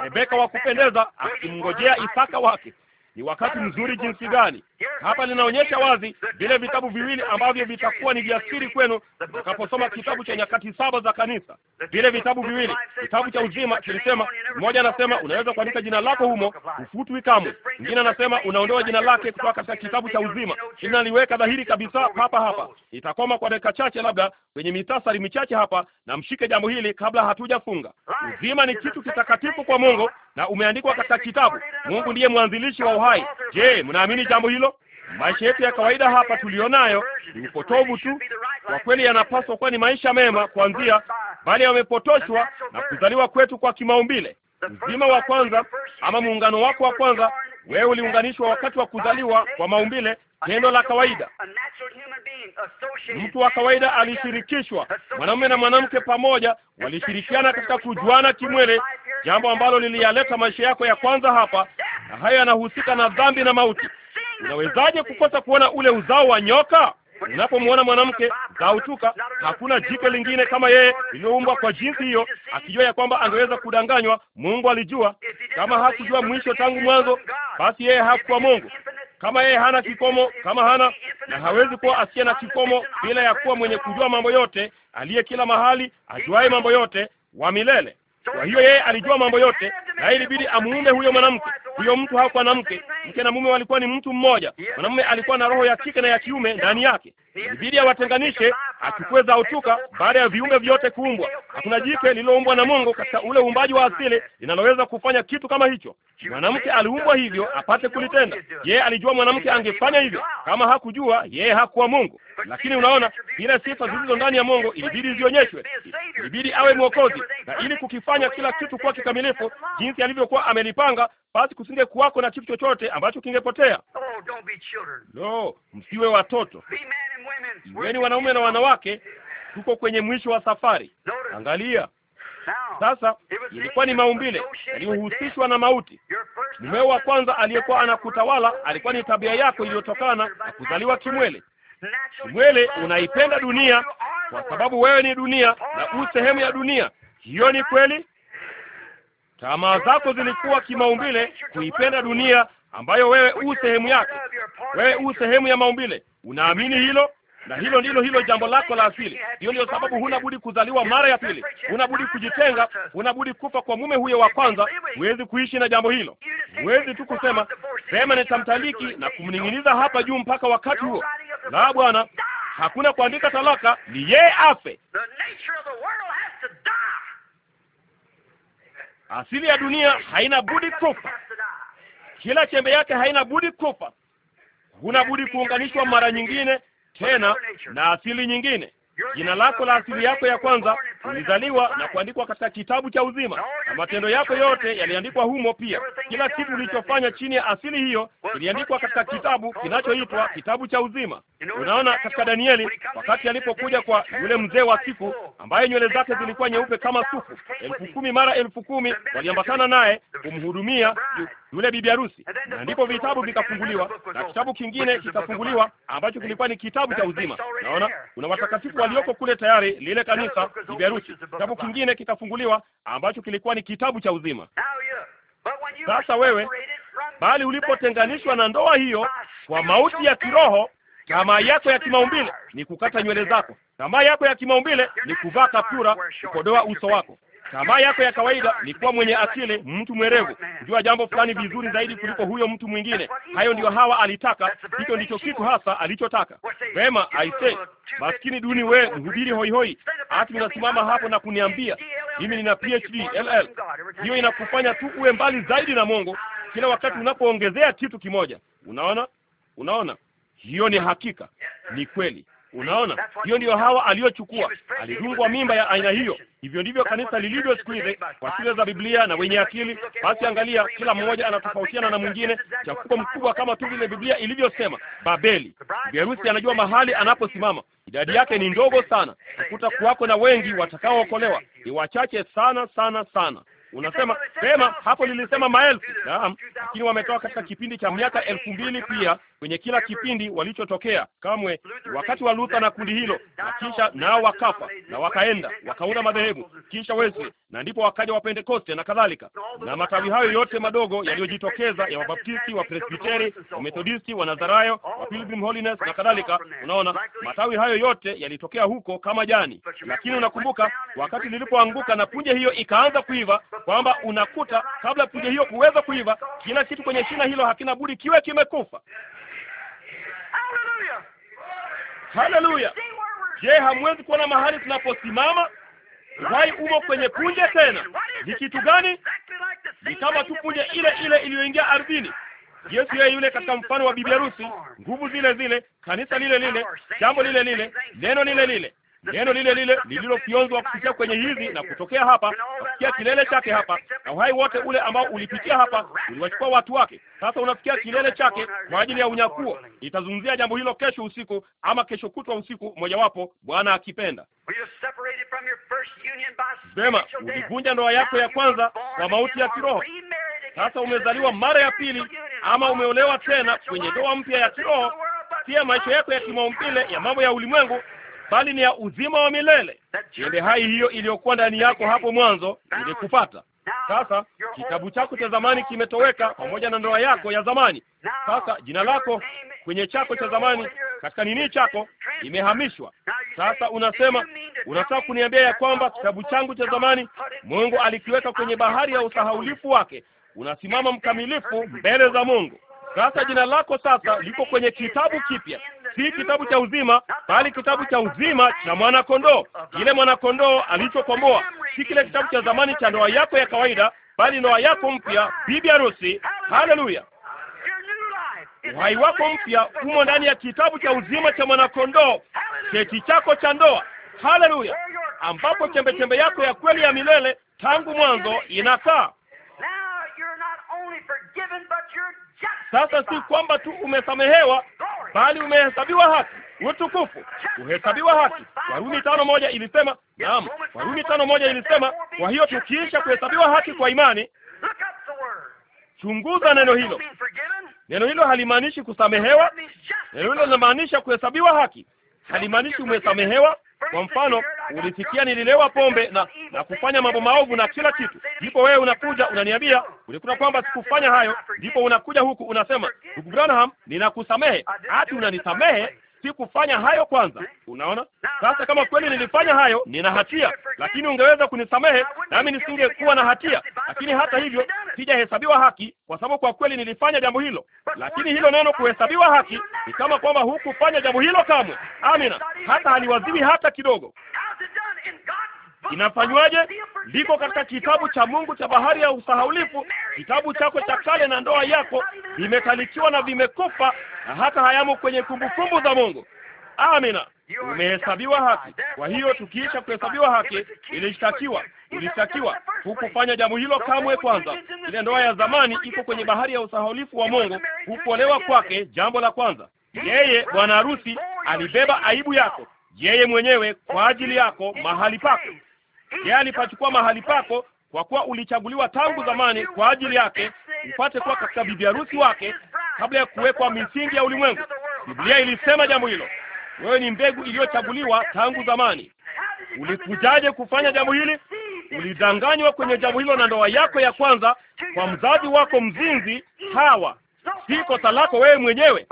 Speaker 1: Rebeka wa kupendeza, akimngojea Isaka wake. Ni wakati mzuri jinsi gani! Hapa linaonyesha wazi vile vitabu viwili ambavyo vitakuwa ni vya siri kwenu mtakaposoma kitabu cha nyakati saba za kanisa. Vile vitabu viwili, kitabu cha uzima kilisema, mmoja anasema unaweza kuandika jina lako humo, hufutwi kamwe. Mwingine anasema unaondoa jina lake kutoka katika kitabu cha uzima, inaliweka dhahiri kabisa hapa hapa. Itakoma kwa dakika chache, labda kwenye mitasari michache hapa, na mshike jambo hili kabla hatujafunga. Uzima ni kitu kitakatifu kwa Mungu na umeandikwa katika kitabu. Mungu ndiye mwanzilishi wa uhai. Je, mnaamini jambo hilo? Maisha yetu ya kawaida hapa tulionayo ni upotovu tu. Kwa kweli, yanapaswa kuwa ni maisha mema kuanzia, bali yamepotoshwa na kuzaliwa kwetu kwa kimaumbile. Uzima wa kwanza ama muungano wako wa kwanza, wewe uliunganishwa wakati wa kuzaliwa kwa maumbile, tendo la kawaida. Mtu wa kawaida alishirikishwa, mwanamume na mwanamke pamoja walishirikiana katika kujuana kimwele jambo ambalo liliyaleta maisha yako ya kwanza hapa, na hayo yanahusika na dhambi na mauti. Unawezaje kukosa kuona ule uzao wa nyoka? Unapomwona mwanamke dhautuka, hakuna jike lingine kama yeye iliyoumbwa kwa jinsi hiyo, akijua ya kwamba angeweza kudanganywa. Mungu alijua. Kama hakujua mwisho tangu mwanzo, basi yeye hakuwa Mungu. Kama yeye hana kikomo, kama hana na hawezi kuwa asiye na kikomo, bila ya kuwa mwenye kujua mambo yote, aliye kila mahali, ajuaye mambo yote, wa milele. Kwa hiyo yeye alijua mambo yote, na ilibidi amuume huyo mwanamke. Huyo mtu hakuwa na mke, mke na mume walikuwa ni mtu mmoja. Mwanamume alikuwa na roho ya kike na ya kiume ndani yake, ilibidi awatenganishe, achukue utuka. baada ya viumbe vyote kuumbwa. Hakuna jike lililoumbwa na Mungu katika ule uumbaji wa asili linaloweza kufanya kitu kama hicho. Mwanamke aliumbwa hivyo apate kulitenda. Yeye alijua mwanamke angefanya hivyo, kama hakujua yeye hakuwa Mungu. Lakini unaona, zile sifa zilizo ndani ya Mungu ilibidi zionyeshwe, ilibidi awe mwokozi, na ili kukifanya kila kitu kwa kikamilifu jinsi alivyokuwa amelipanga, basi kusinge kuwako na kitu chochote ambacho kingepotea. Oh, Lo, msiwe watoto, iweni wanaume na wanawake. Tuko kwenye mwisho wa safari. Angalia sasa, ilikuwa ni maumbile yaliyohusishwa na mauti. Mumeo wa kwanza aliyekuwa anakutawala alikuwa ni tabia yako iliyotokana na kuzaliwa kimwele. Kimwele unaipenda dunia kwa sababu wewe ni dunia na u sehemu ya dunia. Hiyo ni kweli, Tamaa zako zilikuwa kimaumbile kuipenda dunia ambayo wewe u sehemu yake, wewe u sehemu ya maumbile. Unaamini hilo, na hilo ndilo hilo jambo lako la asili. Hiyo ndiyo sababu huna budi kuzaliwa mara ya pili, huna budi kujitenga, huna budi kufa kwa mume huyo wa kwanza. Huwezi kuishi na jambo hilo, huwezi tu kusema sema nitamtaliki na kumning'iniza hapa juu mpaka wakati huo. La, bwana, hakuna kuandika talaka, ni yeye afe. Asili ya dunia haina budi kufa, kila chembe yake haina budi kufa. Huna budi kuunganishwa mara nyingine tena na asili nyingine jina lako la asili yako ya kwanza, ulizaliwa na kuandikwa katika kitabu cha uzima, na matendo yako yote yaliandikwa humo pia. Kila kitu ulichofanya chini ya asili hiyo kiliandikwa katika kitabu kinachoitwa kitabu cha uzima. Unaona, katika Danieli, wakati alipokuja kwa yule mzee wa siku ambaye nywele zake zilikuwa nyeupe kama sufu, elfu kumi mara elfu kumi waliambatana naye kumhudumia yule bibi harusi, na ndipo vitabu vikafunguliwa na kitabu kingine kikafunguliwa ambacho kilikuwa ni kitabu cha uzima. Naona kuna watakatifu walioko kule tayari, lile kanisa liberusi, kitabu kingine kikafunguliwa ambacho kilikuwa ni kitabu cha uzima.
Speaker 3: Sasa wewe
Speaker 1: bali ulipotenganishwa na ndoa hiyo kwa mauti ya kiroho, tamaa yako ya kimaumbile ni kukata nywele zako, tamaa yako ya kimaumbile ni kuvaa kaptura, kukodoa uso wako. Tamaa yako ya kawaida ni kuwa mwenye akili, mtu mwerevu, jua jambo fulani vizuri zaidi kuliko huyo mtu mwingine. Hayo ndiyo Hawa alitaka, hicho ndicho kitu hasa alichotaka. Vema, aise, maskini duni, we mhubiri hoihoi, ati unasimama hapo na kuniambia mimi nina PhD LL. Hiyo inakufanya tu uwe mbali zaidi na Mungu kila wakati unapoongezea kitu kimoja. Unaona, unaona, hiyo ni hakika, ni kweli. Unaona, hiyo ndiyo Hawa aliyochukua, alidungwa mimba ya aina hiyo. Hivyo ndivyo kanisa lilivyo siku hizi kwa shule za Biblia na wenye akili. Basi angalia, kila mmoja anatofautiana na mwingine, chakuko mkubwa kama tu vile Biblia ilivyosema. Babeli, biharusi anajua mahali anaposimama. Idadi yake ni ndogo sana, kuwako na wengi watakaookolewa, ni wachache sana sana sana. Unasema sema hapo nilisema maelfu. Naam, lakini wametoka katika kipindi cha miaka elfu mbili pia kwenye kila kipindi walichotokea, kamwe wakati wa Luther na kundi hilo, na kisha nao wakafa na wakaenda wakaunda madhehebu, kisha Wesley na ndipo wakaja Wapentekoste na kadhalika, na matawi hayo yote madogo yaliyojitokeza ya Wabaptisti, Wapresbiteri, Wamethodisti, Wanazarayo, wa Pilgrim Holiness na kadhalika. Unaona, matawi hayo yote yalitokea huko kama jani, lakini unakumbuka wakati lilipoanguka na punje hiyo ikaanza kuiva kwamba unakuta kabla punje hiyo kuweza kuiva, kila kitu kwenye shina hilo hakina budi kiwe kimekufa. Haleluya! Je, hamwezi kuona mahali tunaposimama? Uhai umo kwenye punje. Tena ni kitu gani? Ni kama tu punje ile ile iliyoingia ardhini. Yesu yeye yule katika mfano wa bibi harusi, nguvu zile zile, kanisa lile lile, jambo lile lile, neno lile lile neno lile lile lililofyonzwa kupitia kwenye hizi na kutokea hapa na kufikia kilele chake hapa, na uhai wote ule ambao ulipitia hapa uliwachukua watu wake. Sasa unafikia kilele chake kwa ajili ya unyakuo. Nitazungumzia jambo hilo kesho usiku ama kesho kutwa usiku, mojawapo, Bwana akipenda.
Speaker 3: Vema, ulivunja ndoa yako ya
Speaker 1: kwanza kwa mauti ya kiroho. Sasa umezaliwa mara ya pili, ama umeolewa tena kwenye ndoa mpya ya kiroho, pia maisha yako ya kimaumbile ya mambo ya ulimwengu bali ni ya uzima wa milele. Ile hai hiyo iliyokuwa ndani yako hapo mwanzo ilikupata. Sasa kitabu chako cha zamani kimetoweka pamoja na ndoa yako ya zamani. Sasa jina lako kwenye chako cha zamani katika nini chako imehamishwa. Sasa unasema unataka kuniambia ya kwamba kitabu changu cha zamani Mungu alikiweka kwenye bahari ya usahaulifu wake. Unasimama mkamilifu mbele za Mungu. Sasa jina lako sasa liko kwenye kitabu kipya, si kitabu cha uzima, bali kitabu cha uzima cha mwanakondoo. Kile mwanakondoo alichokomboa, si kile kitabu cha zamani cha ndoa yako ya kawaida, bali ndoa yako mpya, bibi harusi. Haleluya!
Speaker 3: Uhai wako mpya umo
Speaker 1: ndani ya kitabu cha uzima cha mwanakondoo, cheti chako cha ndoa. Haleluya!
Speaker 3: ambapo chembechembe
Speaker 1: yako ya kweli ya milele tangu mwanzo inakaa Sasa si kwamba tu umesamehewa, bali umehesabiwa haki, utukufu, kuhesabiwa haki. Warumi tano moja ilisema naam, Warumi tano moja ilisema. Kwa hiyo tukiisha kuhesabiwa haki kwa imani, chunguza neno hilo. Neno hilo halimaanishi kusamehewa. Neno hilo linamaanisha kuhesabiwa haki, halimaanishi umesamehewa kwa mfano, ulisikia nililewa pombe na na kufanya mambo maovu na kila kitu, ndipo wewe unakuja unaniambia ulikuta kwamba sikufanya hayo, ndipo unakuja huku unasema, ndugu Branham, ninakusamehe. hata unanisamehe? si kufanya hayo kwanza. Unaona sasa, kama kweli nilifanya hayo, nina hatia, lakini ungeweza kunisamehe nami nisingekuwa na hatia, lakini hata hivyo sijahesabiwa haki, kwa sababu kwa kweli nilifanya jambo hilo. Lakini hilo neno kuhesabiwa haki ni kama kwamba hukufanya jambo hilo kamwe. Amina, hata haliwaziwi hata kidogo. Inafanywaje? Ndiko katika kitabu cha Mungu cha bahari ya usahaulifu, kitabu chako cha kale na ndoa yako vimekalikiwa na vimekufa, na hata hayamo kwenye kumbukumbu za Mungu. Amina. Umehesabiwa haki. Kwa hiyo tukiisha kuhesabiwa haki, ilishtakiwa, ilishtakiwa. Hukufanya jambo hilo kamwe. Kwanza, ile ndoa ya zamani iko kwenye bahari ya usahaulifu wa Mungu. Hukuolewa kwake, jambo la kwanza. Yeye bwana harusi alibeba aibu yako yeye mwenyewe kwa ajili yako mahali pako. Mm. Yeye alipachukua mahali pako, kwa kuwa ulichaguliwa tangu zamani kwa ajili yake, upate kuwa katika bibi harusi wake kabla ya kuwekwa misingi ya ulimwengu. Biblia ilisema jambo hilo. Wewe ni mbegu iliyochaguliwa tangu zamani. Ulikujaje kufanya jambo hili? Ulidanganywa kwenye jambo hilo na ndoa yako ya kwanza kwa mzazi wako mzinzi Hawa si kosa lako wewe mwenyewe.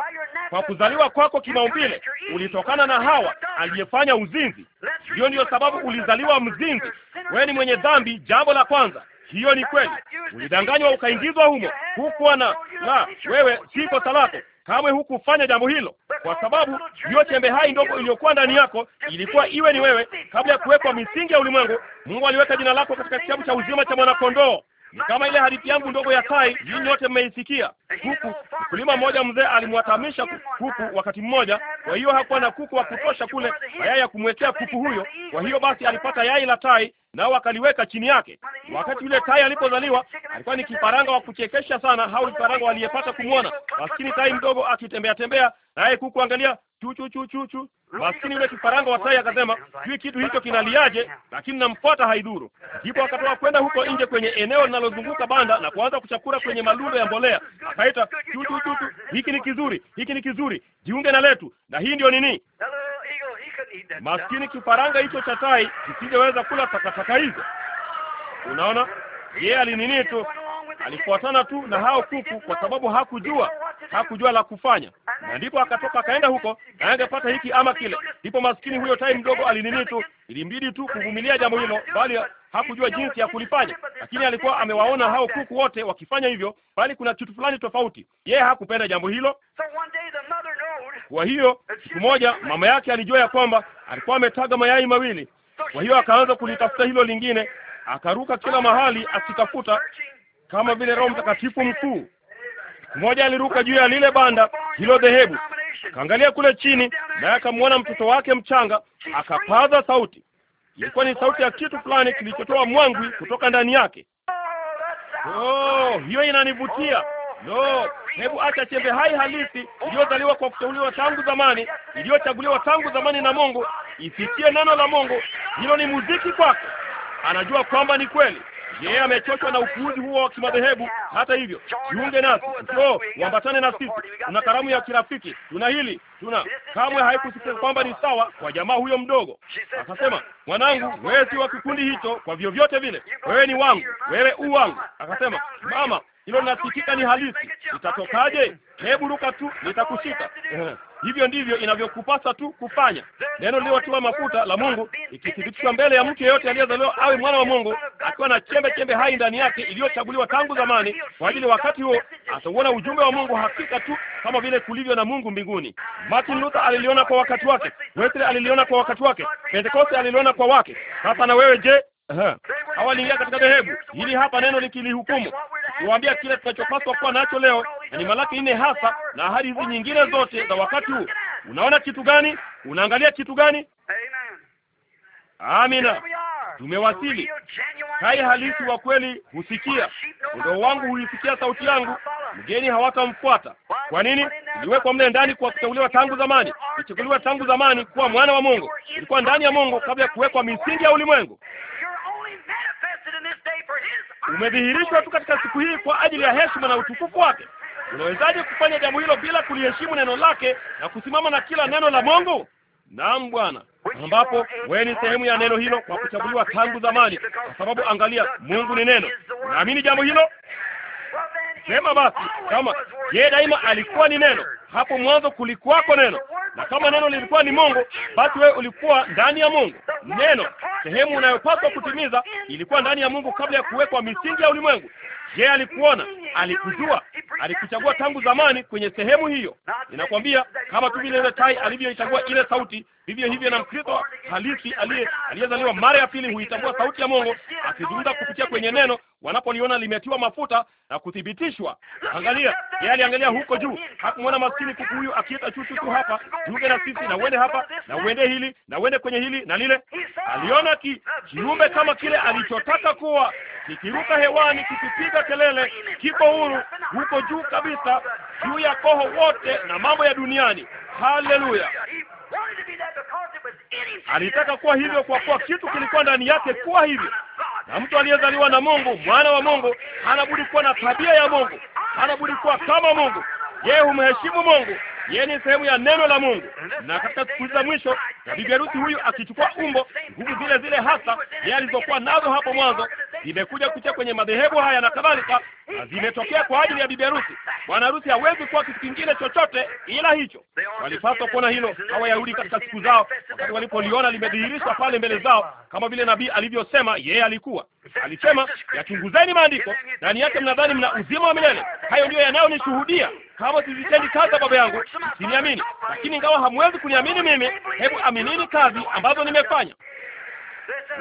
Speaker 1: Kwa kuzaliwa kwako kimaumbile ulitokana na Hawa aliyefanya uzinzi. Hiyo ndiyo sababu ulizaliwa mzinzi. Wewe ni mwenye dhambi, jambo la kwanza. Hiyo ni kweli, ulidanganywa ukaingizwa humo. Hukuwa na la, wewe si kosa lako kamwe, hukufanya jambo hilo, kwa sababu hiyo chembe hai ndogo iliyokuwa ndani yako ilikuwa iwe ni wewe. Kabla ya kuwekwa misingi ya ulimwengu, Mungu aliweka jina lako katika kitabu cha uzima cha mwanakondoo. Ni kama ile hadithi yangu ndogo ya Kai, nyinyi nyote mmeisikia. Kuku, mkulima mmoja mzee alimwatamisha kuku wakati mmoja, kwa hiyo hakuwa na kuku wa kutosha kule mayai ya kumwekea kuku huyo. Kwa hiyo basi alipata yai la tai nao wakaliweka chini yake. Wakati yule Tai alipozaliwa alikuwa ni kifaranga wa kuchekesha sana, hao kifaranga waliyepata kumwona maskini Tai mdogo akitembea tembea, naye kukuangalia chu chu chu chu chu. Maskini yule kifaranga wa Tai akasema, jui kitu hicho kinaliaje, lakini namfuata haidhuru. Ndipo akatoa kwenda huko nje kwenye eneo linalozunguka banda na kuanza kuchakura kwenye malundo ya mbolea, akaita chu chu chu, hiki ni kizuri, hiki ni kizuri, jiunge na letu, na hii ndio nini Maskini kifaranga hicho cha tai kisingeweza kula takataka hizo. Unaona, yeye alinini tu alifuatana tu na hao kuku, kwa sababu hakujua hakujua la kufanya, na ndipo akatoka akaenda huko na angepata hiki ama kile. Ndipo maskini huyo tai mdogo alinini tu, ilimbidi tu kuvumilia jambo hilo, bali hakujua jinsi ya kulifanya. Lakini alikuwa amewaona hao kuku wote wakifanya hivyo, bali kuna kitu fulani tofauti, yeye hakupenda jambo hilo. Kwa hiyo siku moja mama yake alijua ya kwamba alikuwa ametaga mayai mawili, kwa hiyo akaanza kulitafuta hilo lingine akaruka kila mahali akitafuta kama vile Roho Mtakatifu mkuu. Mmoja aliruka juu ya lile banda hilo dhehebu, akaangalia kule chini, naye akamwona mtoto wake mchanga, akapaza sauti. Ilikuwa ni sauti ya kitu fulani kilichotoa mwangwi kutoka ndani yake. Oh, hiyo inanivutia. No, hebu acha chembe hai halisi iliyozaliwa kwa kuteuliwa tangu zamani, iliyochaguliwa tangu zamani na Mungu, isikie neno la Mungu. Hilo ni muziki kwake. Anajua kwamba ni kweli. Yeye amechoshwa na upuuzi huo wa kimadhehebu. Hata hivyo, jiunge nasi, njoo uambatane na sisi. Tuna karamu ya kirafiki, tuna hili, tuna kamwe. Haikusikia kwamba ni sawa kwa jamaa huyo mdogo. Akasema, mwanangu, wewe si wa kikundi hicho kwa vyovyote vile, wewe ni wangu, wewe u wangu. Akasema, mama, hilo linasikika ni halisi, itatokaje? Hebu ruka tu, nitakushika Hivyo ndivyo inavyokupasa tu kufanya. Neno lililotiwa mafuta la Mungu ikithibitishwa mbele ya mtu yeyote aliyezaliwa awe mwana wa Mungu, akiwa na chembe chembe hai ndani yake iliyochaguliwa tangu zamani kwa ajili ya wakati huo, atauona ujumbe wa Mungu hakika tu kama vile kulivyo na Mungu mbinguni. Martin Luther aliliona kwa wakati wake, Wesley aliliona kwa wakati wake, Pentecost aliliona kwa wake. Sasa na wewe je, hawaliingia katika dhehebu hili. Hapa neno likilihukumu, niwaambia kile tunachopaswa kuwa nacho leo, na ni Malaki nne hasa na ahadi hizi nyingine zote za wakati huu. Unaona kitu gani? Unaangalia kitu gani? Amina, tumewasili.
Speaker 3: kai halisi
Speaker 1: wa kweli husikia, kondoo wangu huisikia sauti yangu, mgeni hawatamfuata. Kwa nini? iliwekwa mle ndani kwa kuchaguliwa tangu zamani, nichaguliwa tangu zamani kuwa mwana wa Mungu. ilikuwa ndani ya Mungu kabla ya kuwekwa misingi ya ulimwengu
Speaker 3: umedhihirishwa
Speaker 1: tu katika siku hii kwa ajili ya heshima na utukufu wake. Unawezaje kufanya jambo hilo bila kuliheshimu neno lake na kusimama na kila neno la Mungu? Naam, Bwana, ambapo wewe ni sehemu ya neno hilo kwa kuchaguliwa tangu zamani, kwa sababu angalia, Mungu ni neno. Naamini jambo hilo. Sema basi, kama yeye daima alikuwa ni neno hapo mwanzo kulikuwako neno, na kama neno lilikuwa ni Mungu, basi wewe ulikuwa ndani ya Mungu. Neno, sehemu unayopaswa kutimiza, ilikuwa ndani ya Mungu kabla ya kuwekwa misingi ya ulimwengu. Je, alikuona? Alikujua? Alikuchagua tangu zamani kwenye sehemu hiyo. Ninakwambia, kama tu vile ile tai alivyoichagua ile sauti, vivyo hivyo na Mkristo halisi aliye aliyezaliwa mara ya pili huitambua sauti ya Mungu akizungumza kupitia kwenye neno wanapoliona limetiwa mafuta na kuthibitishwa. Angalia, yeye aliangalia huko juu, hakumwona lakini kuku huyu akiita chuchu hapa, jiunge na sisi na uende hapa na uende hili na uende kwenye hili na lile. Aliona kiumbe kama kile alichotaka kuwa kikiruka hewani, kikipiga kelele, kipo huru huko juu kabisa, juu ya koho wote na mambo ya duniani. Haleluya!
Speaker 3: Alitaka kuwa hivyo kwa kuwa kitu
Speaker 1: kilikuwa ndani yake kuwa hivyo. Na mtu aliyezaliwa na Mungu, mwana wa Mungu, hana budi kuwa na tabia ya Mungu, hana budi kuwa kama Mungu yeye humheshimu Mungu, yeye ni sehemu ya neno la Mungu. Na katika siku za mwisho, na bibi harusi huyu akichukua umbo, nguvu zile zile hasa yeye alizokuwa nazo hapo mwanzo, zimekuja kucha kwenye madhehebu haya na kadhalika, na zimetokea kwa ajili ya bibi harusi. Bwana harusi hawezi kuwa kitu kingine chochote ila hicho. Walipaswa kuona hilo hawa Wayahudi katika siku zao, wakati walipoliona limedhihirishwa pale mbele zao, kama vile nabii alivyosema. Yeye alikuwa alisema, yachunguzeni maandiko, ndani yake mnadhani mna uzima wa milele. Hayo ndiyo yanayonishuhudia kama tuzitendi kazi Baba yangu, siniamini. Lakini ingawa hamwezi kuniamini mimi, hebu aminini kazi ambazo nimefanya.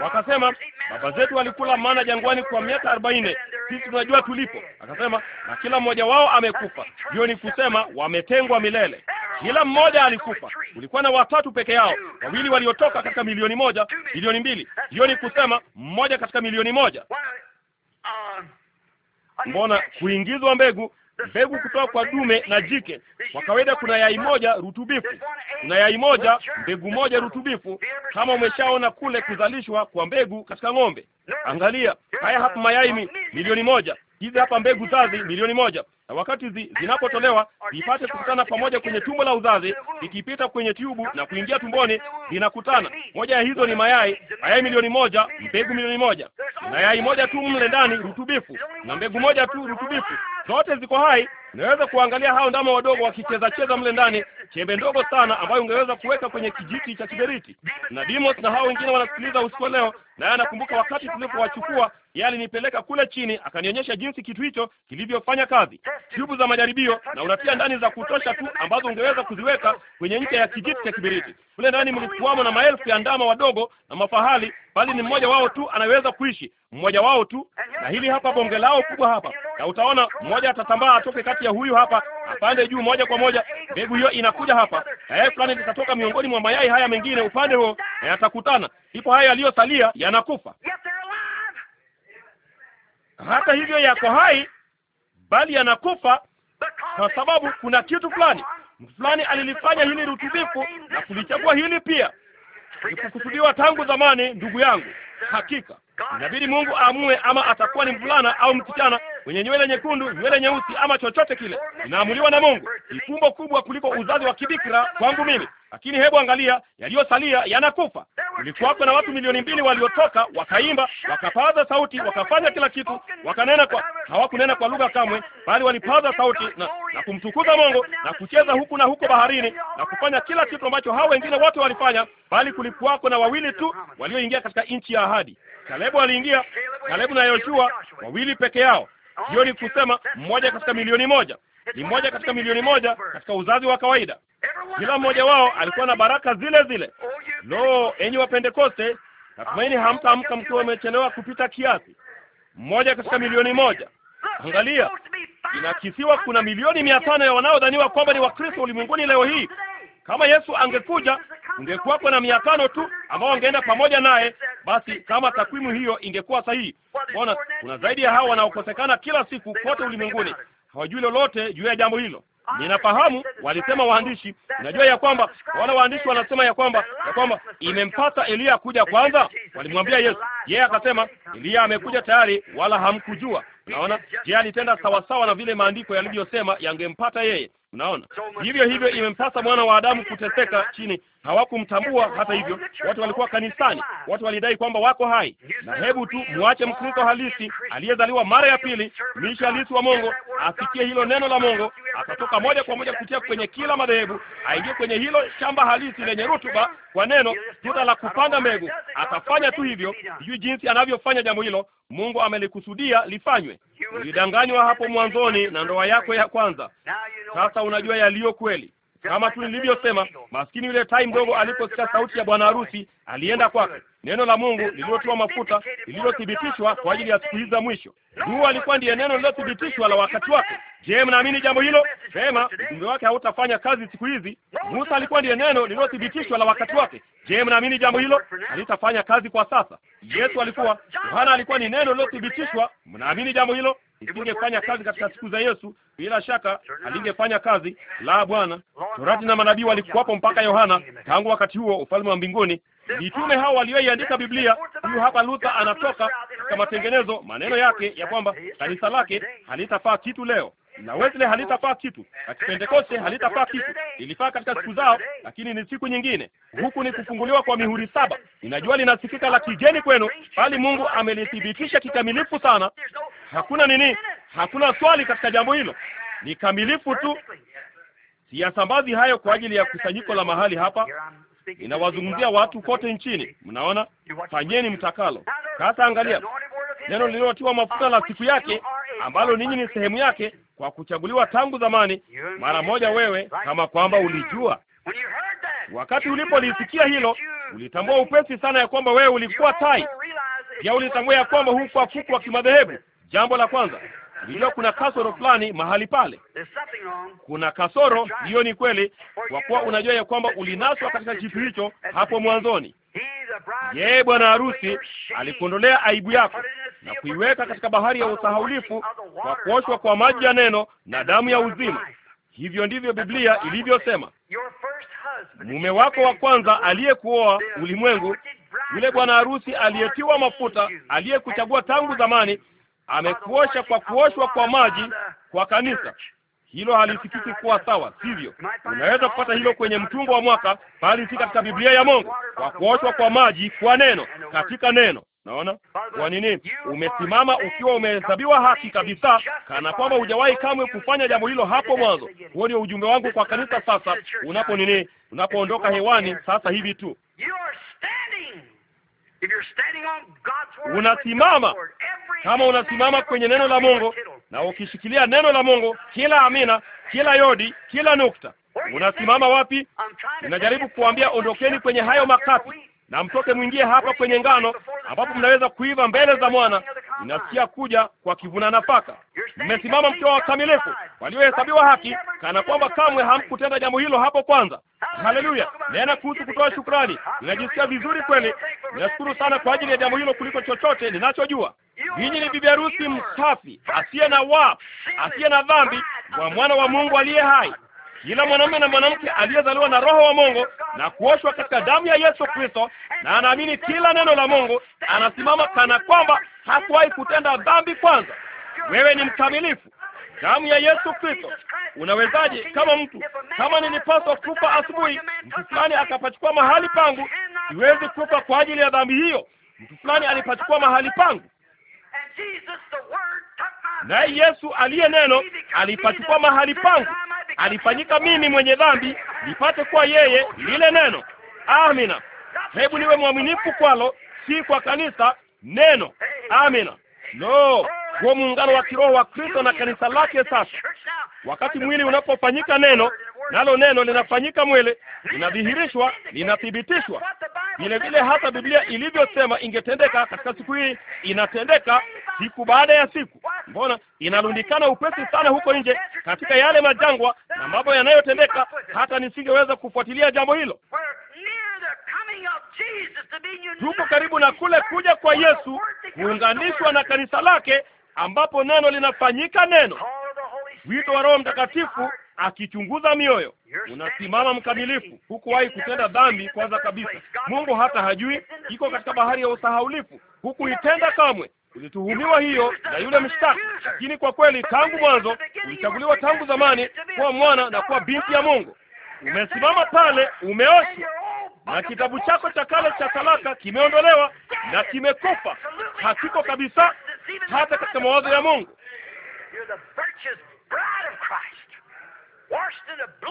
Speaker 1: Wakasema baba zetu walikula mana jangwani kwa miaka arobaini, sisi tunajua tulipo. Akasema na kila mmoja wao amekufa. Hiyo ni kusema wametengwa milele, kila mmoja alikufa. Kulikuwa na watatu peke yao, wawili waliotoka katika milioni moja, milioni mbili. Hiyo ni kusema mmoja katika milioni moja. Mbona kuingizwa mbegu mbegu kutoka kwa dume na jike. Kwa kawaida kuna yai moja rutubifu,
Speaker 2: kuna yai moja mbegu
Speaker 1: moja rutubifu, kama umeshaona kule kuzalishwa kwa mbegu katika ng'ombe. Angalia haya hapa, mayai milioni moja, hizi hapa mbegu zazi milioni moja na wakati zi, zinapotolewa zipate kukutana pamoja kwenye tumbo la uzazi, ikipita kwenye tubu na kuingia tumboni, zinakutana Moja ya hizo ni mayai, mayai milioni moja, mbegu milioni moja, mayai moja tu mle ndani rutubifu, na mbegu moja tu rutubifu, zote ziko hai. Naweza kuangalia hao ndama wadogo wakicheza cheza mle ndani, chembe ndogo sana ambayo ungeweza kuweka kwenye kijiti cha kiberiti. Na Demos na hao wengine wanasikiliza usiku leo, naye anakumbuka wakati tulipowachukua yeye alinipeleka kule chini, akanionyesha jinsi kitu hicho kilivyofanya kazi, tyubu za majaribio, na unatia ndani za kutosha tu ambazo ungeweza kuziweka kwenye ncha ya kijiti cha kibiriti. Kule ndani mlikuwamo na maelfu ya ndama wadogo na mafahali, bali ni mmoja wao tu anaweza kuishi, mmoja wao tu. Na hili hapa bonge lao kubwa hapa, na utaona mmoja atatambaa atoke kati ya huyu hapa, apande juu moja kwa moja. Mbegu hiyo inakuja hapa, na fulani litatoka miongoni mwa mayai haya mengine upande huo, na yatakutana. Ndipo haya yaliyosalia yanakufa hata hivyo yako hai, bali yanakufa, kwa sababu kuna kitu fulani mtu fulani alilifanya hili rutubifu na kulichagua hili pia. kukusudiwa tangu zamani, ndugu yangu. Hakika inabidi Mungu aamue ama atakuwa ni mvulana au msichana mwenye nywele nyekundu, nywele nyeusi, ama chochote kile, inaamuliwa na Mungu. Ni fumbo kubwa kuliko uzazi wa kibikira kwangu mimi, lakini hebu angalia, yaliyosalia yanakufa. Kulikuwako na watu milioni mbili waliotoka, wakaimba, wakapaza sauti, wakafanya kila kitu, wakanena kwa, hawakunena kwa lugha kamwe, bali walipaza sauti na, na kumtukuza Mungu na kucheza huku na huko baharini na kufanya kila kitu ambacho hao wengine wote walifanya, bali kulikuwako na wawili tu walioingia katika nchi ya ahadi. Kalebu aliingia, Kalebu na Yoshua wawili peke yao hiyo ni kusema mmoja katika milioni moja ni mmoja katika milioni moja katika uzazi wa kawaida. Kila mmoja wao alikuwa na baraka zile zile. Lo, enyi wa Pentekoste, natumaini hamtaamka mkiwa amechelewa kupita kiasi. Mmoja katika milioni moja. Angalia, inakisiwa kuna milioni mia tano ya wanaodhaniwa kwamba ni Wakristo ulimwenguni leo hii, kama Yesu angekuja, ungekuwa na mia tano tu ambao wangeenda pamoja naye. Basi kama takwimu hiyo ingekuwa sahihi, mbona kuna zaidi ya hao wanaokosekana kila siku kote ulimwenguni? Hawajui lolote juu ya jambo hilo. Ninafahamu walisema waandishi, najua ya kwamba wale waandishi wanasema ya kwamba ya kwamba imempasa Eliya kuja kwanza. Walimwambia Yesu, yeye akasema Eliya amekuja tayari, wala hamkujua. Naona je, alitenda sawasawa na vile maandiko yalivyosema yangempata yeye. Mnaona, hivyo hivyo imempasa mwana wa Adamu kuteseka chini. Hawakumtambua hata hivyo, watu walikuwa kanisani, watu walidai kwamba wako hai. Na hebu tu muache Mkristo halisi aliyezaliwa mara ya pili, mishi halisi wa Mungu, asikie hilo neno la Mungu, atatoka moja kwa moja kupitia kwenye kila madhehebu, aingie kwenye hilo shamba halisi lenye rutuba kwa neno, tuta la kupanda mbegu. Atafanya tu hivyo, sijui jinsi anavyofanya jambo hilo. Mungu amelikusudia lifanywe. Ulidanganywa hapo mwanzoni na ndoa yako ya kwanza. Sasa unajua yaliyo kweli. Kama tu nilivyosema, maskini yule tai mdogo aliposikia sauti ya bwana harusi alienda kwake neno la Mungu lililotiwa mafuta lililothibitishwa kwa ajili ya siku hizi za mwisho. Nuhu alikuwa ndiye neno lililothibitishwa la wakati wake. Je, mnaamini jambo hilo? Sema ujumbe wake hautafanya kazi siku hizi. Musa alikuwa ndiye neno lililothibitishwa la wakati wake. Je, mnaamini jambo hilo? Halitafanya kazi kwa sasa. Yesu alikuwa, Yohana alikuwa ni neno lililothibitishwa. Mnaamini jambo hilo? Isingefanya kazi katika siku za Yesu, bila shaka alingefanya kazi. La, Bwana, Torati na manabii walikuwapo mpaka Yohana. Tangu wakati huo ufalme wa mbinguni Mitume hao walioiandika Biblia, huyu hapa Luther anatoka katika matengenezo, maneno yake ya kwamba kanisa lake halitafaa kitu leo na Wesley halitafaa kitu, na Pentekoste halitafaa kitu. Ilifaa katika siku zao, lakini ni siku nyingine. Huku ni kufunguliwa kwa mihuri saba. Ninajua linasikika la kigeni kwenu, bali Mungu amelithibitisha kikamilifu sana. Hakuna nini, hakuna swali katika jambo hilo, ni kamilifu tu. Siyasambazi hayo kwa ajili ya kusanyiko la mahali hapa.
Speaker 2: Ninawazungumzia watu
Speaker 1: kote nchini. Mnaona, fanyeni mtakalo.
Speaker 2: Sasa angalia neno lililotiwa mafuta la siku yake, ambalo
Speaker 1: ninyi ni sehemu yake kwa kuchaguliwa tangu zamani,
Speaker 2: mara moja wewe, kama
Speaker 1: kwamba ulijua. Wakati ulipolisikia hilo, ulitambua upesi sana ya kwamba wewe ulikuwa tai. Pia ulitambua ya kwamba hukuwa kuku wa kimadhehebu. Jambo la kwanza hilo kuna kasoro fulani mahali pale, kuna kasoro hiyo. Ni kweli, kwa kuwa unajua ya kwamba ulinaswa katika kitu hicho hapo mwanzoni. Yeye bwana harusi alikuondolea aibu yako
Speaker 2: na kuiweka
Speaker 1: katika bahari ya usahaulifu kwa kuoshwa kwa maji ya neno na damu ya uzima. Hivyo ndivyo Biblia ilivyosema. Mume wako wa kwanza aliyekuoa ulimwengu, yule bwana harusi aliyetiwa mafuta, aliyekuchagua tangu zamani amekuosha kwa kuoshwa kwa maji kwa kanisa. Hilo halisikiki kuwa sawa, sivyo? Unaweza kupata hilo kwenye mtungo wa mwaka, bali si katika Biblia ya Mungu, kwa kuoshwa kwa maji kwa neno, katika neno. Naona kwa nini umesimama ukiwa umehesabiwa haki kabisa, kana kwamba hujawahi kamwe kufanya jambo hilo hapo mwanzo. Huo ndio ujumbe wangu kwa kanisa sasa, unapo nini, unapoondoka hewani sasa hivi tu
Speaker 3: unasimama
Speaker 2: kama unasimama
Speaker 1: kwenye neno la Mungu na ukishikilia neno la Mungu, kila amina, kila yodi, kila nukta. Unasimama wapi? Ninajaribu kuambia ondokeni kwenye hayo makapi, na mtoke mwingie hapa kwenye ngano, ambapo mnaweza kuiva mbele za mwana inasikia kuja kwa kivuna nafaka. Mmesimama mkiwa wakamilifu, waliohesabiwa haki, kana kwamba kamwe hamkutenda jambo hilo hapo kwanza. Haleluya! Nena kuhusu kutoa shukrani. Ninajisikia vizuri kweli. Ninashukuru sana kwa ajili ya jambo hilo kuliko chochote ninachojua. Ninyi ni bibi harusi msafi, asiye na wa asiye na dhambi wa mwana wa Mungu aliye hai kila mwanamume na mwanamke aliyezaliwa na Roho wa Mungu na kuoshwa katika damu ya Yesu Kristo na anaamini kila neno la Mungu anasimama kana kwamba hakuwahi kutenda dhambi. Kwanza wewe ni mkamilifu. Damu ya Yesu Kristo. Unawezaje kama mtu kama nilipaswa kufa asubuhi, mtu fulani akapachukua mahali pangu, siwezi kufa kwa ajili ya dhambi hiyo. Mtu fulani alipachukua mahali pangu, naye Yesu aliye neno alipachukua mahali pangu alifanyika mimi mwenye dhambi nipate kuwa yeye lile neno. Amina. Hebu niwe mwaminifu kwalo, si kwa kanisa, neno. Amina. No, huo muungano wa kiroho wa Kristo na kanisa lake. Sasa wakati mwili unapofanyika neno nalo neno linafanyika mwele, linadhihirishwa, linathibitishwa vile vile, hata Biblia ilivyosema ingetendeka katika siku hii, inatendeka siku baada ya siku. Mbona inarundikana upesi sana huko nje katika yale majangwa na mambo yanayotendeka, hata nisingeweza kufuatilia jambo hilo.
Speaker 3: Tuko karibu na kule kuja kwa Yesu
Speaker 1: kuunganishwa na kanisa lake, ambapo neno linafanyika neno. Wito wa Roho Mtakatifu akichunguza mioyo. Unasimama mkamilifu, hukuwahi kutenda dhambi. Kwanza kabisa, Mungu hata hajui, iko katika bahari ya usahaulifu, hukuitenda kamwe. Ulituhumiwa hiyo na yule mshtaki, lakini kwa kweli tangu mwanzo ulichaguliwa tangu zamani kuwa mwana na kuwa binti ya Mungu. Umesimama pale, umeoshwa na kitabu chako cha kale cha talaka kimeondolewa na kimekufa, hakiko kabisa
Speaker 3: hata katika mawazo ya Mungu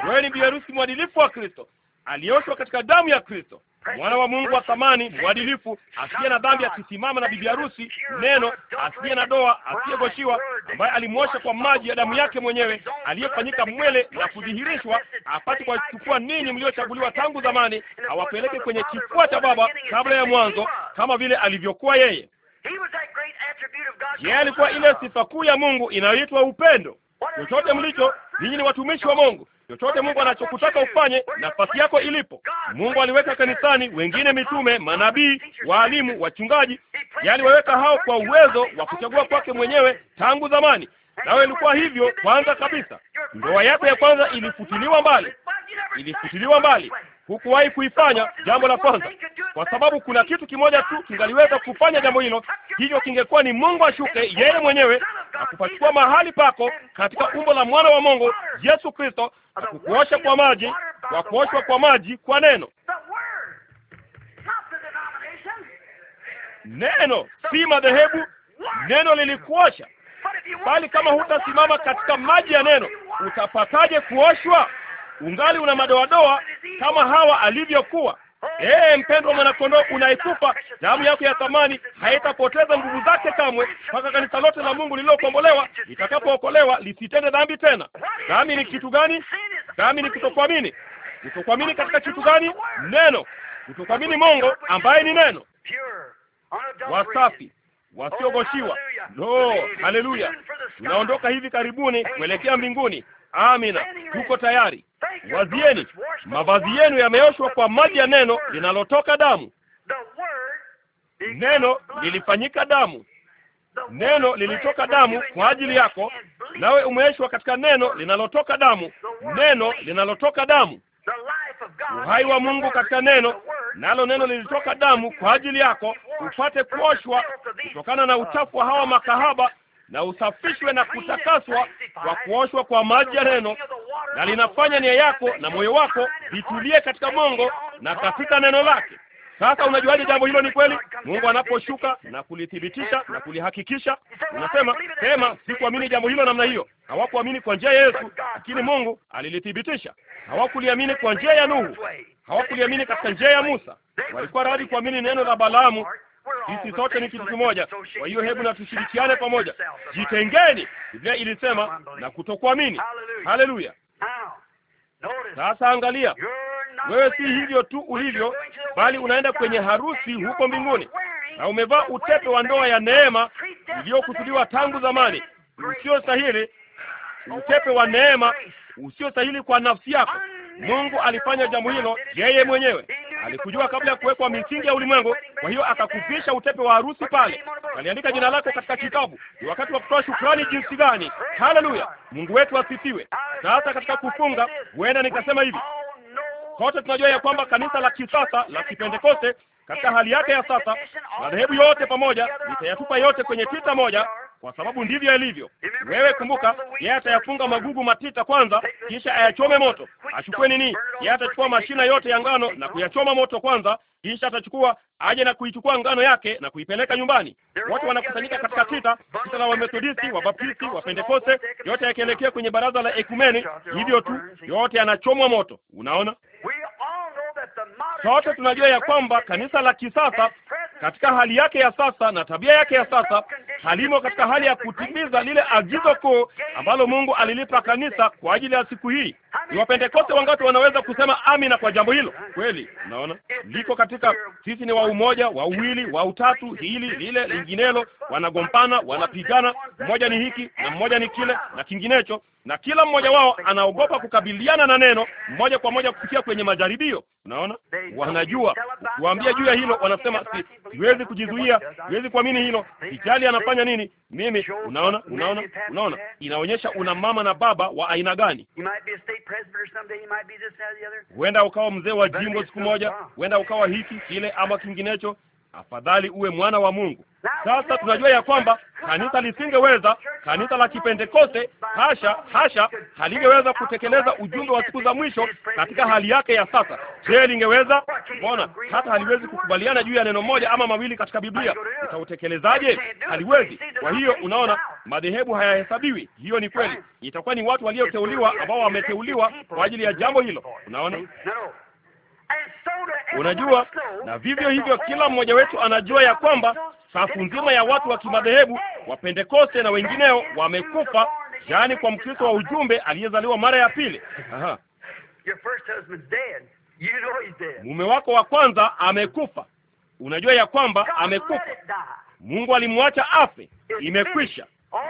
Speaker 3: wewe ni biharusi
Speaker 1: mwadilifu wa Kristo, alioshwa katika damu ya Kristo, mwana wa Mungu wa thamani, mwadilifu, asiye na dhambi, akisimama na bibi harusi, neno, asiye na doa, asiyegoshiwa, ambaye alimwosha kwa maji ya damu yake mwenyewe, aliyefanyika mwele na kudhihirishwa, apate kuwachukua ninyi mliochaguliwa tangu zamani, awapeleke kwenye kifua cha Baba kabla ya mwanzo, kama vile alivyokuwa yeye.
Speaker 3: Yeye alikuwa ile
Speaker 1: sifa kuu ya Mungu inayoitwa upendo. Chochote mlicho ninyi ni watumishi wa Mungu. Chochote Mungu anachokutaka ufanye, nafasi yako ilipo. Mungu aliweka kanisani wengine mitume, manabii, waalimu, wachungaji. Yaliwaweka hao kwa uwezo wa kuchagua kwake mwenyewe tangu zamani. Nawe ilikuwa hivyo kwanza kabisa. Ndoa yako ya kwanza ilifutiliwa mbali, ilifutiliwa mbali hukuwahi kuifanya. Jambo la kwanza, kwa sababu kuna kitu kimoja tu kingaliweza kufanya jambo hilo, hicho kingekuwa ni Mungu ashuke yeye mwenyewe na kupachukua mahali pako katika umbo la mwana wa Mungu Yesu Kristo, na kukuosha kwa maji, kwa kuoshwa kwa maji kwa neno neno si madhehebu. Neno lilikuosha, bali kama hutasimama katika maji ya neno, utapataje kuoshwa? ungali una madoadoa kama hawa alivyokuwa. Hey, ee mpendwa mwanakondoo, unaikufa damu yako ya thamani, haitapoteza nguvu zake kamwe, mpaka kanisa lote la Mungu lililokombolewa litakapookolewa lisitende dhambi tena. Dhambi ni kitu gani? Dhambi ni kutokuamini. Kutokuamini katika kitu gani? Neno. Kutokuamini Mungu ambaye ni neno
Speaker 2: wasafi
Speaker 1: wasiogoshiwa. Oh, no, haleluya! Tunaondoka hivi karibuni kuelekea mbinguni, Amina, tuko tayari. Wazieni, mavazi yenu yameoshwa kwa maji ya neno linalotoka damu. Neno lilifanyika damu, neno lilitoka damu kwa ajili yako, nawe umeoshwa katika neno linalotoka damu, neno linalotoka damu, uhai wa Mungu katika neno, nalo neno lilitoka damu kwa ajili yako, upate kuoshwa kutokana na uchafu wa hawa makahaba na usafishwe na kutakaswa kwa kuoshwa kwa maji ya neno, na linafanya nia yako na moyo wako vitulie katika Mungu na katika neno lake. Sasa unajuaje jambo hilo ni kweli? Mungu anaposhuka na kulithibitisha na kulihakikisha, unasema sema, sikuamini jambo hilo namna hiyo. Hawakuamini kwa njia ya Yesu, lakini Mungu alilithibitisha. Hawakuliamini kwa njia ya Nuhu, hawakuliamini katika njia ya Musa. Walikuwa radhi kuamini neno la Balaamu sisi sote ni kitu kimoja. Kwa hiyo hebu na tushirikiane pamoja, jitengeni. Biblia ilisema na kutokuamini. Haleluya! Sasa angalia, wewe si hivyo tu ulivyo, bali unaenda kwenye harusi huko mbinguni, na umevaa utepe wa ndoa ya neema iliyokusudiwa tangu zamani, usio sahili, utepe wa neema usio sahili kwa nafsi yako Mungu alifanya jambo hilo yeye mwenyewe, alikujua kabla ya kuwekwa misingi ya ulimwengu. Kwa hiyo akakuvisha utepe wa harusi pale, aliandika jina lako katika kitabu. Ni wakati wa kutoa shukrani jinsi gani! Haleluya, Mungu wetu asifiwe. Sasa katika kufunga, huenda nikasema hivi, sote tunajua ya kwamba kanisa la kisasa la Kipentekoste katika hali yake ya sasa madhehebu yote pamoja, nitayatupa yote kwenye tita moja kwa sababu ndivyo ilivyo. Wewe kumbuka, yeye atayafunga magugu matita kwanza, kisha ayachome moto. Achukue nini? Yeye atachukua mashina yote ya ngano na kuyachoma moto kwanza, kisha atachukua aje na kuichukua ngano yake na kuipeleka nyumbani. Wote wanakusanyika katika tita tita la Wamethodisti, Wabaptisti, Wapentekoste, yote yakielekea kwenye baraza la ekumeni. Hivyo tu, yote yanachomwa moto. Unaona, sote tunajua ya kwamba kanisa la kisasa katika hali yake ya sasa na tabia yake ya sasa, halimo katika hali ya kutimiza lile agizo kuu ambalo Mungu alilipa kanisa kwa ajili ya siku hii. Ni Wapentekoste wangapi wanaweza kusema amina kwa jambo hilo? Kweli, unaona liko katika sisi ni wa umoja, wa uwili, wa utatu, hili lile linginelo, wanagombana, wanapigana, mmoja ni hiki na mmoja ni kile na kinginecho na kila mmoja wao anaogopa kukabiliana na neno moja kwa moja kufikia kwenye majaribio. Unaona, wanajua kuambia juu ya hilo, wanasema siwezi kujizuia, siwezi kuamini hilo, sijali anafanya nini mimi. Unaona, unaona, unaona, inaonyesha una mama na baba wa aina gani. Huenda ukawa mzee wa jimbo siku moja, huenda ukawa hiki kile ama kinginecho, afadhali uwe mwana wa Mungu.
Speaker 3: Sasa tunajua
Speaker 1: ya kwamba kanisa lisingeweza, kanisa la Kipentekoste, hasha hasha, halingeweza kutekeleza ujumbe wa siku za mwisho katika hali yake ya sasa. Je, lingeweza? Mbona hata haliwezi kukubaliana juu ya neno moja ama mawili katika Biblia. itautekelezaje Haliwezi. Kwa hiyo unaona, madhehebu hayahesabiwi. Hiyo ni kweli, itakuwa ni watu walioteuliwa ambao wameteuliwa kwa ajili ya jambo hilo. Unaona? Unajua, na vivyo hivyo kila mmoja wetu anajua ya kwamba safu nzima ya watu wa kimadhehebu wa Pentekoste na wengineo wamekufa, yaani kwa Mkristo wa ujumbe aliyezaliwa mara ya pili. Mume wako wa kwanza amekufa, unajua ya kwamba amekufa. Mungu alimwacha afe, imekwisha.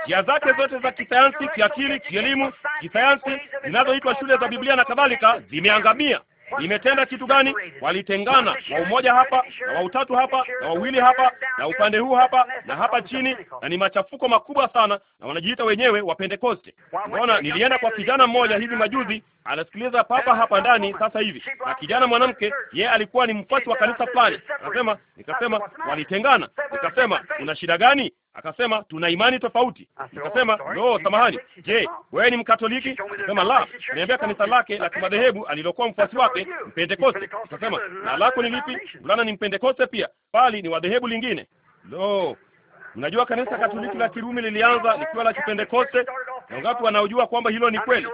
Speaker 1: Njia zake zote za kisayansi, kiakili, kielimu, kisayansi zinazoitwa shule za Biblia na kadhalika zimeangamia. Imetenda kitu gani? Walitengana wa umoja hapa na wa utatu hapa na wawili hapa na upande huu hapa na hapa chini, na ni machafuko makubwa sana, na wanajiita wenyewe wa Pentekoste. Unaona, nilienda kwa kijana mmoja hivi majuzi, anasikiliza papa hapa ndani sasa hivi, na kijana mwanamke, ye alikuwa ni mfuasi wa kanisa fulani. Nikasema, nikasema walitengana, nikasema una shida gani? Akasema tuna imani tofauti.
Speaker 2: Akasema
Speaker 1: no, samahani, je, wewe ni Mkatoliki? Akasema la, niambia kanisa lake la kimadhehebu alilokuwa mfuasi wake Mpentekoste. Akasema na lako ni lipi? Mvulana ni Mpentekoste pia, bali ni wadhehebu lingine. Lo, mnajua kanisa Katoliki la Kirumi lilianza likiwa la Kipentekoste, na ngapi wanaojua kwamba hilo ni kweli?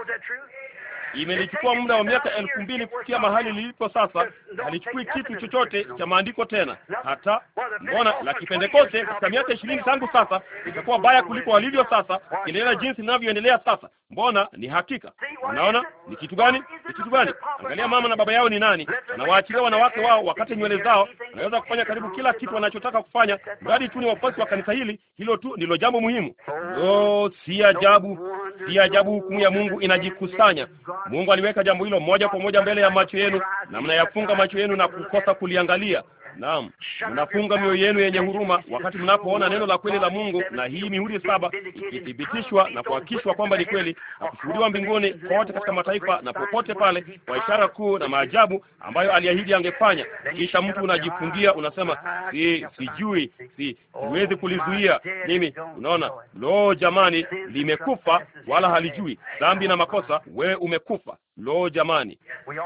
Speaker 1: Imenichukua muda wa miaka elfu mbili kufikia mahali lilipo sasa. Halichukui kitu chochote cha maandiko tena, hata mbona la Kipentekoste katika miaka ishirini tangu sasa itakuwa baya kuliko walivyo sasa, inaela jinsi linavyoendelea sasa. Mbona ni hakika. Unaona ni kitu gani? Ni kitu gani? Angalia mama na baba yao ni nani, anawaachilia wanawake wao wakate nywele zao, anaweza kufanya karibu kila kitu wanachotaka kufanya, mradi tu ni wafuasi wa kanisa hili. Hilo tu ndilo jambo muhimu. Oh, si ajabu, si ajabu hukumu ya Mungu inajikusanya. Mungu aliweka jambo hilo moja kwa moja mbele ya macho yenu, na mnayafunga macho yenu na kukosa kuliangalia, Naam, mnafunga mioyo yenu yenye huruma wakati mnapoona neno la kweli la Mungu na hii mihuri saba ikithibitishwa na kuhakikishwa kwamba ni kweli na kushuhudiwa mbinguni kote katika mataifa na popote pale, kwa ishara kuu na maajabu ambayo aliahidi angefanya. Kisha mtu unajifungia unasema, si sijui, si siwezi kulizuia mimi. Unaona, lo, jamani, limekufa wala halijui dhambi na makosa. Wewe umekufa. Lo, jamani,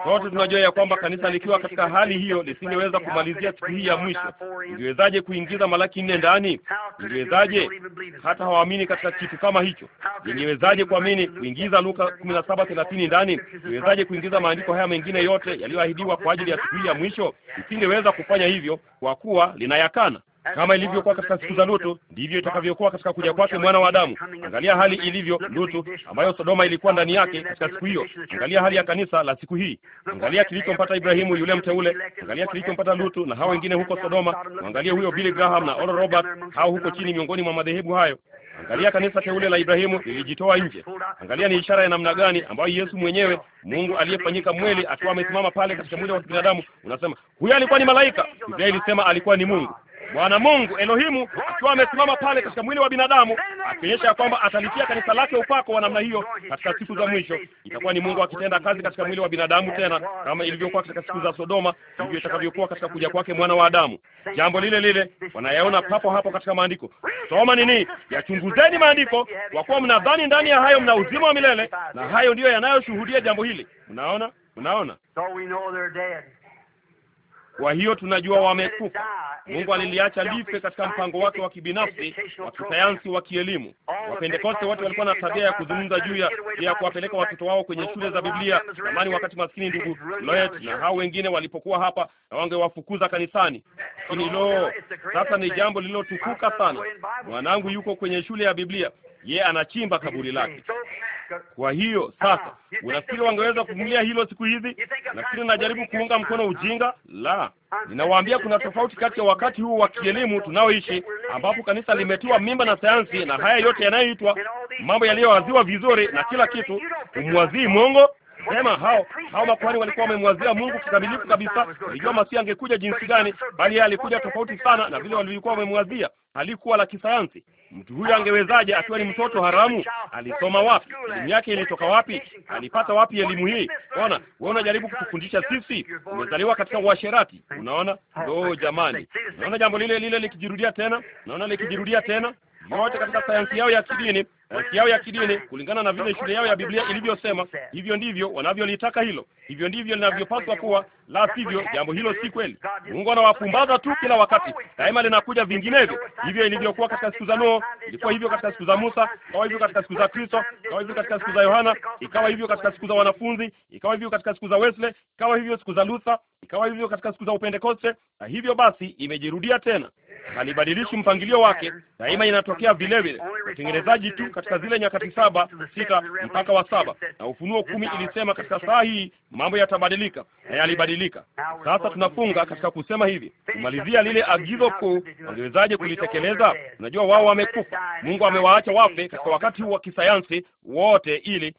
Speaker 1: sote tunajua ya kwamba kanisa likiwa katika hali hiyo lisingeweza kumalizia hii ya mwisho. Ingewezaje kuingiza Malaki nne ndani? ingewezaje Hata hawaamini katika kitu kama hicho. Ingewezaje kuamini kuingiza Luka 17:30 ndani? Ingewezaje kuingiza maandiko haya mengine yote yaliyoahidiwa kwa ajili ya siku hii ya mwisho? isingeweza kufanya hivyo kwa kuwa linayakana. Kama ilivyokuwa katika siku za Lutu, ndivyo itakavyokuwa katika kuja kwake mwana wa Adamu. Angalia hali ilivyo Lutu, ambayo Sodoma ilikuwa ndani yake katika siku hiyo. Angalia hali ya kanisa la siku hii. Angalia kilichompata Ibrahimu yule mteule, angalia kilichompata Lutu na hawa wengine huko Sodoma. Angalia huyo Billy Graham na Oral Robert, hao huko chini miongoni mwa madhehebu hayo. Angalia kanisa teule la Ibrahimu lilijitoa nje. Angalia ni ishara ya namna gani ambayo Yesu mwenyewe Mungu aliyefanyika mweli akiwa amesimama pale katika mwili wa kibinadamu. Unasema huyo alikuwa ni malaika. Biblia ilisema alikuwa ni Mungu. Bwana Mungu Elohimu akiwa amesimama pale katika mwili wa binadamu akionyesha ya kwamba atalitia kanisa lake upako wa namna hiyo katika siku za mwisho. Itakuwa ni Mungu akitenda kazi katika mwili wa binadamu tena, kama ilivyokuwa katika siku za Sodoma, ndivyo itakavyokuwa katika kuja kwake mwana wa Adamu. Jambo lile lile wanayaona papo hapo katika maandiko. Soma nini? Yachunguzeni maandiko, kwa kuwa mnadhani ndani ya hayo mna uzima wa milele, na hayo ndiyo yanayoshuhudia jambo hili. Mnaona, mnaona kwa hiyo tunajua wamekufa. Mungu aliliacha life katika mpango wake wa kibinafsi wa kisayansi wa kielimu. Wapentekoste wote walikuwa na tabia ya kuzungumza juu ya ya kuwapeleka watoto wao kwenye shule za Biblia zamani, wakati maskini ndugu Loet na hao wengine walipokuwa hapa, na wangewafukuza kanisani. Lakini lo, sasa ni jambo lililotukuka sana. Mwanangu yuko kwenye shule ya Biblia, ye anachimba kaburi lake. Kwa hiyo ah, sasa, unafikiri wangeweza kuvumilia hilo siku hizi? Nafikiri najaribu kuunga mkono ujinga. La, ah, ninawaambia kuna tofauti kati ya wakati huu wa kielimu tunaoishi, ambapo kanisa limetiwa mimba na sayansi na haya yote yanayoitwa mambo yaliyowaziwa vizuri na kila kitu, umwazii mwongo Sema hao hao makuhani walikuwa wamemwazia Mungu kikamilifu kabisa. Walijua Masia angekuja jinsi gani, bali yeye alikuja tofauti sana na vile walivyokuwa wamemwazia. Alikuwa la kisayansi. Mtu huyu angewezaje akiwa ni mtoto haramu? Alisoma wapi? Elimu yake ilitoka wapi? Alipata wapi elimu hii? Unaona, wewe unajaribu kutufundisha sisi, umezaliwa katika uasherati. Unaona? Ndio jamani, unaona jambo lile lile likijirudia tena, unaona likijirudia tena, yote katika sayansi yao ya kidini nafsi eh, yao ya kidini kulingana na vile shule yao ya Biblia ilivyosema. Hivyo ndivyo wanavyolitaka hilo, hivyo ndivyo linavyopaswa kuwa, la sivyo jambo hilo si kweli. Mungu anawapumbaza tu kila wakati, daima linakuja vinginevyo. Hivyo ilivyokuwa katika siku za Noa, ilikuwa hivyo katika siku za Musa, ikawa hivyo katika siku za Kristo, ikawa hivyo katika siku za Yohana, ikawa hivyo katika siku za wanafunzi, ikawa hivyo katika siku za Wesley, ikawa hivyo siku za Luther, ikawa hivyo katika siku za Upentekoste, na hivyo basi imejirudia tena, halibadilishi mpangilio wake, daima inatokea vilevile. Utengenezaji tu katika zile nyakati saba sita mpaka wa saba, na Ufunuo kumi ilisema katika saa hii mambo yatabadilika, na yalibadilika. Sasa tunafunga katika kusema hivi, kumalizia lile agizo kuu. Wangewezaje kulitekeleza? Unajua, wao wamekufa. Mungu amewaacha wafe katika wakati wa kisayansi wote, ili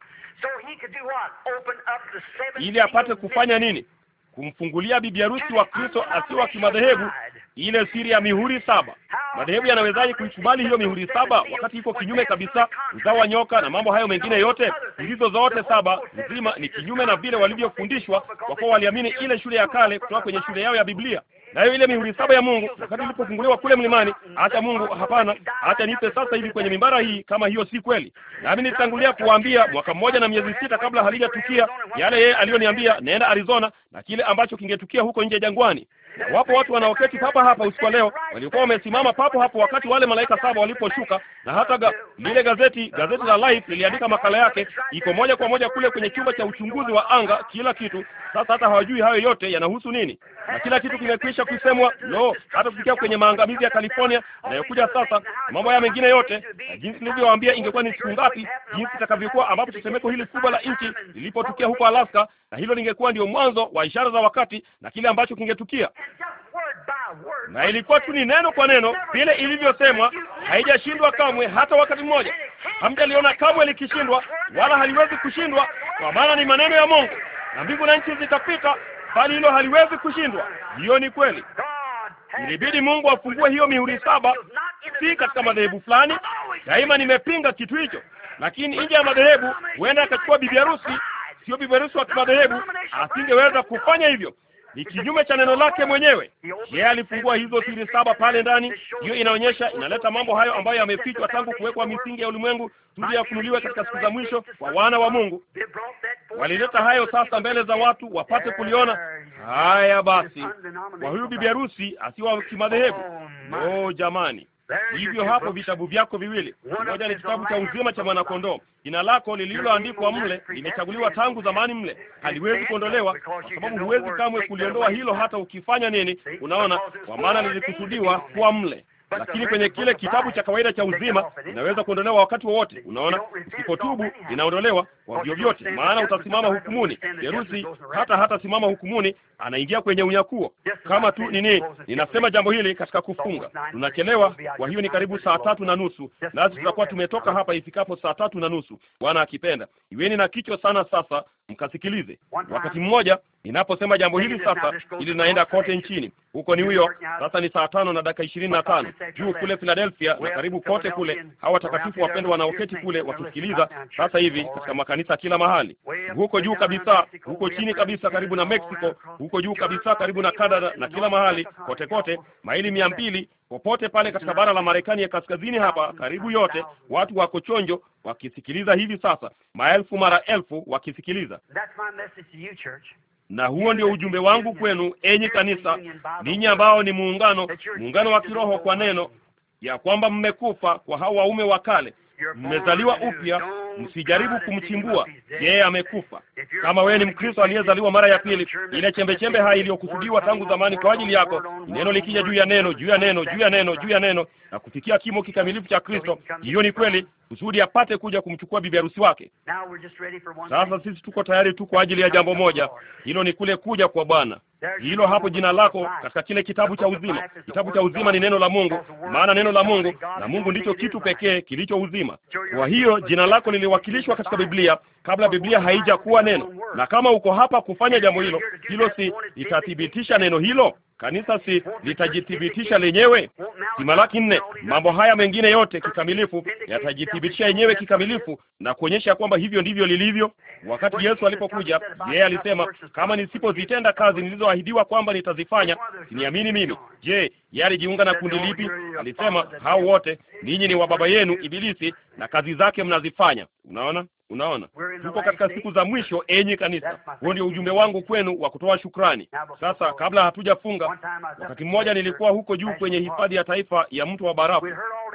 Speaker 1: ili apate kufanya nini? Kumfungulia bibi harusi wa Kristo asiwa kimadhehebu ile siri ya mihuri saba. Madhehebu yanawezaje kuikubali hiyo mihuri saba wakati iko kinyume kabisa? Uzao wa nyoka na mambo hayo mengine yote, hizo zote saba nzima ni kinyume na vile walivyofundishwa, kwa kuwa waliamini ile shule ya kale kutoka kwenye shule yao ya Biblia. Nayo ile mihuri saba ya Mungu wakati ilipofunguliwa kule mlimani, acha Mungu, hapana, acha nipe sasa hivi kwenye mimbara hii kama hiyo si kweli. Nami nitangulia kuwaambia mwaka mmoja na miezi sita kabla halijatukia yale yeye aliyoniambia, naenda Arizona na kile ambacho kingetukia huko nje jangwani. Wapo watu wanaoketi papa hapa usiku leo walikuwa wamesimama papo hapo wakati wale malaika saba waliposhuka, na hata ga, lile gazeti gazeti la Life liliandika makala yake, iko moja kwa moja kule kwenye chumba cha uchunguzi wa anga, kila kitu. Sasa hata hawajui hayo yote yanahusu nini, na kila kitu kimekwisha kusemwa, no, hata kufikia kwenye maangamizi ya California yanayokuja sasa, mambo haya mengine yote, na jinsi nilivyowaambia, ingekuwa ni siku ngapi, jinsi itakavyokuwa ambapo tetemeko hili kubwa la nchi lilipotukia huko Alaska, na hilo lingekuwa ndio mwanzo wa ishara za wakati na kile ambacho kingetukia na ilikuwa tu ni neno kwa neno vile ilivyosemwa, haijashindwa kamwe hata wakati mmoja. Hamjaliona kamwe likishindwa, wala haliwezi kushindwa, kwa maana ni maneno ya Mungu, na mbingu na nchi zitapita, bali hilo haliwezi kushindwa. Hiyo ni kweli. Ilibidi Mungu afungue hiyo mihuri saba, si katika madhehebu fulani. Daima nimepinga kitu hicho, lakini nje ya madhehebu, huenda akachukua bibi harusi, sio bibi harusi wa kimadhehebu, asingeweza kufanya hivyo ni kinyume cha neno lake mwenyewe. Yeye alifungua hizo siri saba pale ndani. Hiyo inaonyesha, inaleta mambo hayo ambayo yamefichwa tangu kuwekwa misingi ya ulimwengu, tuje yafunuliwe katika siku za mwisho kwa wana wa Mungu. Walileta hayo sasa mbele za watu wapate kuliona. Haya basi, kwa huyu bibi harusi asiwa kimadhehebu. Oh, oh jamani Hivyo hapo vitabu vyako viwili, moja ni kitabu cha uzima cha mwanakondoo, jina lako lililoandikwa mle limechaguliwa tangu zamani mle, haliwezi kuondolewa,
Speaker 2: kwa sababu huwezi kamwe kuliondoa hilo hata
Speaker 1: ukifanya nini. Unaona, kwa maana lilikusudiwa kuwa mle lakini kwenye kile kitabu cha kawaida cha uzima inaweza kuondolewa wakati wowote unaona, usipotubu inaondolewa kwa vyovyote, maana utasimama hukumuni. Yerusi hata hata simama hukumuni, anaingia kwenye unyakuo kama tu nini. Ninasema jambo hili katika kufunga, tunachelewa. Kwa hiyo ni karibu saa tatu na nusu, nasi tutakuwa tumetoka hapa ifikapo saa tatu na nusu, Bwana akipenda. Iweni na kichwa sana sasa, mkasikilize. Wakati mmoja Ninaposema jambo hili sasa, ili linaenda kote nchini, huko New York sasa ni saa tano na dakika ishirini na tano juu kule Philadelphia na karibu kote kule, hawa watakatifu wapendwa wanaoketi kule wakisikiliza sasa hivi katika makanisa kila mahali, huko juu kabisa, huko chini kabisa, karibu na Mexico, huko juu kabisa, karibu na Canada, na kila mahali kote kote, maili mia mbili popote pale katika bara la Marekani ya kaskazini hapa, karibu yote watu wako chonjo wakisikiliza hivi sasa, maelfu mara elfu wakisikiliza. Na huo ndio ujumbe wangu kwenu, enyi kanisa, ninyi ambao ni muungano, muungano wa kiroho kwa neno, ya kwamba mmekufa kwa hao waume wa kale mmezaliwa upya, msijaribu kumchimbua yeye, amekufa. Kama wewe ni Mkristo aliyezaliwa mara ya pili, ile chembechembe hai iliyokusudiwa tangu zamani kwa ajili yako, neno likija juu ya neno juu ya neno juu ya neno juu ya neno na kufikia kimo kikamilifu cha Kristo, hiyo ni kweli, kusudi apate kuja kumchukua bibi harusi wake. Sasa sisi tuko tayari tu kwa ajili ya jambo moja, hilo ni kule kuja kwa Bwana hilo hapo jina lako katika kile kitabu cha uzima. Kitabu cha uzima ni neno la Mungu, maana neno la Mungu na Mungu ndicho kitu pekee kilicho uzima. Kwa hiyo jina lako liliwakilishwa katika Biblia kabla Biblia haijakuwa neno. Na kama uko hapa kufanya jambo hilo, hilo si litathibitisha neno hilo? Kanisa si litajithibitisha lenyewe? Si Malaki nne? Mambo haya mengine yote kikamilifu yatajithibitisha yenyewe kikamilifu na kuonyesha kwamba hivyo ndivyo lilivyo. Wakati Yesu alipokuja, yeye alisema, kama nisipozitenda kazi nilizoahidiwa kwamba nitazifanya, siniamini mimi. Je, yeye alijiunga na kundi lipi? Alisema, hao wote ninyi ni wa baba yenu Ibilisi na kazi zake mnazifanya. Unaona, Unaona, tuko katika siku za mwisho, enyi kanisa. Huo ndio ujumbe wangu kwenu wa kutoa shukrani. Sasa, kabla hatujafunga,
Speaker 3: wakati mmoja nilikuwa
Speaker 1: huko juu kwenye hifadhi ya taifa ya mto wa barafu.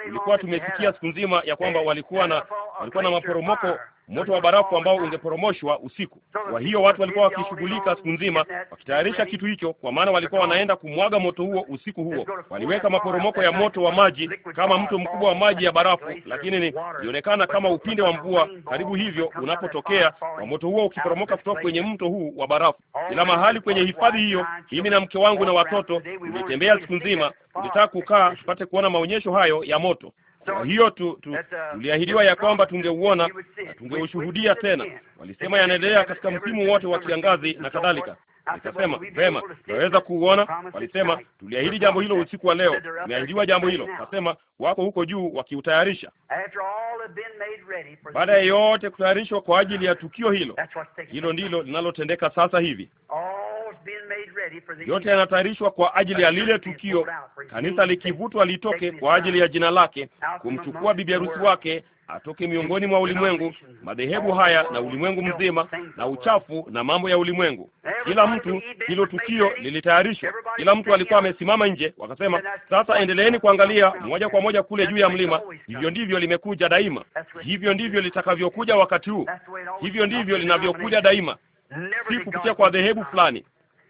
Speaker 1: Ilikuwa tumesikia siku nzima ya kwamba walikuwa na walikuwa oh, na maporomoko, moto wa barafu ambao ungeporomoshwa usiku. Kwa hiyo watu walikuwa wakishughulika siku nzima wakitayarisha kitu hicho, kwa maana walikuwa wanaenda kumwaga moto huo usiku huo. Waliweka maporomoko ya moto wa maji kama mto mkubwa wa maji ya barafu, lakini ni ilionekana kama upinde wa mvua karibu hivyo unapotokea, wa moto huo ukiporomoka kutoka kwenye mto huu wa barafu. Kila mahali kwenye hifadhi hiyo, mimi na mke wangu na watoto tulitembea siku nzima. Tulitaka kukaa tupate kuona maonyesho hayo ya moto. Kwa hiyo tu, tu, uh, tuliahidiwa ya kwamba tungeuona na tungeushuhudia tena. Walisema yanaendelea katika msimu wote wa kiangazi na kadhalika. Nikasema vema, tunaweza kuuona. Walisema tuliahidi jambo hilo usiku wa leo, tumeahidiwa jambo hilo. Kasema wako huko juu wakiutayarisha. Baada ya yote kutayarishwa kwa ajili ya tukio hilo, hilo ndilo linalotendeka sasa hivi yote yanatayarishwa kwa ajili ya lile tukio, kanisa likivutwa litoke kwa ajili ya jina lake,
Speaker 2: kumchukua bibi harusi
Speaker 1: wake atoke miongoni mwa ulimwengu, madhehebu haya na ulimwengu mzima na uchafu na mambo ya ulimwengu. Kila mtu, hilo tukio lilitayarishwa. Kila mtu alikuwa amesimama nje, wakasema, sasa endeleeni kuangalia moja kwa moja kule juu ya mlima. Hivyo ndivyo limekuja daima, hivyo ndivyo litakavyokuja wakati huu, hivyo ndivyo linavyokuja daima, si kupitia kwa dhehebu fulani,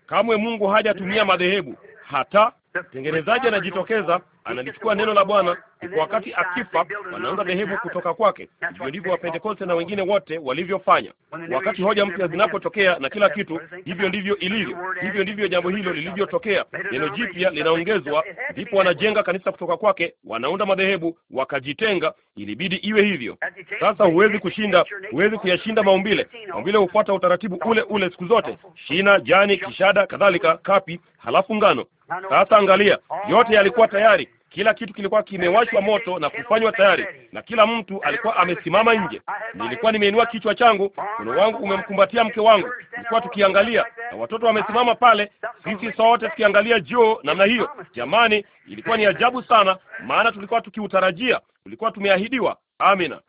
Speaker 1: Kamwe Mungu hajatumia madhehebu. Hata mtengenezaji anajitokeza analichukua neno la Bwana, wakati akifa wanaunda dhehebu kutoka kwake. Hivyo ndivyo Wapentekoste na wengine wote walivyofanya. Wakati hoja mpya zinapotokea na kila kitu, hivyo ndivyo ilivyo, hivyo ndivyo jambo hilo lilivyotokea. Neno jipya linaongezwa, ndipo wanajenga kanisa kutoka kwake, wanaunda madhehebu, wakajitenga. Ilibidi iwe hivyo. Sasa huwezi kushinda, huwezi kuyashinda maumbile. Maumbile hufuata utaratibu ule ule siku zote, shina, jani, kishada, kadhalika, kapi, halafu ngano.
Speaker 2: Sasa angalia,
Speaker 1: yote yalikuwa tayari kila kitu kilikuwa kimewashwa moto na kufanywa tayari, na kila mtu alikuwa amesimama nje. Nilikuwa nimeinua kichwa changu, mkono wangu umemkumbatia mke wangu, tulikuwa tukiangalia na watoto wamesimama pale, sisi sote tukiangalia juu namna hiyo. Jamani, ilikuwa ni ajabu sana, maana tulikuwa tukiutarajia, tulikuwa tumeahidiwa. Amina.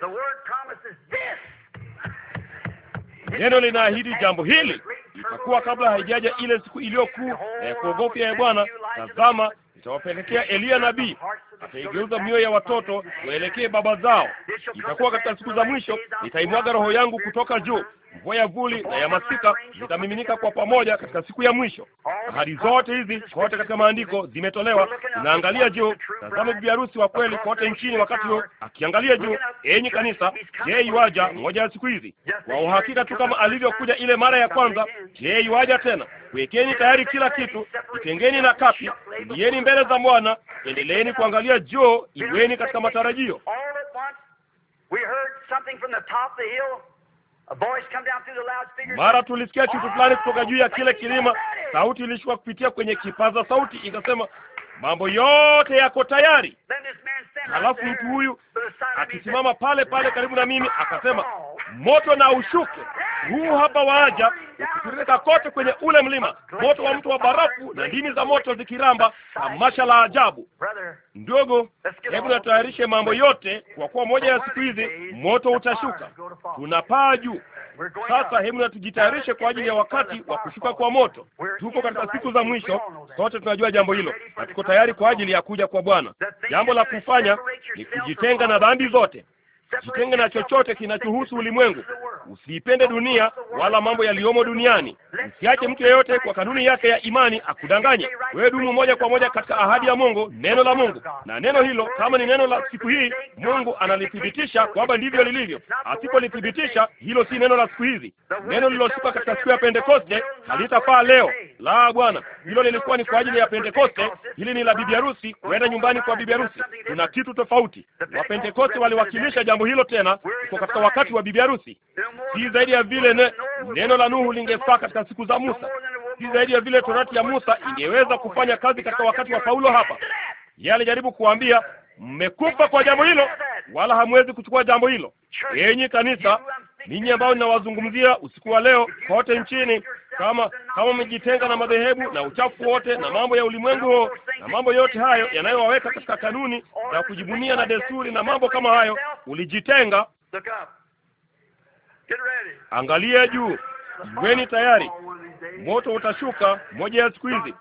Speaker 3: Neno linaahidi jambo hili, itakuwa
Speaker 1: kabla haijaja ile siku iliyokuu ya eh, kuogofya ya eh, Bwana. Tazama, nitawapelekea Eliya nabii, ataigeuza mioyo ya watoto waelekee baba zao. Itakuwa katika siku za mwisho, nitaimwaga roho yangu kutoka juu, mvua ya vuli na ya masika zitamiminika kwa pamoja katika siku ya mwisho. Ahadi zote hizi kote katika maandiko zimetolewa. Inaangalia juu. Tazama bibi harusi wa kweli kote nchini wakati huo akiangalia juu. Enyi kanisa, je, iwaja moja ya siku hizi? Kwa uhakika tu kama alivyokuja ile mara ya kwanza. Je, iwaja tena? Wekeni tayari kila kitu, itengeni na kapi, lieni mbele za Bwana, endeleeni kuangalia juu, iweni katika matarajio. Mara tulisikia kitu fulani kutoka juu ya kile kilima, sauti ilishuka kupitia kwenye kipaza sauti ikasema, mambo yote yako tayari. Halafu mtu huyu akisimama pale pale karibu na mimi akasema, moto na ushuke, huu hapa waaja ukitirika kote kwenye ule mlima, moto wa mtu wa barafu na ndimi za moto zikiramba, tamasha la ajabu. Ndogo, hebu natayarishe mambo yote, kwa kuwa moja ya siku hizi moto utashuka, tunapaa juu sasa hebu na tujitayarishe kwa ajili ya wakati wa kushuka kwa moto. Tuko katika siku za mwisho, sote tunajua jambo hilo, na tuko tayari kwa ajili ya kuja kwa Bwana. Jambo la kufanya ni kujitenga na dhambi zote, Jitenge na chochote kinachohusu ulimwengu. Usiipende dunia wala mambo yaliyomo duniani. Usiache mtu yeyote kwa kanuni yake ya imani akudanganye. Wewe dumu moja kwa moja katika ahadi ya Mungu, neno la Mungu. Na neno hilo kama ni neno la siku hii, Mungu analithibitisha kwamba ndivyo lilivyo. Asipolithibitisha, hilo si neno la siku hizi. Neno lililotoka katika siku ya Pentekoste halitafaa leo. La, Bwana, hilo lilikuwa ni kwa ajili ya Pentekoste. Hili ni la bibi harusi, huenda nyumbani kwa bibi harusi. Kuna kitu tofauti. Wapentekoste waliwakilisha jambo hilo tena, kwa katika wakati wa bibi harusi, si zaidi ya vile ne, neno la Nuhu lingefaa katika siku za Musa, si zaidi ya vile torati ya Musa ingeweza kufanya kazi katika wakati wa Paulo. Hapa yeye alijaribu kuambia mmekufa kwa jambo hilo, wala hamwezi kuchukua jambo hilo. enyi kanisa ninyi ambao ninawazungumzia usiku wa leo kote nchini, kama kama umejitenga na madhehebu na uchafu wote na mambo ya ulimwengu huo na mambo yote hayo yanayowaweka katika kanuni na kujibunia na desturi na mambo kama hayo, ulijitenga. Angalia juu, iweni tayari, moto utashuka moja ya siku hizi.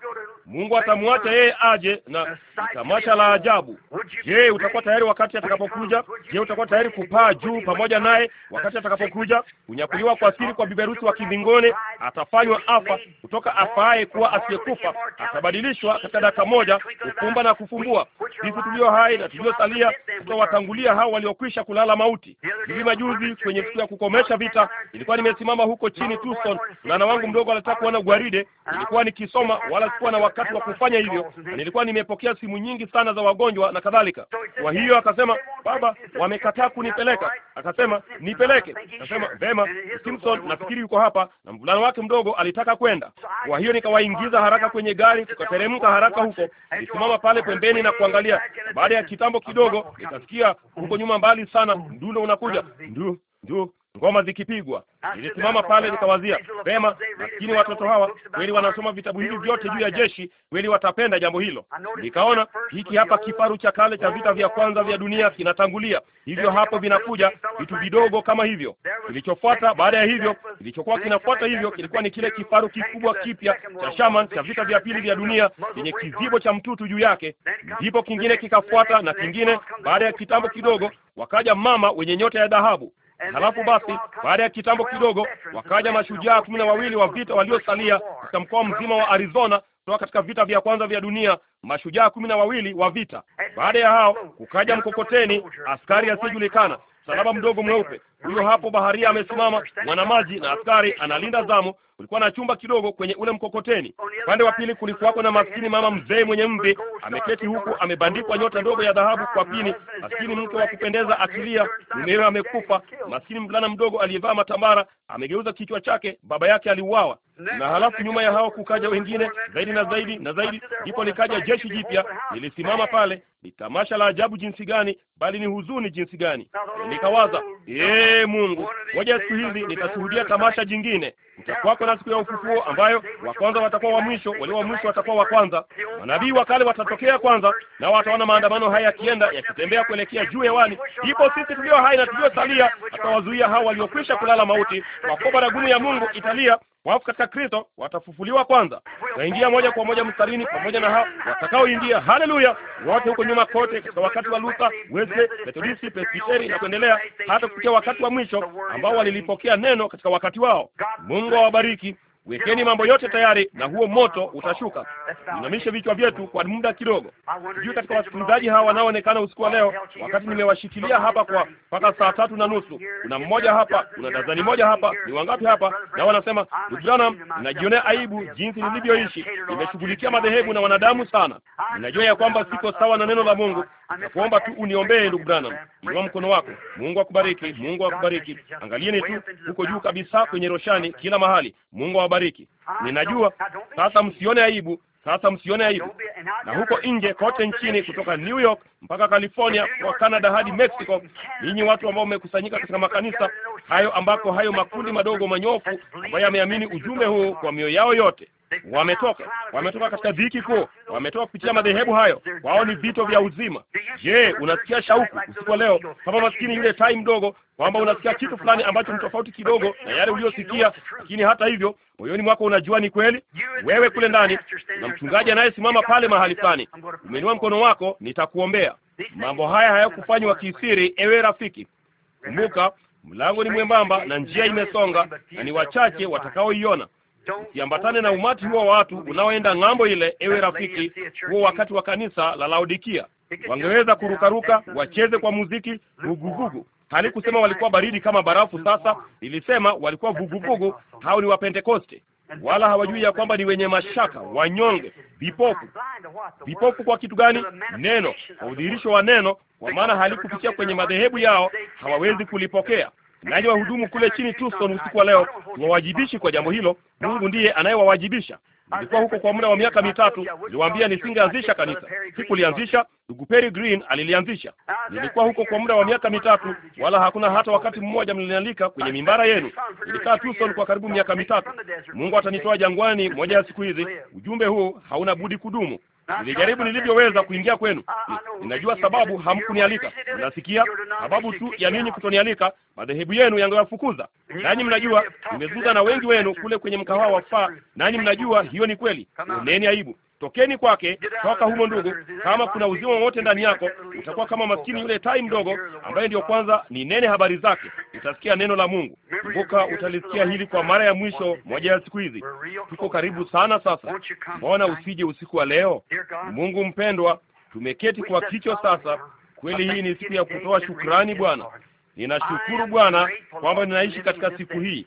Speaker 1: Mungu atamwacha yeye aje na tamasha la ajabu. Je, utakuwa tayari wakati atakapokuja? Je, utakuwa tayari kupaa juu pamoja naye wakati atakapokuja? Kunyakuliwa kwa siri kwa biberusi wa kivingone, atafanywa afa kutoka afaaye kuwa asiyekufa, atabadilishwa katika dakika moja, kufumba na kufumbua. Sisi tulio hai na tuliosalia tutawatangulia hao waliokwisha kulala mauti. Hivi majuzi kwenye siku ya kukomesha vita, ilikuwa nimesimama huko chini Tucson, na na wangu mdogo nilipata na gwaride, nilikuwa nikisoma, wala sikuwa na wakati wa kufanya hivyo, na nilikuwa nimepokea simu nyingi sana za wagonjwa na kadhalika. Kwa hiyo akasema, baba, wamekataa kunipeleka. Akasema nipeleke. Akasema vema, Simpson nafikiri yuko hapa, na mvulana wake mdogo alitaka kwenda. Kwa hiyo nikawaingiza haraka kwenye gari, tukateremka haraka huko. Nilisimama pale pembeni na kuangalia. Baada ya kitambo kidogo, nikasikia huko nyuma mbali sana, ndundo unakuja, ndio ndio ngoma zikipigwa, nilisimama pale nikawazia vema, lakini watoto hawa kweli wanasoma vitabu hivi vyote juu ya jeshi, kweli watapenda jambo hilo. Nikaona hiki hapa kifaru cha kale cha vita vya kwanza vya dunia kinatangulia, hivyo hapo vinakuja vitu vidogo kama hivyo. Kilichofuata baada ya hivyo, kilichokuwa kinafuata hivyo, kilikuwa ni kile kifaru kikubwa kipya cha shaman cha vita vya pili vya dunia chenye kizibo cha mtutu juu yake. Ndipo kingine kikafuata na kingine. Baada ya kitambo kidogo, wakaja mama wenye nyota ya dhahabu
Speaker 2: Halafu basi
Speaker 1: baada ya kitambo kidogo, wakaja mashujaa kumi na wawili wa vita waliosalia katika mkoa mzima wa Arizona kutoka katika vita vya kwanza vya dunia, mashujaa kumi na wawili wa vita. Baada ya hao kukaja mkokoteni, askari asiyejulikana, salaba mdogo mweupe, huyo hapo baharia amesimama, mwanamaji na askari analinda zamu. Kulikuwa na chumba kidogo kwenye ule mkokoteni. Upande wa pili kulikuwako na maskini mama mzee mwenye mvi, ameketi huku amebandikwa nyota ndogo ya dhahabu kwa pini. Maskini mke wa kupendeza akilia, mumewe amekufa. Maskini mvulana mdogo aliyevaa matambara amegeuza kichwa chake, baba yake aliuawa. Na halafu nyuma ya hao kukaja wengine zaidi na zaidi na zaidi, ndipo likaja jeshi jipya. Nilisimama pale, ni tamasha la ajabu jinsi gani, bali ni huzuni jinsi gani. Nikawaza, yeye eh, Ee Mungu, moja siku hizi nitashuhudia tamasha jingine Utakuwako na siku ya ufufuo ambayo wa kwanza watakuwa wa mwisho, walio wa mwisho watakuwa wa kwanza. Manabii wa kale watatokea kwanza, na wataona maandamano haya yakienda yakitembea kuelekea juu hewani. Ndipo sisi tulio hai na tuliosalia atawazuia hao waliokwisha kulala mauti, kwa kuwa baragumu ya Mungu italia. Wafu katika Kristo watafufuliwa kwanza. Tutaingia moja kwa moja mstarini pamoja na hao watakaoingia. Haleluya! Wote huko nyuma kote, katika wakati wa Luther, Wesley, Methodisti, Presbiteri na kuendelea, hata kufikia wakati wa mwisho ambao walilipokea neno katika wakati wao Mungu Mungu awabariki. Wekeni mambo yote tayari na huo moto utashuka. Inamishe vichwa vyetu kwa muda kidogo. Sijui katika wasikilizaji hawa wanaoonekana usiku wa leo, wakati nimewashikilia hapa kwa mpaka saa tatu na nusu, kuna mmoja hapa, kuna dazani moja hapa, ni wangapi hapa? Na wanasema ndugu Branham, najionea aibu jinsi nilivyoishi, nimeshughulikia madhehebu na wanadamu sana. Ninajua ya kwamba siko sawa na neno la Mungu, na kuomba tu uniombee ndugu Branham. Inua mkono wako. Mungu akubariki, Mungu akubariki. Angalieni tu huko juu kabisa kwenye roshani, kila mahali. Mungu awabariki kubariki. Ninajua sasa, msione aibu sasa, msione aibu. Na huko nje kote nchini, kutoka New York mpaka California, kwa Canada hadi Mexico, ninyi watu ambao mmekusanyika katika makanisa hayo ambako hayo makundi madogo manyofu ambayo yameamini ujumbe huu kwa mioyo yao yote wametoka wametoka katika dhiki kuu, wametoka kupitia madhehebu hayo. Wao ni vito vya uzima. Je, unasikia shauku usiku leo kama maskini yule tai mdogo, kwamba unasikia kitu fulani ambacho ni tofauti kidogo na yale uliyosikia, lakini hata hivyo moyoni mwako unajua ni kweli. Wewe kule ndani na mchungaji anayesimama pale mahali fulani, umeinua mkono wako, nitakuombea. Mambo haya hayakufanywa kisiri, ewe rafiki. Kumbuka, Mlango ni mwembamba na njia imesonga, na ni wachache watakaoiona. Usiambatane na umati huo wa watu unaoenda ng'ambo ile. Ewe rafiki, huo wakati wa kanisa la Laodikia wangeweza kurukaruka, wacheze kwa muziki vuguvugu. Halikusema walikuwa baridi kama barafu, sasa ilisema walikuwa vuguvugu. Hao ni Wapentekoste wala hawajui ya kwamba ni wenye mashaka, wanyonge, vipofu. Vipofu kwa kitu gani? Neno, kwa udhihirisho wa neno, kwa maana halikufikia kwenye madhehebu yao, hawawezi kulipokea. Naje wahudumu kule chini Tucson usiku wa leo wawajibishi kwa jambo hilo. Mungu ndiye anayewawajibisha. Nilikuwa huko kwa muda wa miaka mitatu. Niliwaambia nisingeanzisha kanisa, sikulianzisha. Ndugu Perry Green alilianzisha. Nilikuwa huko kwa muda wa miaka mitatu, wala hakuna hata wakati mmoja mlinialika kwenye mimbara yenu. Nilikaa Tucson kwa karibu miaka mitatu. Mungu atanitoa jangwani moja ya siku hizi. Ujumbe huu hauna budi kudumu nilijaribu nilivyoweza kuingia kwenu. Ninajua sababu hamkunialika, mnasikia sababu tu ya ninyi kutonialika, madhehebu yenu yangewafukuza. Nanyi mnajua nimezungumza na wengi wenu kule kwenye mkahawa wa faa, nanyi mnajua hiyo ni kweli. Oneni aibu tokeni kwake, toka humo ndugu. Kama kuna uzima wowote ndani yako, utakuwa kama maskini yule tai mdogo, ambaye ndiyo kwanza ni nene habari zake, utasikia neno la Mungu. Kumbuka, utalisikia hili kwa mara ya mwisho moja ya siku hizi. Tuko karibu sana sasa, mbona usije usiku wa leo? Mungu mpendwa, tumeketi kwa kichwa sasa. Kweli hii ni siku ya kutoa shukrani. Bwana, ninashukuru Bwana kwamba ninaishi katika siku hii.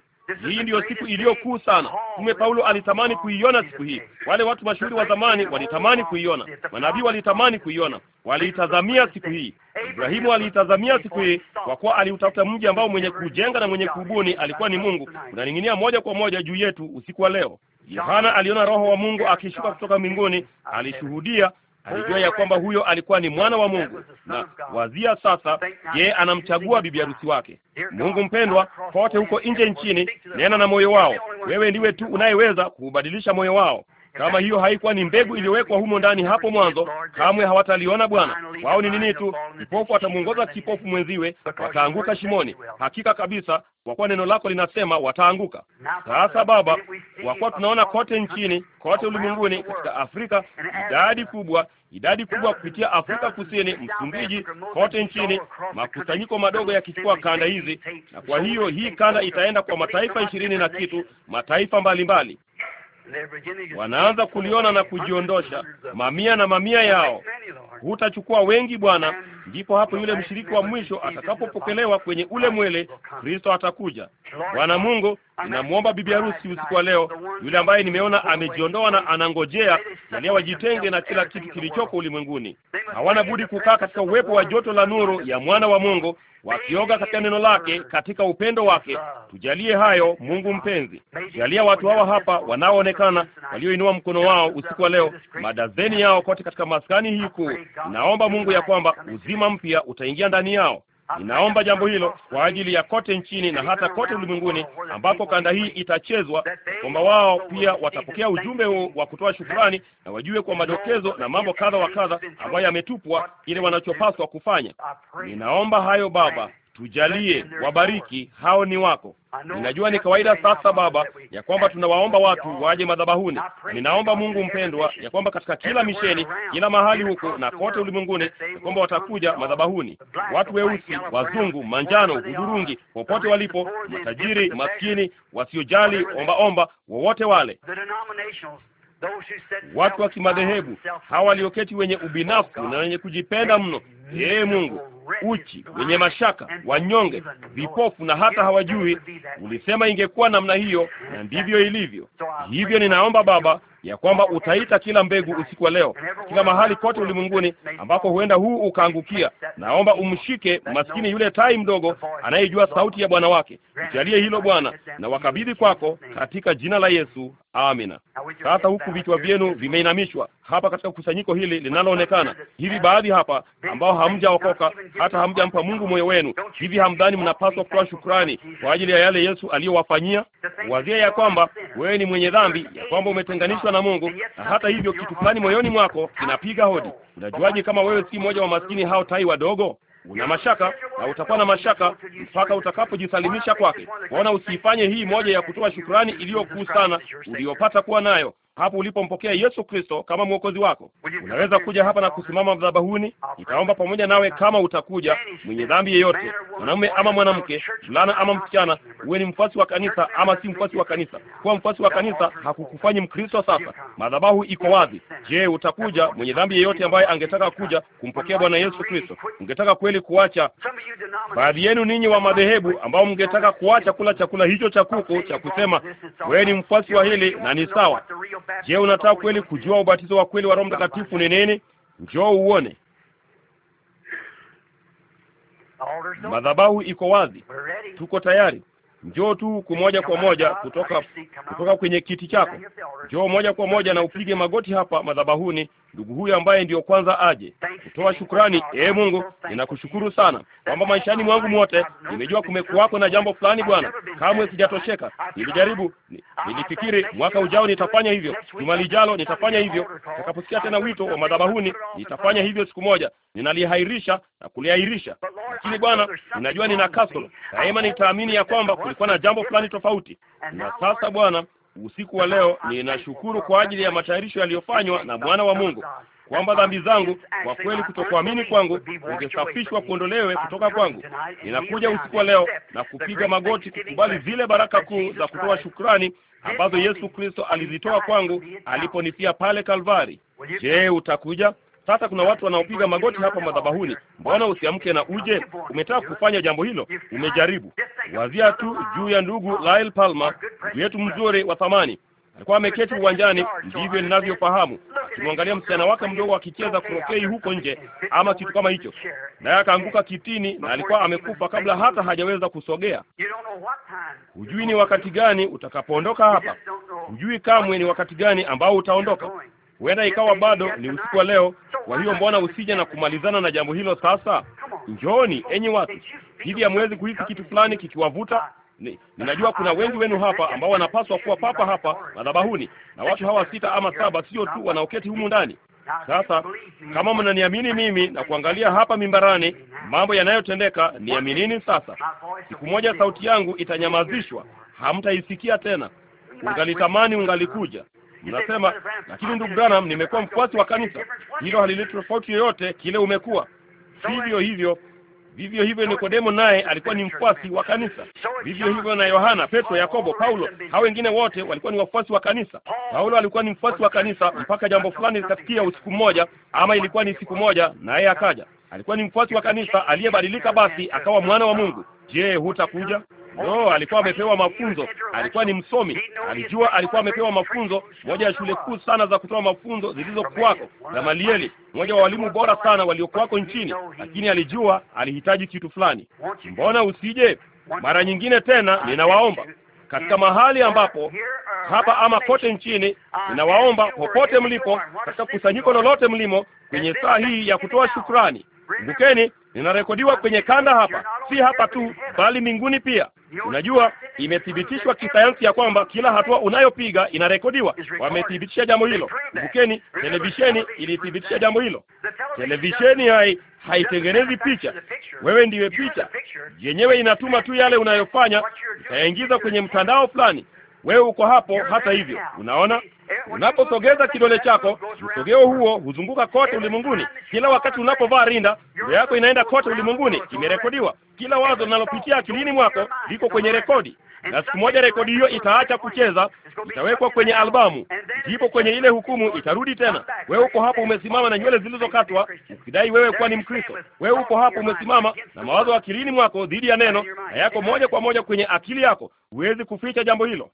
Speaker 1: Hii ndiyo siku iliyokuu sana. Mtume Paulo alitamani kuiona siku hii. Wale watu mashuhuri wa zamani walitamani kuiona, manabii walitamani kuiona, waliitazamia siku hii. Ibrahimu aliitazamia siku hii, kwa kuwa aliutafuta mji ambao mwenye kujenga na mwenye kubuni alikuwa ni Mungu. Unaning'inia moja kwa moja juu yetu usiku wa leo. Yohana aliona Roho wa Mungu akishuka kutoka mbinguni, alishuhudia alijua ya kwamba huyo alikuwa ni mwana wa Mungu, na wazia sasa, ye anamchagua bibi harusi wake. Mungu mpendwa, pote huko nje nchini, nena na moyo wao. Wewe ndiwe tu unayeweza kuubadilisha moyo wao. Kama hiyo haikuwa ni mbegu iliyowekwa humo ndani hapo mwanzo, kamwe hawataliona Bwana. Wao ni nini tu? Kipofu atamwongoza kipofu mwenziwe, wataanguka shimoni. Hakika kabisa, kwa kuwa neno lako linasema wataanguka.
Speaker 2: Sasa Baba, kwa kuwa tunaona kote
Speaker 1: nchini, kote ulimwenguni, katika Afrika idadi kubwa idadi kubwa kupitia Afrika Kusini, Msumbiji, kote nchini, makusanyiko madogo yakichukua kanda hizi, na kwa hiyo hii kanda itaenda kwa mataifa ishirini na kitu, mataifa mbalimbali
Speaker 2: mbali wanaanza
Speaker 1: kuliona na kujiondosha, mamia na mamia yao. Hutachukua wengi Bwana. Ndipo hapo yule mshiriki wa mwisho atakapopokelewa kwenye ule mwele, Kristo atakuja. Bwana Mungu, ninamwomba bibi harusi usiku wa leo, yule ambaye nimeona amejiondoa na anangojea, jalia wajitenge na kila kitu kilichoko ulimwenguni. Hawana budi kukaa katika uwepo wa joto la nuru ya mwana wa Mungu wakioga katika neno lake, katika upendo wake. Tujalie hayo, Mungu mpenzi, jalia watu hawa hapa wanaoonekana, walioinua mkono wao usiku wa leo, madazeni yao kote katika maskani hii kuu. Naomba Mungu ya kwamba uzima mpya utaingia ndani yao, Ninaomba jambo hilo kwa ajili ya kote nchini na hata kote ulimwenguni ambako kanda hii itachezwa, kwamba wao pia watapokea ujumbe huu wa kutoa shukrani na wajue kwa madokezo na mambo kadha wa kadha ambayo yametupwa, kile wanachopaswa kufanya. Ninaomba hayo Baba, tujalie, wabariki hao ni wako. Ninajua ni kawaida sasa, Baba, ya kwamba tunawaomba watu waje madhabahuni. Ninaomba Mungu mpendwa, ya kwamba katika kila misheni, kila mahali huko na kote ulimwenguni, ya kwamba watakuja madhabahuni, watu weusi, wazungu, manjano, hudhurungi, popote walipo, matajiri, maskini, wasiojali, ombaomba, wowote wale
Speaker 3: watu wa kimadhehebu
Speaker 1: hawa walioketi wenye oh, ubinafsi na wenye kujipenda mno. Yeye Mungu uchi, wenye mashaka, wanyonge, vipofu na hata hawajui. Ulisema ingekuwa namna hiyo, na ndivyo ilivyo. Uh, Hivyo ninaomba Baba ya kwamba utaita kila mbegu usiku wa leo, kila mahali kote ulimwenguni ambako huenda huu ukaangukia. Naomba umshike maskini yule tai mdogo anayejua sauti ya bwana wake. Jalie hilo Bwana, na wakabidhi kwako katika jina la Yesu, amina.
Speaker 2: Sasa huku vichwa
Speaker 1: vyenu vimeinamishwa hapa katika kusanyiko hili linaloonekana hivi, baadhi hapa ambao hamjaokoka hata hamjampa Mungu moyo wenu, hivi hamdhani mnapaswa kutoa shukrani kwa ajili ya yale Yesu aliyowafanyia? Wazia ya kwamba wewe ni mwenye dhambi, ya kwamba umetenganishwa na Mungu, na hata hivyo kitu fulani moyoni mwako kinapiga hodi. Unajuaje kama wewe si mmoja wa maskini hao tai wadogo? Una mashaka na utakuwa na mashaka mpaka utakapojisalimisha kwake. Waona, usiifanye hii moja ya kutoa shukrani iliyokuu sana uliyopata kuwa nayo, hapo ulipompokea Yesu Kristo kama mwokozi wako. Unaweza kuja hapa na kusimama madhabahuni, nitaomba pamoja nawe kama utakuja. Mwenye dhambi yeyote, mwanamume ama mwanamke, mvulana ama msichana, uwe ni mfuasi wa kanisa ama si mfuasi wa kanisa. Kuwa mfuasi wa kanisa hakukufanyi Mkristo. Sasa madhabahu iko wazi. Je, utakuja? Mwenye dhambi yeyote ambaye angetaka kuja kumpokea Bwana Yesu Kristo, ungetaka kweli kuacha? Baadhi yenu ninyi wa madhehebu ambao mngetaka kuacha kula chakula hicho cha kuku cha kusema wewe ni mfuasi wa hili na ni sawa Je, unataka kweli kujua ubatizo wa kweli wa Roho Mtakatifu ni nini? Njoo uone. Madhabahu iko wazi, tuko tayari. Njoo tu moja kwa moja kutoka kutoka kwenye kiti chako, njoo moja kwa moja na upige magoti hapa madhabahuni, ndugu huyu ambaye ndiyo kwanza aje kutoa shukrani. Ee Mungu, ninakushukuru sana kwamba maishani mwangu mwote nimejua kumekuwako na jambo fulani Bwana, kamwe sijatosheka. Nilijaribu, nilifikiri mwaka ujao nitafanya hivyo, juma lijalo nitafanya hivyo, nitakaposikia tena wito wa madhabahuni nitafanya hivyo siku moja. Ninalihairisha na kuliahirisha, lakini Bwana, ninajua nina kasoro, daima nitaamini ya kwamba kulikuwa na jambo fulani tofauti. Na sasa Bwana, usiku wa leo ninashukuru kwa ajili ya matayarisho yaliyofanywa na Bwana wa Mungu kwamba dhambi zangu kwa kweli, kutokuamini kwangu ungesafishwa kuondolewe kutoka kwangu. Ninakuja usiku wa leo na kupiga magoti kukubali zile baraka kuu za kutoa shukrani ambazo Yesu Kristo alizitoa kwangu aliponifia pale Kalvari. Je, utakuja? Sasa kuna watu wanaopiga magoti hapa madhabahuni, mbona usiamke na uje? Umetaka kufanya jambo hilo, umejaribu.
Speaker 2: Wazia tu juu ya
Speaker 1: ndugu Lyle Palmer,
Speaker 2: ndugu yetu mzuri
Speaker 1: wa thamani alikuwa ameketi uwanjani, ndivyo ninavyofahamu, akimwangalia msichana wake mdogo akicheza krokei huko nje ama kitu kama hicho, naye akaanguka kitini na alikuwa amekufa kabla hata hajaweza kusogea. Hujui ni wakati gani utakapoondoka hapa, hujui kamwe ni wakati gani ambao utaondoka. Huenda ikawa bado ni usiku wa leo. Kwa hiyo mbona usije na kumalizana na jambo hilo sasa? Njooni enyi watu, hivi hamwezi kuhisi kitu fulani kikiwavuta? Ni, ninajua kuna wengi wenu hapa ambao wanapaswa kuwa papa hapa madhabahuni, na watu hawa sita ama saba sio tu wanaoketi humu ndani. Sasa kama mnaniamini mimi na kuangalia hapa mimbarani mambo yanayotendeka, niaminini sasa. Siku moja sauti yangu itanyamazishwa, hamtaisikia tena. Ungalitamani ungalikuja
Speaker 2: Mnasema, lakini
Speaker 1: ndugu Branham, nimekuwa mfuasi wa kanisa hilo, halileti tofauti yoyote kile umekuwa. Vivyo hivyo vivyo hivyo, Nikodemo naye alikuwa ni mfuasi wa kanisa. Vivyo hivyo na Yohana, Petro, Yakobo, Paulo, hao wengine wote walikuwa ni wafuasi wa kanisa. Paulo alikuwa ni mfuasi wa kanisa mpaka jambo fulani likafikia usiku mmoja, ama ilikuwa ni siku moja, naye akaja. Alikuwa ni mfuasi wa kanisa aliyebadilika, basi akawa mwana wa Mungu. Je, hutakuja? No, alikuwa amepewa mafunzo, alikuwa ni msomi, alijua, alikuwa amepewa mafunzo. Moja ya shule kuu sana za kutoa mafunzo zilizokuwako, Gamalieli, mmoja wa walimu bora sana waliokuwako nchini, lakini alijua alihitaji kitu fulani. Mbona usije mara nyingine tena? Ninawaomba katika mahali uh, ambapo hapa ama kote nchini, uh, ninawaomba popote mlipo, katika kusanyiko lolote mlimo, kwenye saa hii ya kutoa shukrani Kumbukeni, ninarekodiwa kwenye kanda hapa, si hapa tu, bali mbinguni pia. Unajua, imethibitishwa kisayansi ya kwamba kila hatua unayopiga inarekodiwa. Wamethibitisha jambo hilo. Kumbukeni, televisheni ilithibitisha jambo hilo.
Speaker 2: Televisheni
Speaker 1: hai haitengenezi picha, wewe ndiwe picha yenyewe. Inatuma tu yale unayofanya, ikayaingiza kwenye mtandao fulani wewe uko hapo. Hata hivyo, unaona, unaposogeza kidole chako, msogeo huo huzunguka kote ulimwenguni. Kila wakati unapovaa rinda, ndio yako inaenda kote ulimwenguni, imerekodiwa. Kila wazo linalopitia akilini mwako liko kwenye rekodi na siku moja rekodi hiyo itaacha kucheza, itawekwa kwenye albamu, ndipo kwenye ile hukumu itarudi tena. Wewe uko hapo umesimama na nywele zilizokatwa, ukidai wewe kuwa ni Mkristo. Wewe uko hapo umesimama na mawazo akilini mwako dhidi ya neno, na yako moja kwa moja kwenye akili yako. Huwezi kuficha jambo hilo.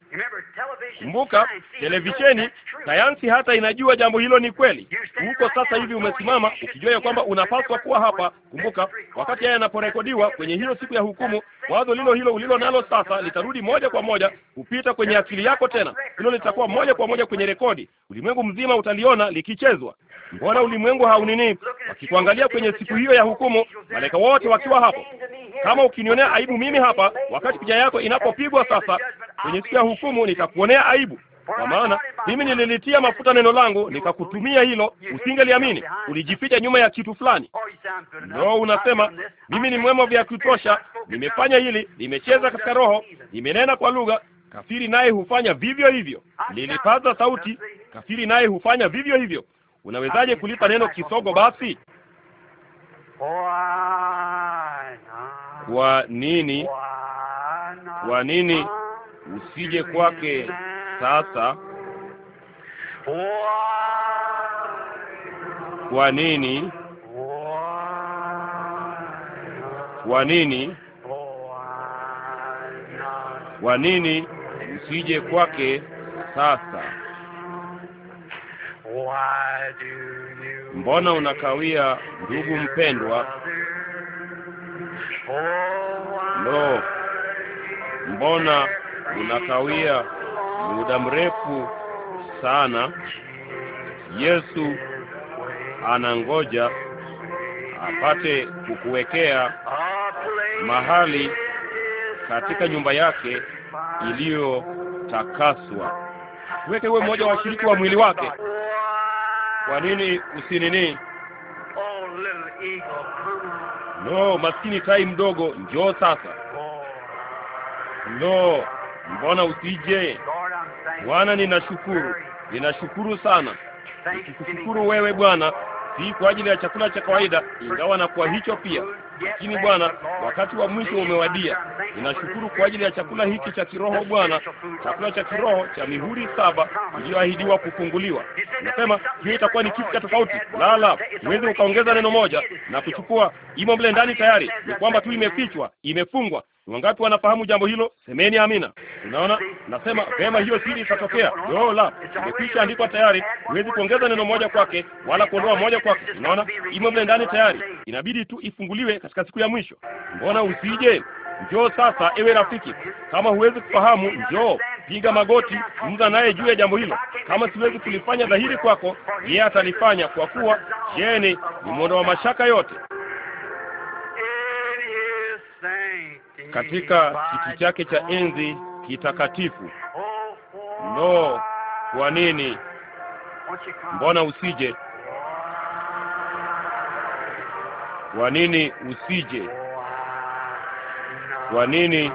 Speaker 2: Kumbuka, televisheni,
Speaker 1: sayansi hata inajua jambo hilo ni kweli. Huko sasa hivi umesimama ukijua ya kwamba unapaswa kuwa hapa. Kumbuka, wakati haya yanaporekodiwa kwenye hiyo siku ya hukumu, Wazo lilo hilo ulilo nalo sasa litarudi moja kwa moja, hupita kwenye akili yako tena, hilo litakuwa moja kwa moja kwenye rekodi. Ulimwengu mzima utaliona likichezwa. Mbona ulimwengu haunini? Wakikuangalia kwenye siku hiyo ya hukumu, malaika wote wakiwa hapo. Kama ukinionea aibu mimi hapa, wakati picha yako inapopigwa sasa, kwenye siku ya hukumu nitakuonea aibu. Kwa maana mimi nililitia mafuta neno langu nikakutumia hilo, usingeliamini. Ulijificha nyuma ya kitu fulani.
Speaker 2: No, unasema
Speaker 1: mimi ni mwema vya kutosha, nimefanya hili, nimecheza katika roho, nimenena kwa lugha. Kafiri naye hufanya vivyo hivyo. Nilipaza sauti, kafiri naye hufanya vivyo hivyo. Unawezaje kulipa neno kisogo? Basi kwa nini, kwa nini usije kwake sasa kwa nini, kwa nini, kwa nini msije kwake sasa? Mbona unakawia ndugu mpendwa? Lo, mbona unakawia muda mrefu sana. Yesu anangoja apate kukuwekea mahali katika nyumba yake iliyotakaswa. Weke wewe mmoja wa washiriki wa mwili wake. Kwa nini usinini? No, maskini tai mdogo, njoo sasa. No, mbona usije? Bwana, ninashukuru, ninashukuru sana, nikushukuru wewe Bwana, si kwa ajili ya chakula cha kawaida, ingawa na kwa hicho pia,
Speaker 2: lakini Bwana,
Speaker 1: wakati wa mwisho umewadia. Ninashukuru kwa ajili ya chakula hiki cha kiroho Bwana, chakula cha kiroho cha mihuri saba iliyoahidiwa kufunguliwa. Nasema hiyo itakuwa ni kitu cha tofauti. La, la, huwezi ukaongeza neno moja na kuchukua. Imo mle ndani tayari, ni kwamba tu imefichwa, imefungwa. Ni wangapi wanafahamu jambo hilo? Semeni amina. Unaona, nasema vema, hiyo siri itatokea. Yo, la, imekwisha andikwa tayari. Huwezi kuongeza neno moja kwake wala kuondoa moja kwake. Unaona, imo mle ndani tayari, inabidi tu ifunguliwe katika siku ya mwisho. Mbona usije? Njoo sasa, ewe rafiki. Kama huwezi kufahamu, njoo piga magoti, mza naye juu ya jambo hilo. Kama siwezi kulifanya dhahiri kwako, yeye atalifanya, kwa kuwa jeni ni wa mashaka yote. Katika kiti chake cha enzi kitakatifu. No, kwa nini? Mbona usije? Kwa nini usije? Kwa nini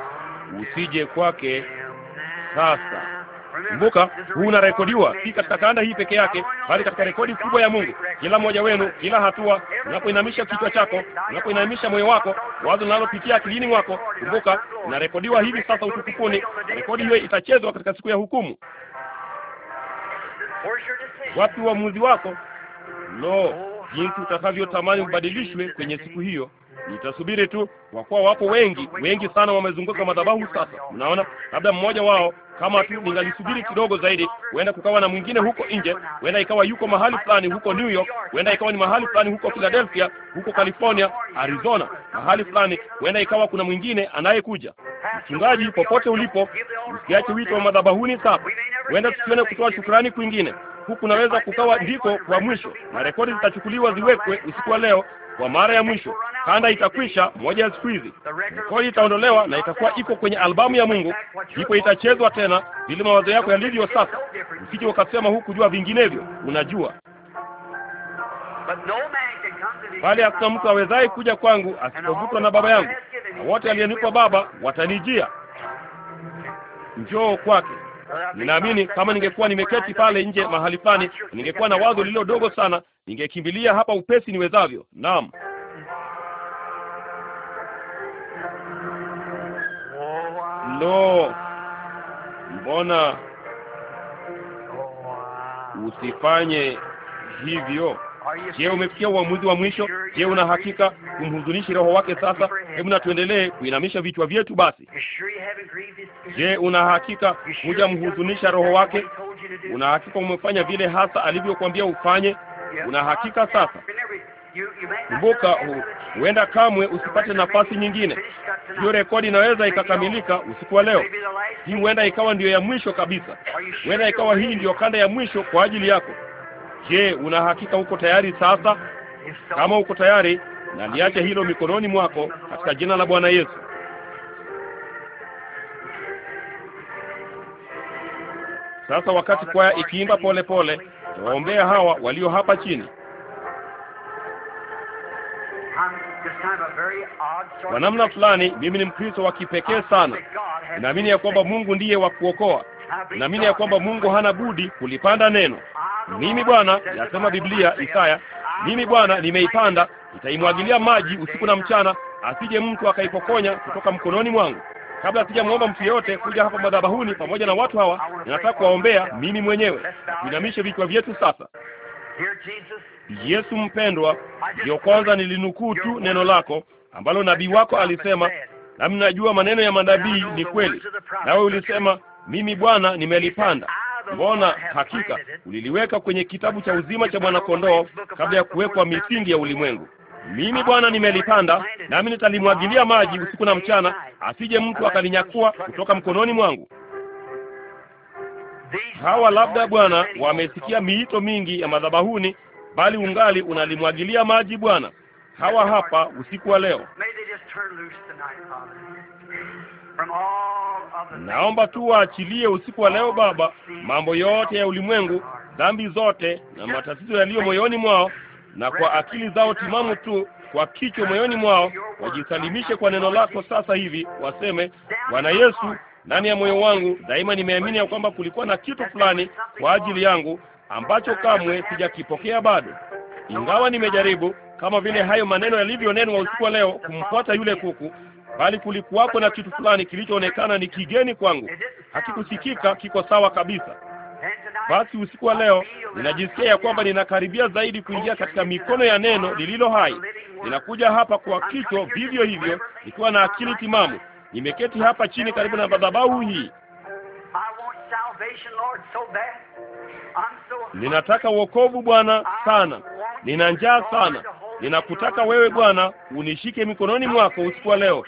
Speaker 1: usije kwake sasa? Kumbuka, huu unarekodiwa, si katika kanda hii peke yake, bali katika rekodi kubwa ya Mungu. Kila mmoja wenu, kila hatua, unapoinamisha kichwa chako, unapoinamisha moyo wako, wazo linalopitia akilini mwako, kumbuka, unarekodiwa hivi sasa utukufuni. Rekodi hiyo itachezwa katika siku ya hukumu. Wapi uamuzi wako? Lo no jinsi utakavyotamani ubadilishwe kwenye siku hiyo, Nitasubiri tu kwa kuwa wapo wengi wengi sana wamezunguka madhabahu sasa. Mnaona, labda mmoja wao kama tu ningalisubiri kidogo zaidi, huenda kukawa na mwingine huko nje, huenda ikawa yuko mahali fulani huko New York, huenda ikawa ni mahali fulani huko Philadelphia, huko California, Arizona, mahali fulani, huenda ikawa kuna mwingine anayekuja. Mchungaji, popote ulipo, usiache wito wa madhabahuni sasa. Huenda tusione kutoa shukrani kwingine huku naweza kukawa ndiko kwa mwisho, na rekodi zitachukuliwa ziwekwe usiku wa leo kwa mara ya mwisho. Kanda itakwisha moja ya siku hizi, rekodi itaondolewa na itakuwa iko kwenye albamu ya Mungu, ndipo itachezwa tena vile mawazo yako yalivyo sasa. Usije ukasema hukujua vinginevyo, unajua
Speaker 2: bali hakuna mtu awezaye kuja
Speaker 1: kwangu asipovutwa na Baba yangu,
Speaker 2: na wote aliyenipa Baba
Speaker 1: watanijia. Njoo kwake
Speaker 2: Ninaamini kama ningekuwa
Speaker 1: nimeketi pale nje mahali fulani, ningekuwa na wazo lililo dogo sana, ningekimbilia hapa upesi niwezavyo. Naam. Lo, mbona usifanye hivyo? Je, umefikia uamuzi wa mwisho? Je, una hakika kumhuzunishi roho wake? Sasa hebu na tuendelee kuinamisha vichwa vyetu basi. Je, una hakika hujamhuzunisha roho wake? Una hakika umefanya vile hasa alivyokuambia ufanye?
Speaker 2: Una hakika sasa Kumbuka,
Speaker 1: huenda kamwe usipate nafasi nyingine. Hiyo rekodi inaweza ikakamilika usiku wa leo. Hii huenda ikawa ndiyo ya mwisho kabisa. Huenda ikawa hii ndiyo kanda ya mwisho kwa ajili yako. Je, una hakika uko tayari sasa? Kama uko tayari, na liache hilo mikononi mwako katika jina la Bwana Yesu. Sasa wakati kwaya ikiimba polepole, tawaombea hawa walio hapa chini. Kwa namna fulani, mimi ni Mkristo wa kipekee sana. Naamini ya kwamba Mungu ndiye wa kuokoa naamini ya kwamba Mungu hana budi kulipanda neno. Mimi Bwana, yasema Biblia Isaya, mimi Bwana nimeipanda, nitaimwagilia maji usiku na mchana, asije mtu akaipokonya kutoka mkononi mwangu. Kabla sijamwomba mtu yeyote kuja hapa madhabahuni pamoja na watu hawa, ninataka kuwaombea mimi mwenyewe. Tuinamishe vichwa vyetu sasa. Yesu mpendwa, ndio kwanza nilinukuu tu neno lako ambalo nabii wako alisema, nami najua maneno ya manabii ni kweli, nawe ulisema mimi Bwana nimelipanda. Mbona hakika uliliweka kwenye kitabu cha uzima cha mwanakondoo kabla ya kuwekwa misingi ya ulimwengu. Mimi Bwana nimelipanda, nami nitalimwagilia maji usiku na mchana, asije mtu akalinyakua kutoka mkononi mwangu. Hawa labda Bwana wamesikia miito mingi ya madhabahuni, bali ungali unalimwagilia maji Bwana. Hawa hapa usiku wa leo. Naomba tu waachilie usiku wa leo Baba, mambo yote ya ulimwengu, dhambi zote na matatizo yaliyo moyoni mwao, na kwa akili zao timamu tu, kwa kichwa moyoni mwao wajisalimishe kwa neno lako sasa hivi, waseme: Bwana Yesu, ndani ya moyo wangu daima nimeamini ya kwamba kulikuwa na kitu fulani kwa ajili yangu ambacho kamwe sijakipokea bado, ingawa nimejaribu, kama vile hayo maneno yalivyonenwa usiku wa leo, kumfuata yule kuku bali kulikuwako na kitu fulani kilichoonekana ni kigeni kwangu, hakikusikika, kiko sawa kabisa. Basi usiku wa leo ninajisikia ya kwamba ninakaribia zaidi kuingia katika mikono ya neno lililo hai. Ninakuja hapa kwa kichwa vivyo hivyo, nikiwa na akili timamu. Nimeketi hapa chini karibu na madhabahu hii. Ninataka wokovu Bwana sana, nina njaa sana, ninakutaka wewe Bwana unishike mikononi mwako usiku wa leo,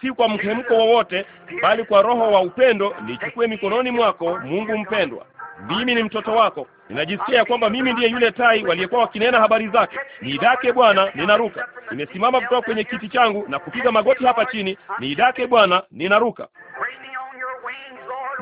Speaker 1: si kwa mhemko wowote, bali kwa roho wa upendo nichukue mikononi mwako. Mungu mpendwa, mimi ni mtoto wako. Ninajisikia kwamba mimi ndiye yule tai waliyekuwa wakinena habari zake. Niidake Bwana, ninaruka. Nimesimama kutoka kwenye kiti changu na kupiga magoti hapa chini. Niidake Bwana, ninaruka.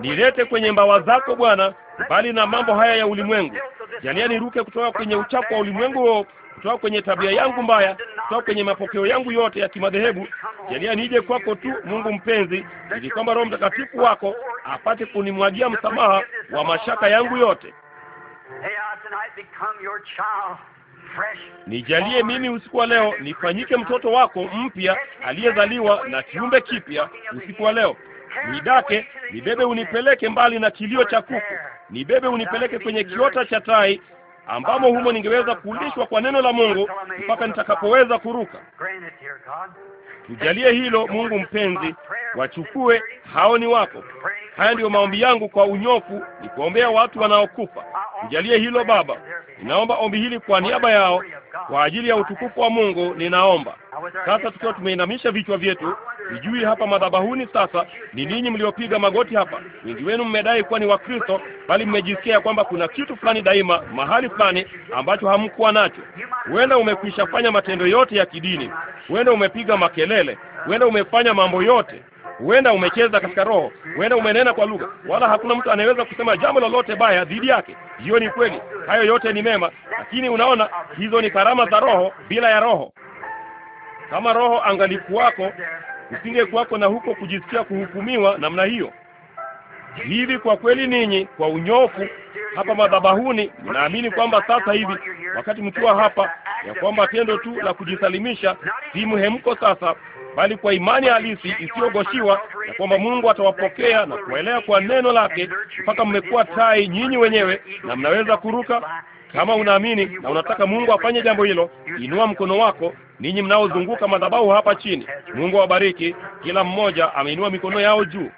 Speaker 1: Nilete kwenye mbawa zako Bwana, mbali na mambo haya ya ulimwengu. Jalia niruke kutoka kwenye uchafu wa ulimwengu kutoka kwenye tabia yangu mbaya, kutoka kwenye mapokeo yangu yote ya kimadhehebu. Jalia nije kwako tu, Mungu mpenzi, ili kwamba Roho Mtakatifu wako apate kunimwagia msamaha wa mashaka yangu yote. Nijalie mimi usiku wa leo nifanyike mtoto wako mpya aliyezaliwa na kiumbe kipya. Usiku wa leo nidake, nibebe unipeleke mbali na kilio cha kuku, nibebe unipeleke kwenye kiota cha tai ambamo humo ningeweza kulishwa kwa neno la Mungu mpaka nitakapoweza kuruka. Tujalie hilo, Mungu mpenzi, wachukue hao ni wako. Haya ndiyo maombi yangu kwa unyofu, ni kuombea watu wanaokufa.
Speaker 2: Tujalie hilo Baba,
Speaker 1: Ninaomba ombi hili kwa niaba yao, kwa ajili ya utukufu wa Mungu ninaomba. Sasa tukiwa tumeinamisha vichwa vyetu, sijui hapa madhabahuni sasa ni ninyi mliopiga magoti hapa. Wengi wenu mmedai kuwa ni Wakristo, bali mmejisikia kwamba kuna kitu fulani daima mahali fulani ambacho hamkuwa nacho. Huenda umekwishafanya matendo yote ya kidini, huenda umepiga makelele, huenda umefanya mambo yote, Huenda umecheza katika roho, huenda umenena kwa lugha, wala hakuna mtu anayeweza kusema jambo lolote baya dhidi yake. Hiyo ni kweli, hayo yote ni mema, lakini unaona, hizo ni karama za roho bila ya roho. Kama roho angalikuwako, usingekuwako na huko kujisikia kuhukumiwa namna hiyo. Hivi kwa kweli ninyi kwa unyofu hapa madhabahuni, mnaamini kwamba sasa hivi wakati mkiwa hapa, ya kwamba tendo tu la kujisalimisha si mhemko sasa, bali kwa imani halisi isiyogoshiwa, ya kwamba Mungu atawapokea na kuwaelewa kwa neno lake mpaka mmekuwa tai nyinyi wenyewe na mnaweza kuruka. Kama unaamini na unataka Mungu afanye jambo hilo, inua mkono wako. Ninyi mnaozunguka madhabahu hapa chini, Mungu awabariki. Kila mmoja ameinua mikono yao juu.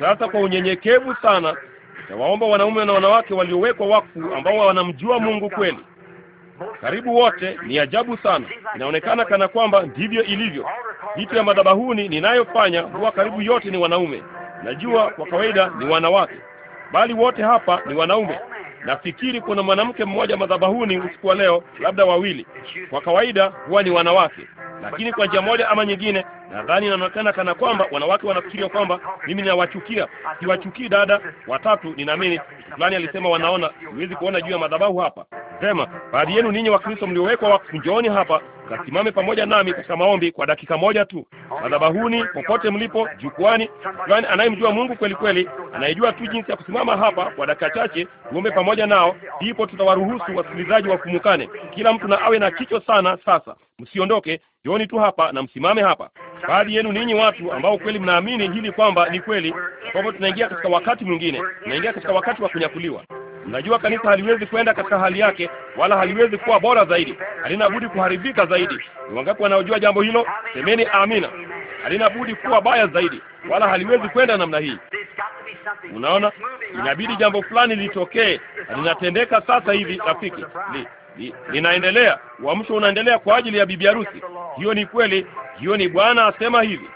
Speaker 1: Sasa kwa unyenyekevu sana, nitawaomba wanaume na wanawake waliowekwa wakfu ambao wanamjua Mungu kweli karibu wote. Ni ajabu sana, inaonekana kana kwamba ndivyo ilivyo. Vitu ya madhabahuni ninayofanya huwa karibu yote ni wanaume. Najua kwa kawaida ni wanawake, bali wote hapa ni wanaume. Nafikiri kuna mwanamke mmoja madhabahuni usiku wa leo, labda wawili. Kwa kawaida huwa ni wanawake, lakini kwa njia moja ama nyingine Nadhani inaonekana kana kwamba wanawake wanafikiria kwamba mimi ninawachukia. Siwachukii dada watatu, ninaamini fulani alisema, wanaona siwezi kuona juu ya madhabahu hapa. Sema baadhi yenu ninyi Wakristo mliowekwa wakfu, njooni hapa kasimame pamoja nami katika maombi kwa dakika moja tu, madhabahuni, popote mlipo, jukwani. Fulani anayemjua Mungu kweli kweli, anayejua tu jinsi ya kusimama hapa kwa dakika chache, tuombe pamoja nao, ndipo tutawaruhusu wasikilizaji wakumukane. Kila mtu na awe na kicho sana. Sasa msiondoke, njooni tu hapa na msimame hapa baadhi yenu ninyi watu ambao kweli mnaamini hili kwamba ni kweli, kwamba tunaingia katika wakati mwingine, tunaingia katika wakati wa kunyakuliwa. Mnajua kanisa haliwezi kwenda katika hali yake, wala haliwezi kuwa bora zaidi, halina budi kuharibika zaidi. Ni wangapi wanaojua jambo hilo? Semeni amina. Halina budi kuwa baya zaidi, wala haliwezi kwenda namna hii. Unaona, inabidi jambo fulani litokee, linatendeka sasa hivi, rafiki, linaendelea. Uamsho unaendelea kwa ajili ya bibi harusi. Hiyo ni kweli, jioni, Bwana asema hivi,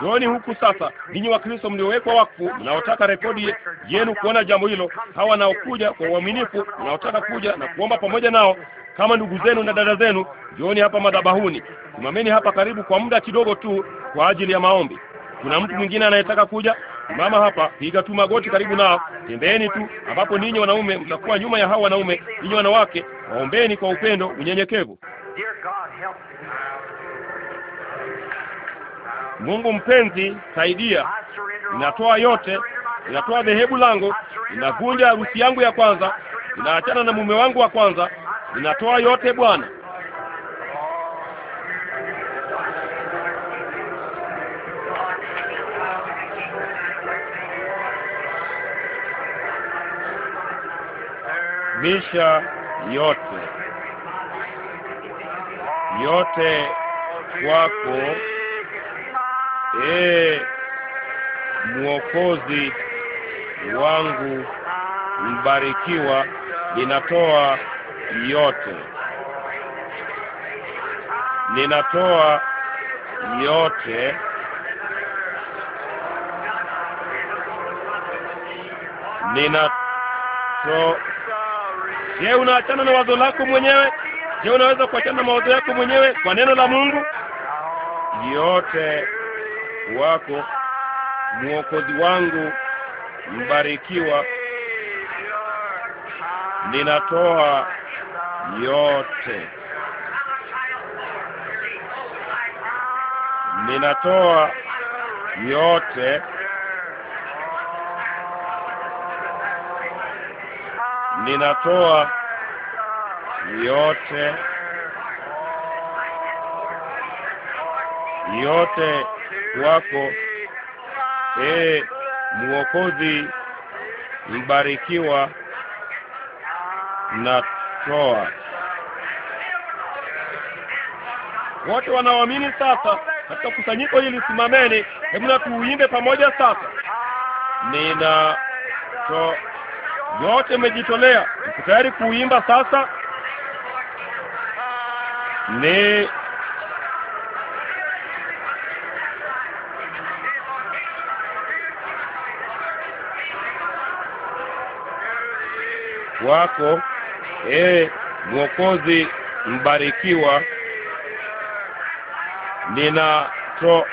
Speaker 1: Njoni huku sasa, ninyi wa Kristo mliowekwa wakfu, mnaotaka rekodi yenu kuona jambo hilo, hawa wanaokuja kwa uaminifu, mnaotaka kuja na kuomba pamoja nao kama ndugu zenu na dada zenu, njoni hapa madhabahuni, simameni hapa karibu kwa muda kidogo tu kwa ajili ya maombi. Kuna mtu mwingine anayetaka kuja? Mama hapa, piga tu magoti karibu nao, tembeeni tu, ambapo ninyi wanaume mtakuwa nyuma ya hao wanaume, ninyi wanawake waombeni kwa upendo unyenyekevu. Mungu mpenzi, saidia. Ninatoa yote, ninatoa dhehebu langu, ninavunja harusi yangu ya kwanza, ninaachana na mume wangu wa kwanza, ninatoa yote Bwana. Misha yote yote kwako eh, mwokozi wangu mbarikiwa, ninatoa yote, ninatoa yote ninato. Je, unaachana na wazo lako mwenyewe? Je, unaweza kuachana na mawazo yako mwenyewe kwa neno la Mungu? Yote wako, mwokozi wangu mbarikiwa, ninatoa yote, ninatoa
Speaker 2: yote, ninatoa
Speaker 1: yote yote wako. e, Mwokozi mbarikiwa na toa. Wote wanaoamini sasa katika kusanyiko hili, simameni, hebu na tuuimbe pamoja sasa. Nina to yote mmejitolea, tayari kuimba sasa? ni wako, ee Mwokozi mbarikiwa. to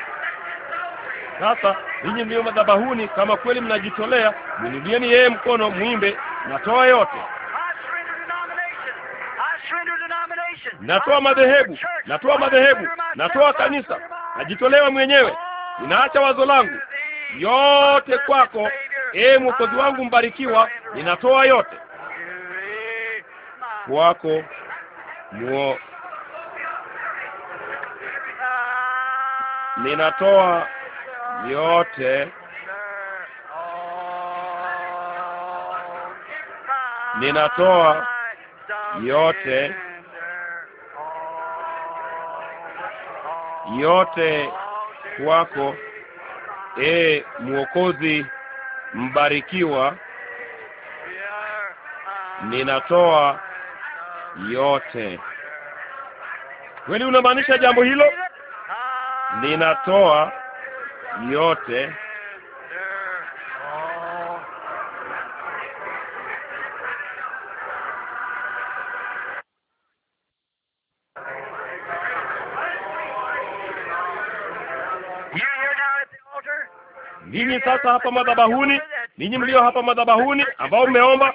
Speaker 1: sasa, ninyi mlio madhabahuni, kama kweli mnajitolea, mwinulieni yeye mkono, mwimbe natoa yote
Speaker 3: natoa madhehebu,
Speaker 1: natoa madhehebu, natoa kanisa, najitolewa mwenyewe, ninaacha wazo langu yote kwako, ee mwokozi wangu mbarikiwa, ninatoa yote wako muo. Ninatoa yote, ninatoa yote, yote kwako, e Mwokozi mbarikiwa, ninatoa yote. Kweli unamaanisha jambo hilo? Ninatoa yote Ninyi sasa hapa madhabahuni, ninyi mlio hapa madhabahuni ambao mmeomba,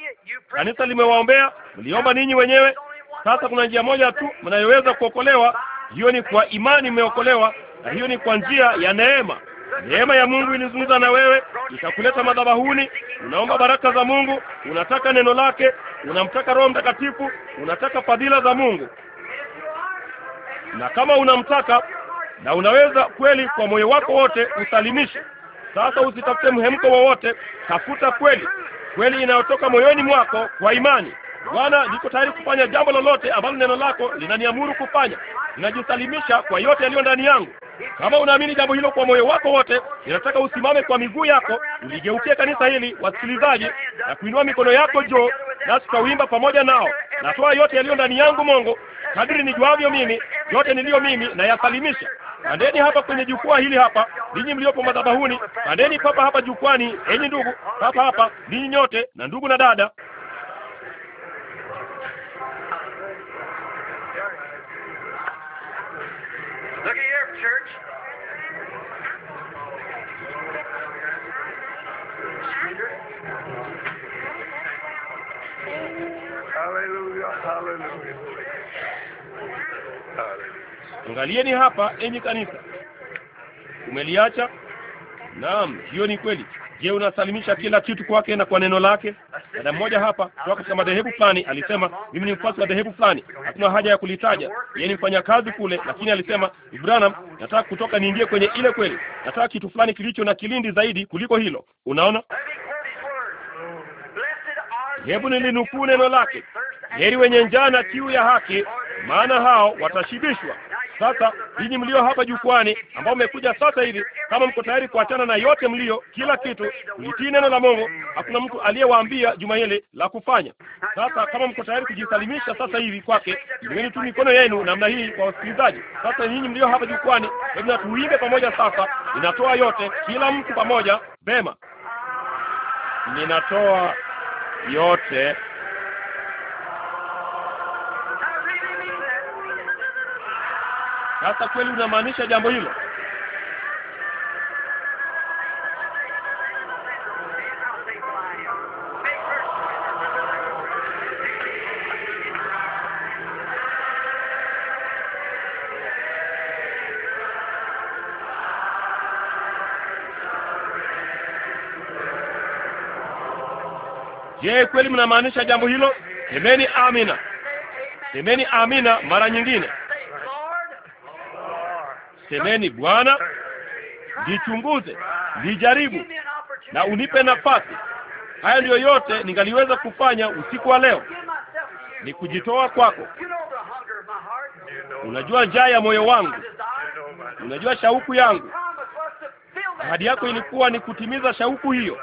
Speaker 1: kanisa limewaombea, mliomba ninyi wenyewe, sasa kuna njia moja tu mnayoweza kuokolewa, hiyo ni kwa imani mmeokolewa, na hiyo ni kwa njia ya neema. Neema ya Mungu ilizungumza na wewe, ikakuleta madhabahuni. Unaomba baraka za Mungu, unataka neno lake, unamtaka Roho Mtakatifu, unataka fadhila za Mungu. Na kama unamtaka na unaweza kweli kwa moyo wako wote, usalimishe sasa. Usitafute mhemko wowote, tafuta kweli, kweli inayotoka moyoni mwako kwa imani. Bwana, niko tayari kufanya jambo lolote ambalo neno lako linaniamuru kufanya. Ninajisalimisha kwa yote yaliyo ndani yangu. Kama unaamini jambo hilo kwa moyo wako wote, ninataka usimame kwa miguu yako, uligeukie kanisa hili, wasikilizaji, na kuinua mikono yako juu, nasi tutawimba pamoja nao. Natoa yote yaliyo ndani yangu, Mungu, kadiri nijuavyo mimi, yote niliyo mimi nayasalimisha. Pandeni hapa kwenye jukwaa hili hapa, ninyi mliopo madhabahuni, pandeni papa hapa jukwani, enyi ndugu, papa hapa, ninyi nyote na ndugu na dada,
Speaker 2: church? Hallelujah, hallelujah. Angalieni
Speaker 1: hapa, enyi kanisa, umeliacha. Naam, hiyo ni kweli. Je, unasalimisha kila kitu kwake na kwa neno lake? Dada mmoja hapa kutoka katika madhehebu fulani alisema, mimi ni mfuasi wa dhehebu fulani, hakuna haja ya kulitaja. Yeye ni kazi kule, lakini alisema, Branham, nataka kutoka niingie kwenye ile kweli, nataka kitu fulani kilicho na kilindi zaidi kuliko hilo. Unaona, hebu nilinukuu neno lake, heri wenye njaa na kiu ya haki, maana hao watashibishwa. Sasa ninyi mlio hapa jukwani, ambao mmekuja sasa hivi, kama mko tayari kuachana na yote mlio, kila kitu, kulitii neno la Mungu, hakuna mtu aliyewaambia juma hili la kufanya. Sasa kama mko tayari kujisalimisha sasa hivi kwake, inueni tu mikono yenu namna hii kwa wasikilizaji. Sasa ninyi mlio hapa jukwani, hebu na tuimbe pamoja sasa, ninatoa yote, kila mtu pamoja, bema, ninatoa yote Sasa kweli unamaanisha jambo hilo? Je, kweli mnamaanisha jambo hilo? Semeni amina. Semeni amina mara nyingine semeni, Bwana, jichunguze nijaribu na unipe nafasi. Haya ndiyo yote ningaliweza kufanya usiku wa leo, ni kujitoa kwako.
Speaker 2: Unajua njaa ya moyo wangu, unajua
Speaker 1: shauku yangu.
Speaker 3: Ahadi yako ilikuwa
Speaker 1: ni kutimiza shauku hiyo.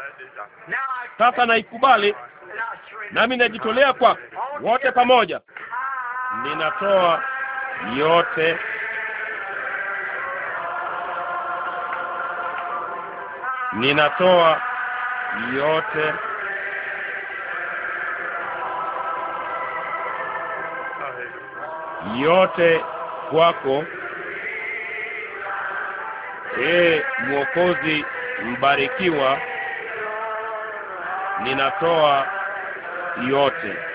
Speaker 3: Sasa naikubali,
Speaker 2: nami najitolea
Speaker 1: kwako. Wote pamoja, ninatoa yote ninatoa yote yote kwako, ee Mwokozi mbarikiwa, ninatoa
Speaker 2: yote.